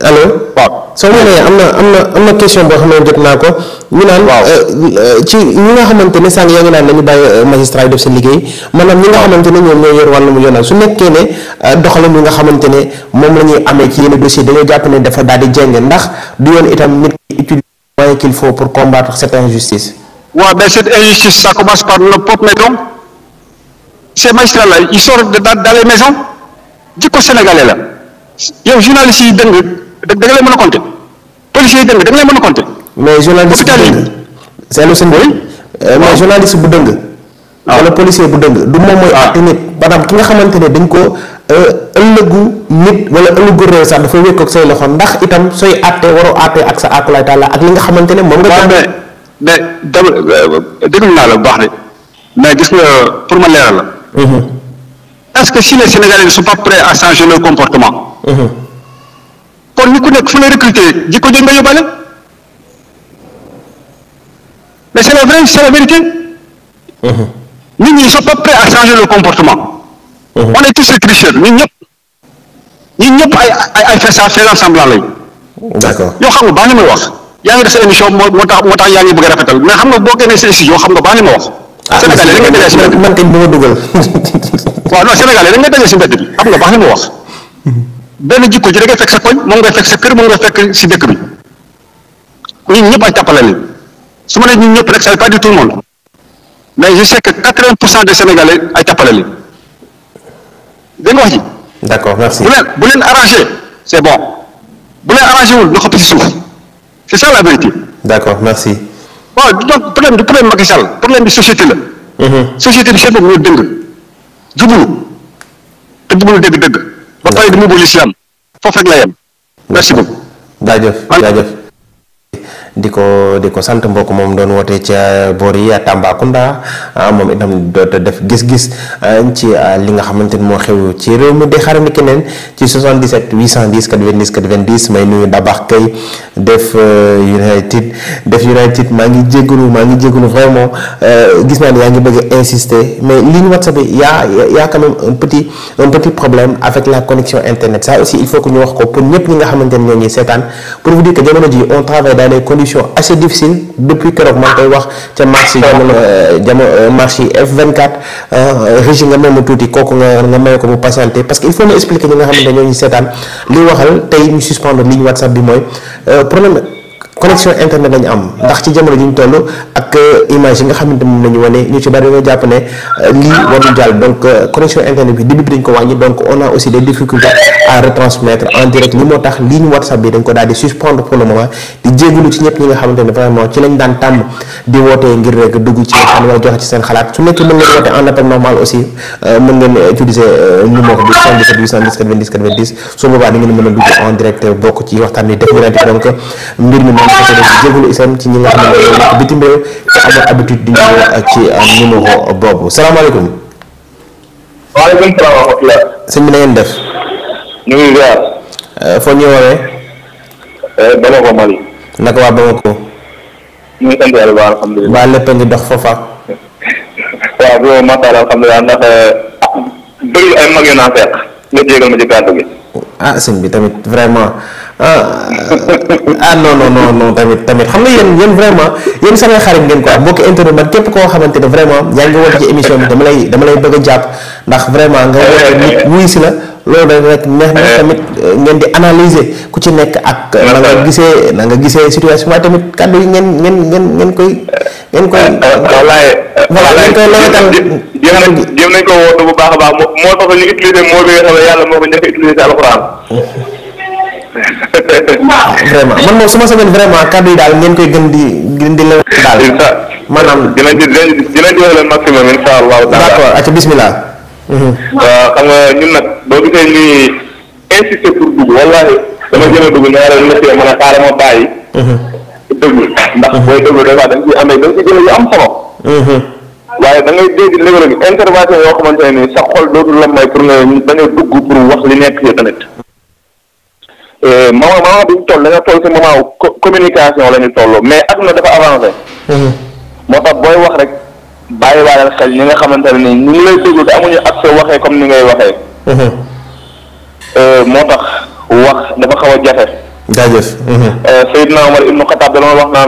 allo. waaw soo mënee am na am na am na question boo xam ne jot naa ko. ñu naan euh, euh, ci ñi nga xamante ne sànq yaa ngi naan nañu bàyyi euh, magistrat yi def seen liggéey maanaam ñi nga xamante ne ñoom ñooy yor wàllum yoonal su nekkee ne doxalin yi nga xamante ne moom la ñuy amee ci yenn dossier dañoo jàpp ne dafa daal di jeng ndax du yoon itam nit ki utiliser moyen qu'il faut pour combattre cette injustice. waaw mais cette injustice ça commence par nos propres maisons ces magistrats là ils da nga lay mën a compter policiers dëng da nga lay mën a compter. mais journaliste bu dëng Seydou euh, Sène ah. bu dëng. Ah. wala policier bu dëng du moom mooy àtte ah. nit maanaam ki nga xamante ne dañ ko euh, ëllëgu nit wala ëllëgu réew sax dafa wékkoog say loxo ndax itam sooy àtte waroo àtte ak sa àqulaay taala ak li nga xamante ne moom nga. waaw mais mais euh, naa la bu baax de mais gis nga pour ma leeral la. Mhm. est que si sénégal su ne pas prêts à changer leur comportement. Mhm. kon ni ku nekk fu lay recruter jikko jëñ nga yóbbaale mais c'est la vraie c'est la vérité. Uh-huh. nit ñi ils sont pas prêts à changer le comportement. Uh-huh. on est tous chrétiens ñun ñëpp ñun ñëpp ay ay ay fesa fesa semblant lañu. d'accord yow xam nga baax ni may wax. yaa tax moo tax yaa ngi rafetal mais xam nga boo génnee sa studio xam nga baax ni ma wax. Ah, Sénégal yi dañ ngay dajee si mbedd bi man kay bu xam nga baax ni ma wax. benn jikko ji da ngay fekk sa koñ moom ngay fekk sa kër moom ngay fekk si dëkk bi ñun ñëpp ay tàppale lañ su ma nee ñun ñëpp rek ça veut pas dire tout mais je sais que quatre-vingts pour cent des ay tàppale lañ dégg nga wax ji. d'accord merci bu leen bu leen c'est bon bu leen arrangé wul na xëpp si suuf c'est ça la vérité. d'accord merci. waaw donc problème du problème Macky problème bi société la. Mm-hmm. société bi seen bopp ñoo dëng jublu te jublu dëgg-dëgg. ba pare di mu bu lislaam foofu rek la yem merci beaucoup. jaajëf jaajëf. di ko di ko sant mbokk moom doon wootee ca boor yi Tambacounda ah, moom itam doota def gis-gis ah, ci ah, li nga xamante ni moo xew ci réew mi di xarandi keneen ci 77 810 90 90 may nuyu dabax kay def United def United maa ngi jégalu maa ngi jégalu vraiment gis naa ne yaa ngi bëgg a insister mais ligne WhatsApp bi yaa yaa quand même un petit un petit problème la connexion internet ça aussi il faut que ñu wax ko pour ñëpp ñi nga xamante ni ñoo ngi seetaan pour vous dire que ji on travaille dans conditions assez difficiles depuis keroog man koy wax ca marché yi jamono euh, jamono euh, marché F24 euh, régi nga moom a tuuti kooku nga nga may ko mu patienté parce que il faut na expliquer ñi nga xamante ñoo ñu seetaan li waxal tey ñu suspendre ligne WhatsApp bi mooy problème connexion internet lañu am ndax ci jamono ji ñu toll ak euh, image nga xamante nañu wane ñu ci bari dañoo jàpp ne euh, lii warul jàll donc euh, connexion internet bi début bi dañ ko wàññi donc on aussi des difficultés à retransmettre en direct li moo tax ligne WhatsApp bi dañ ko daal di suspendre pour le moment di jégalu ci ñëpp ñi nga xamante ne vraiment ci lañ daan tàmm di wootee ngir rek dugg ci waxtaan wala joxe ci seen xalaat su nekkee mën ngeen woote en appel ko def jégalu itam ci ñi nga xam ne bitim réew te amoon habitude di ñëw ci euh, numéro boobu salaamaaleykum. waaleykum salaam wa rahmatulah. sëñ bi na ngeen def. ñu ngi ziar. Euh, foo ñu woowee. Euh, Bamako Mali. naka waa Bamako. ñu waa lépp a ngi dox foofa. waaw boobu macha allah ndax bëri ay mag yu fekk nga jégal ma ci kàddu gi. ah sëñ bi tamit vraiment. Euh, ah ah non non non tamit tamit xam nga yéen yéen vraiment yéen samay xarit ngeen quoi mbokki internet man képp koo xamante ne vraiment yaa ngi woon ci émission bi dama lay dama lay bëgg a jàpp ndax vraiment nga nit si la loolu rek rek neex na tamit euh, ngeen di ku ci nekk ak euh, na nga gisee na nga gisee situation waaye tamit kàddu yi ngeen ngeen ngeen ngeen koy ngeen koy wallaay voilà ngeen koy lewetal jéem nañ ko wootu bu baax a baax moo tax ñu utiliser moo bi nga yàlla moo ko njëkk a utiliser alxuraan waaw vraiment man moom su ma semaine vraiment kàddu yi daal ngeen koy gën di gën di lew daal. maanaam dina dina dina joxe le maximum incha allahu taala. d'accord acca bismillah. waaw euh, xam nga ñun nag boo gisee ñuy insister pour dugg wallaahi dama gën a dugg ñaareel na cee a xaaral ma bàyyi. Mhm. dëgg ndax booy dëgg dafa da nga ciy amee da nga ciy jëlee yu am solo. Mhm. waaye da ngay dégg léeg-léeg intervention yoo xamante ne nii sa xol dootul la may pour nga bañ a dugg pour wax li nekk Euh, moment moment bi toll dañoo toll si moment wu communication la ñu toll mais a dafa avancé. Mhm. moo tax booy wax rek bàyyi waaleel xel ñi nga xamante ne nii ñu ngi lay déglu te amuñu accès waxee comme ni ngay waxee. Mhm. Euh, moo tax wax dafa xaw a jafe. jaajëf. Mhm. Euh, Seydina Omar Ibnu Xataab da doon wax naa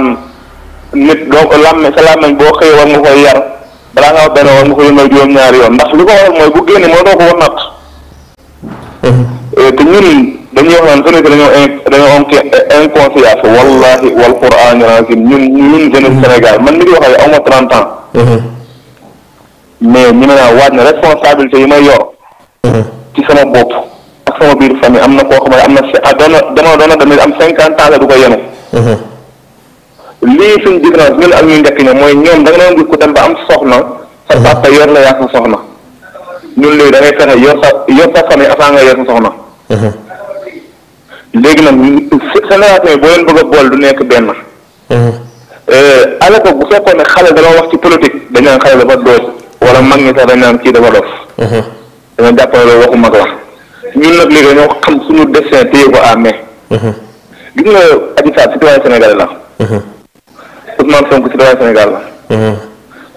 nit doo làmme sa làmmeñ boo xëyee war nga koy yar balaa ngaa wax benn war nga koy yëngal juróom-ñaari yoon ndax li ko waral mooy bu génnee moo doo ko te euh, ñun dañuy wax naan jeunesse dañoo dañoo am wallahi wal quran azim ñun ñun mhm. man mi di wax ak aw mhm. mais ñu ne naa waaj yi may yor mhm. ci sama bopp ak sama am na koo xam ne am na si ah, am cinquante ans la ko yenu lii suñ différence ñun ak ñu mooy ñoom da nga doon gis ku dem ba am soxna sa papa yor la yaa sa soxna ñun léegi da fexe yor sa yor sa famille avant nga yor sa soxna Uh-huh. léegi nag génération yi boo leen bëgg a du nekk benn. Uh-huh. Uh, à l'époque bu fekkoon ne xale dama wax ci politique dañ naan xale dafa dooj wala mag ñi sax dañ naan kii dafa dof. Uh-huh. dañoo jàppale loolu waxu mag la ñun nag léegi dañoo xam suñu destin téye ko à mai. gis nga Adji Sarr citoyen Sénégal la. Ousmane Sonko citoyen Sénégal la.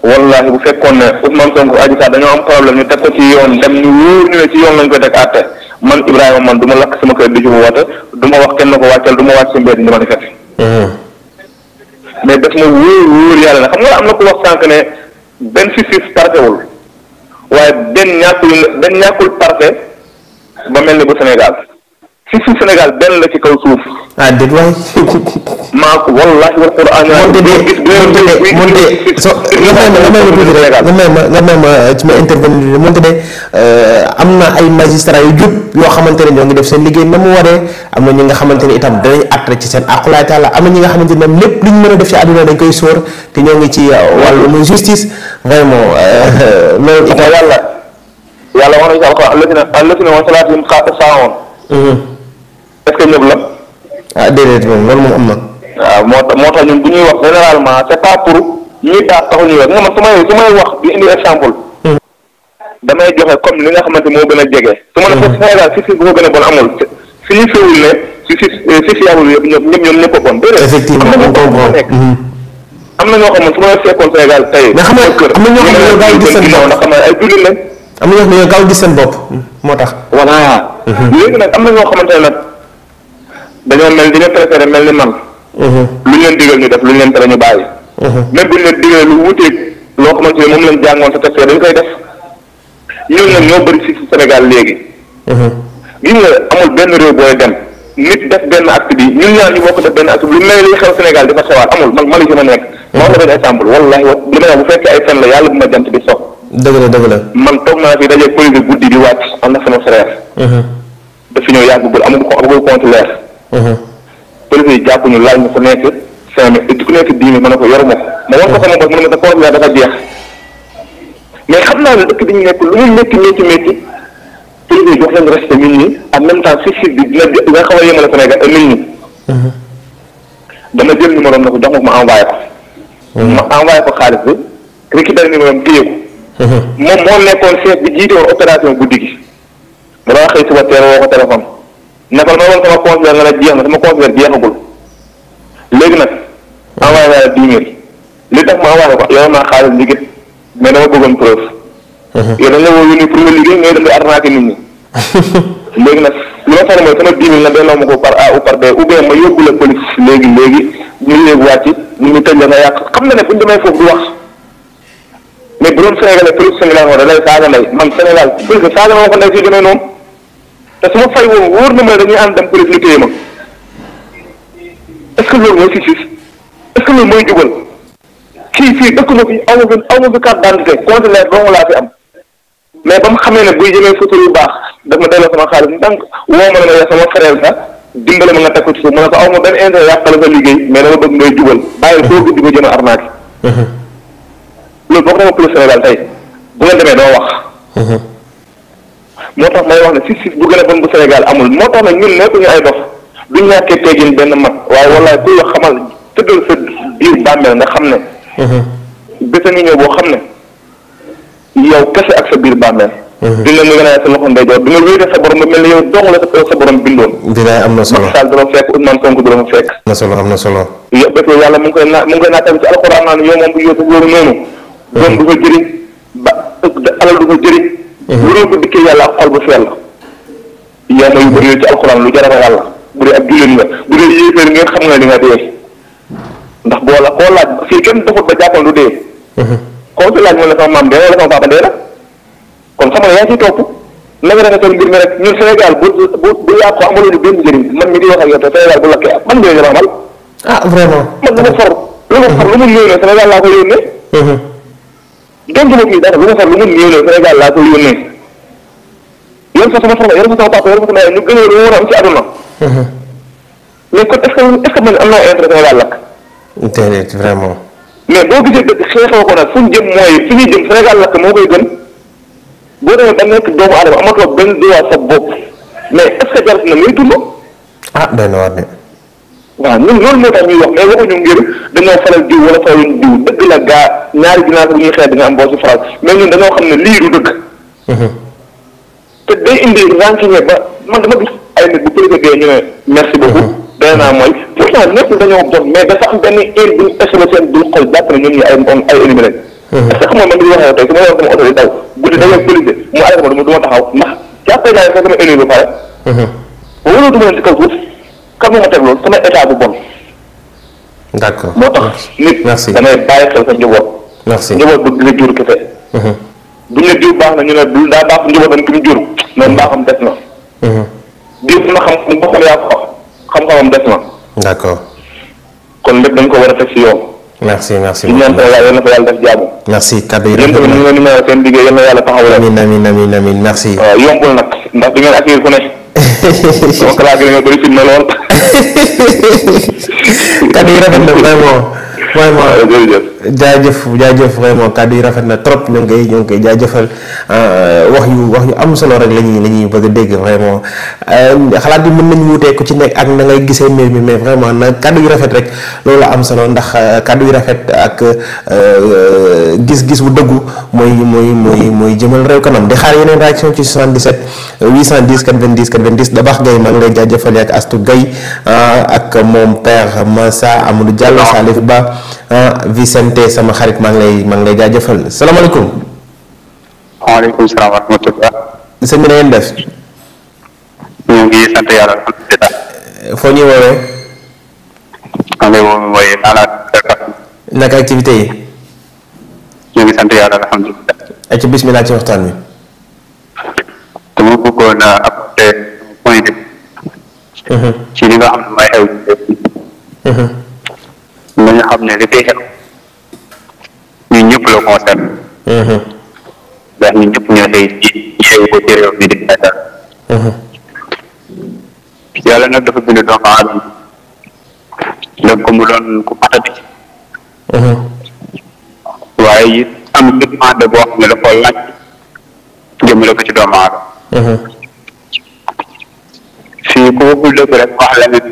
wallahi bu fekkoon ne Ousmane Sonko Adji Sarr dañoo am problème ñu teg ko ci yoon dem ñu wóor ñu ne ci yoon lañ koy teg àtte. man Ibrahima man duma ma lakk sama kër di ci woote du ma wax kenn ko wàccal du ma wàcc si mbedd ni ma di fete hmm. mais daf ma wóor wóor yàlla na xam nga am na ku wax sànq ne benn fiif partewul waaye benn ñàkkul benn ñàkkul parte ba mel ni bu Sénégal ci suuf Sénégal benn la ci kaw suuf. ah dégg waay. maa ko wallaahi wal quraan. moonte de moonte de moonte ma nga may ma euh, ci ma intervenir moonte euh, am na ay magistrats yu jub xamante ne ñoo ngi def seen liggéey na mu waree am ñi nga xamante ne itam danañ seen aqulaay taala am na ñi nga xamante ne moom lépp lu mën a def ci àdduna dañ koy sóor te ñoo ngi ci euh, wàllum justice vraiment loolu itam. yàlla yàlla wax na ci alquran allatina wasalaatuhum xaasa'un est-ce que ñëpp la. Ah, déedéet moom loolu moom am na. Ah, moo tax moo tax ñun bu ñuy wax généralement c'est pas pour ñuy daal taxu ñuy wax nga man su may su may wax di hmm. li nga xamante moo gën a jege. su ma ne foofu hmm. Sénégal si si bu ko gën a bon a bon. effectivement hmm. na ñoo xam ne su ma fekkoon Sénégal tey. mais xam nga am na ñoo xam ne yow gaaw gis seen bopp moo tax. voilà. léegi nag am na ñoo xamante nag. dañoo mel ni ñu préféré mel ni man. Mhm. lu ñu leen digal ñu def lu ñu leen tere ñu bàyyi. Mhm. même bu ñu leen digalee lu wuuteeg loo xamante moom lañ jàngoon sa test dañ koy def ñun nag ñoo bëri fii léegi. Mhm. gis nga amul benn réew booy dem nit def benn bi ñun ñaar ñu bokk def benn acte bi lu mel ni xew Sénégal dafa xewaat amul man Mali ma nekk. ma wax la exemple wallaahi wa li ma wax bu fekkee ay fen la yàlla bu ma jant bi sox. dëgg la dëgg man toog naa fi daje police guddi di wàcc am na sama frère. daf fi ñëw yàgg amul amagul compte Uh-huh. police yi jàpp ñu laaj ñu ku nekk cinq mille ku nekk dix mille ma ne ko yoruma ko ma war ko sama bopp mu ne ma dafa jeex mais xam naa ne dëkk bi nekk lu mu métti métti métti police yi jox leen respect nit ñi en même si justice bi dina dina xaw a yemale Sénégal ak euh, nit ñi uh-huh. dama jël numéro na ko jox ma ma envoyé ko ma envoyé ko uh-huh. xaalis bi récupéré numéro am téye ko moom moo nekkoon chef bi jiite woon opération guddi gi ma doon xëy suba teel woo ko téléphone ne ko dama doon sama considère nga ne jeex na sama considère jeexagul léegi nag envoyé naa la dix mille li tax ma envoyé ko yow naa xaalis liggéey mais uh-huh. nga liggéey dem léegi nag li ma sama dix mille na delloo ma ko par A ou par B ou bien ma yóbbu la police léegi léegi ñu yéeg wàcc ñu ñu tëj la nga yàq xam ne ne buñ demee foofu du wax. mais bu doon Sénégalais police Sénégal moo da lay saaga ndey man Sénégal police saaga na ma ko ndey fii demee noonu. te su ma fay woon wóor na ma dañuy ànd dem police ñu téye ma est-ce que loolu mooy justice est-ce que loolu mooy jubal kii fii dëkk na fi aw ma fi aw ma fi carte d'identité consulaire dong laa fi am mais ba mu xamee ne buy jëmee photo yu baax daf ma delloo sama xaalis ndànk woo ma ne ma sama frère sax dimbale ma nga teg ko ci suuf ma ne ko aw ma benn intérêt yàqal sa liggéey mais dama bëgg ngay jubal bàyyil koo guddi ko jëm a arnaque. loolu boo ko doon police Sénégal tey bu demee doo wax. Uh-huh. moo tax may wax ne sif sif bu gën a bon bu Sénégal amul moo tax nag ñun nekkuñu ay dof du ñàkkee teggin benn mag waaye wallaay kuy wax xamal tëddal sa biir bàmmeel nga xam ne. Uh-huh. bés xam ne yow kese ak sa biir bàmmeel. Uh-huh. dina nga gën a sa loxo ndeyjoor di nga wéete sa borom ba mel ne yow dong la sa am na solo la fekk Ousmane Sonko na solo am na solo. yow bés boobu yàlla mu naa mu ngi koy naatam ci alxuraan naan yow moom bu yóbbu loolu noonu. Uh-huh. doom du fa jëriñ ba alal du fa jëriñ. mënoo mhm. ko dikkee yàlla ak xol bu sell yàlla yu bëri ci alxuraan lu jar a ragal la bu dee ab jullit nga bu dee yéeféer ngeen xam nga ni nga dee ndax boo la koo laaj fii kenn doxut ba jàppal du dee mhm. koo ci laaj mën na sama maam dee wala sama papa dee kon xam nga yaa ciy topp naka nga rek ñun Sénégal bu bu bu yàqoo amalu ñu benn njëriñ man mi di wax ak yow Sénégal bu lakkee man njëriñ la ma amal. ah vraiment man lu ma for lu ma for lu ma yónnee Sénégal laa ko kenn du ma kii dara bu ma xam ne mu néew la Sénégal laa koy yónnee yor fa sama soxna yor fa sama papa yor fa sama yaay ñu gën a war a am ci àdduna. Mhm. mais kon est ce que est ce que man am naa lakk. mais boo gisee dëkk xeexoo ko nag fu ñu jëm mooy fi jëm Sénégal lakk moo koy gën boo demee ba nekk doomu aadama amatoo benn droit sa bopp mais est ce que jar na muy dund. ah benn waat de. waaw ñun loolu moo tax ñuy wax mais waxuñu ngir dañoo faral diw wala faruñ diw dëgg la gaa ñaari ginnaaw bu ñuy xeex dina am boo si faral mais ñun dañoo xam ne lii du dëgg. Uh-huh. te day indi renseigné ba man dama gis ay nit bu président ñu ne uh-huh. dañoo bon mais dafa am benn heure du na ñun ñu ay on ay éliminé. Uh-huh. parce que xam nga man li ñu waxee tey su ma yor sama oto di daw guddi dañoo polise mu arrêté ma du ma taxaw ndax jàppee naa ne sax dama éliminé ba pare. wóorul du ma leen si kaw suuf. kan moo ma teg loolu sama état bu bon. d' accord moo tax nit. merci da ngay bàyyi xel sa njaboot. merci njaboot bu dina jur kese. bu mhm. ñu ne baax na ñu ne du daa baax njabootam ki mu jur mais mbaaxam mhm. des na. Mhm. diw bi ne xam xam-xamam des na. d' accord. kon lépp dañ ko war a teg si yoon. merci merci beaucoup di ñaan yàlla na ko yàlla def jaamu. merci kaddu yi rafet na ñu ngi leen di seen liggéey yal na yàlla taxawu leen. amiin amiin amiin merci. waaw yombul nag ndax di ngeen accueillir sama classe yi nga bëri fit na yi rafet na vraiment vraiment. jaajëf jëf vraiment kàddu yi rafet na trop ñoo ngi koy ñoo ngi koy jaajëfal euh, wax yu wax yu am solo rek la ñuy la ñuy bëgg a dégg vraiment euh, xalaat bi mën nañu wutee ku ci nekk ak na ngay gisee mbir mi mais vraiment na kàddu yu rafet rek loolu am solo ndax euh, kàddu yu rafet ak gis-gis bu dëggu mooy mooy mooy mooy jëmal réew kanam di xaar yeneen réaction ci 77 810 90 90 da baax gay maa ngi lay jaajëfal ak Astou Gaye ak moom père Massa Amadou Diallo Salif Ba Ah, Vicente sama xarit maa ngi lay maa ngi lay jaajëfal salaamaaleykum. salaam wa rahmatulah. sëñ bi na ngeen def. ñu ngi sant yàlla alhamdulilah. Eh, foo ñuy woowee. maa activité yi. ñu ngi sant yàlla alhamdulilah. ak eh, ci bismillah ci waxtaan wi. dama bëggoon a apporter point de. Mhm. ci li nga xam ne mooy xew. xam ne li fi xew ñu ñëpp la concerné mhm. ndax ñu ñëpp ñoo xëy ci xew ko ci réew mi di seetal mhm. dafa bind doomu aadama def ko mu doon ku matati mhm. waaye it am yëppande boo xam ne dafa laaj jëmale ko ci doomu aadama fii ku waxul dëgg rek wax leneen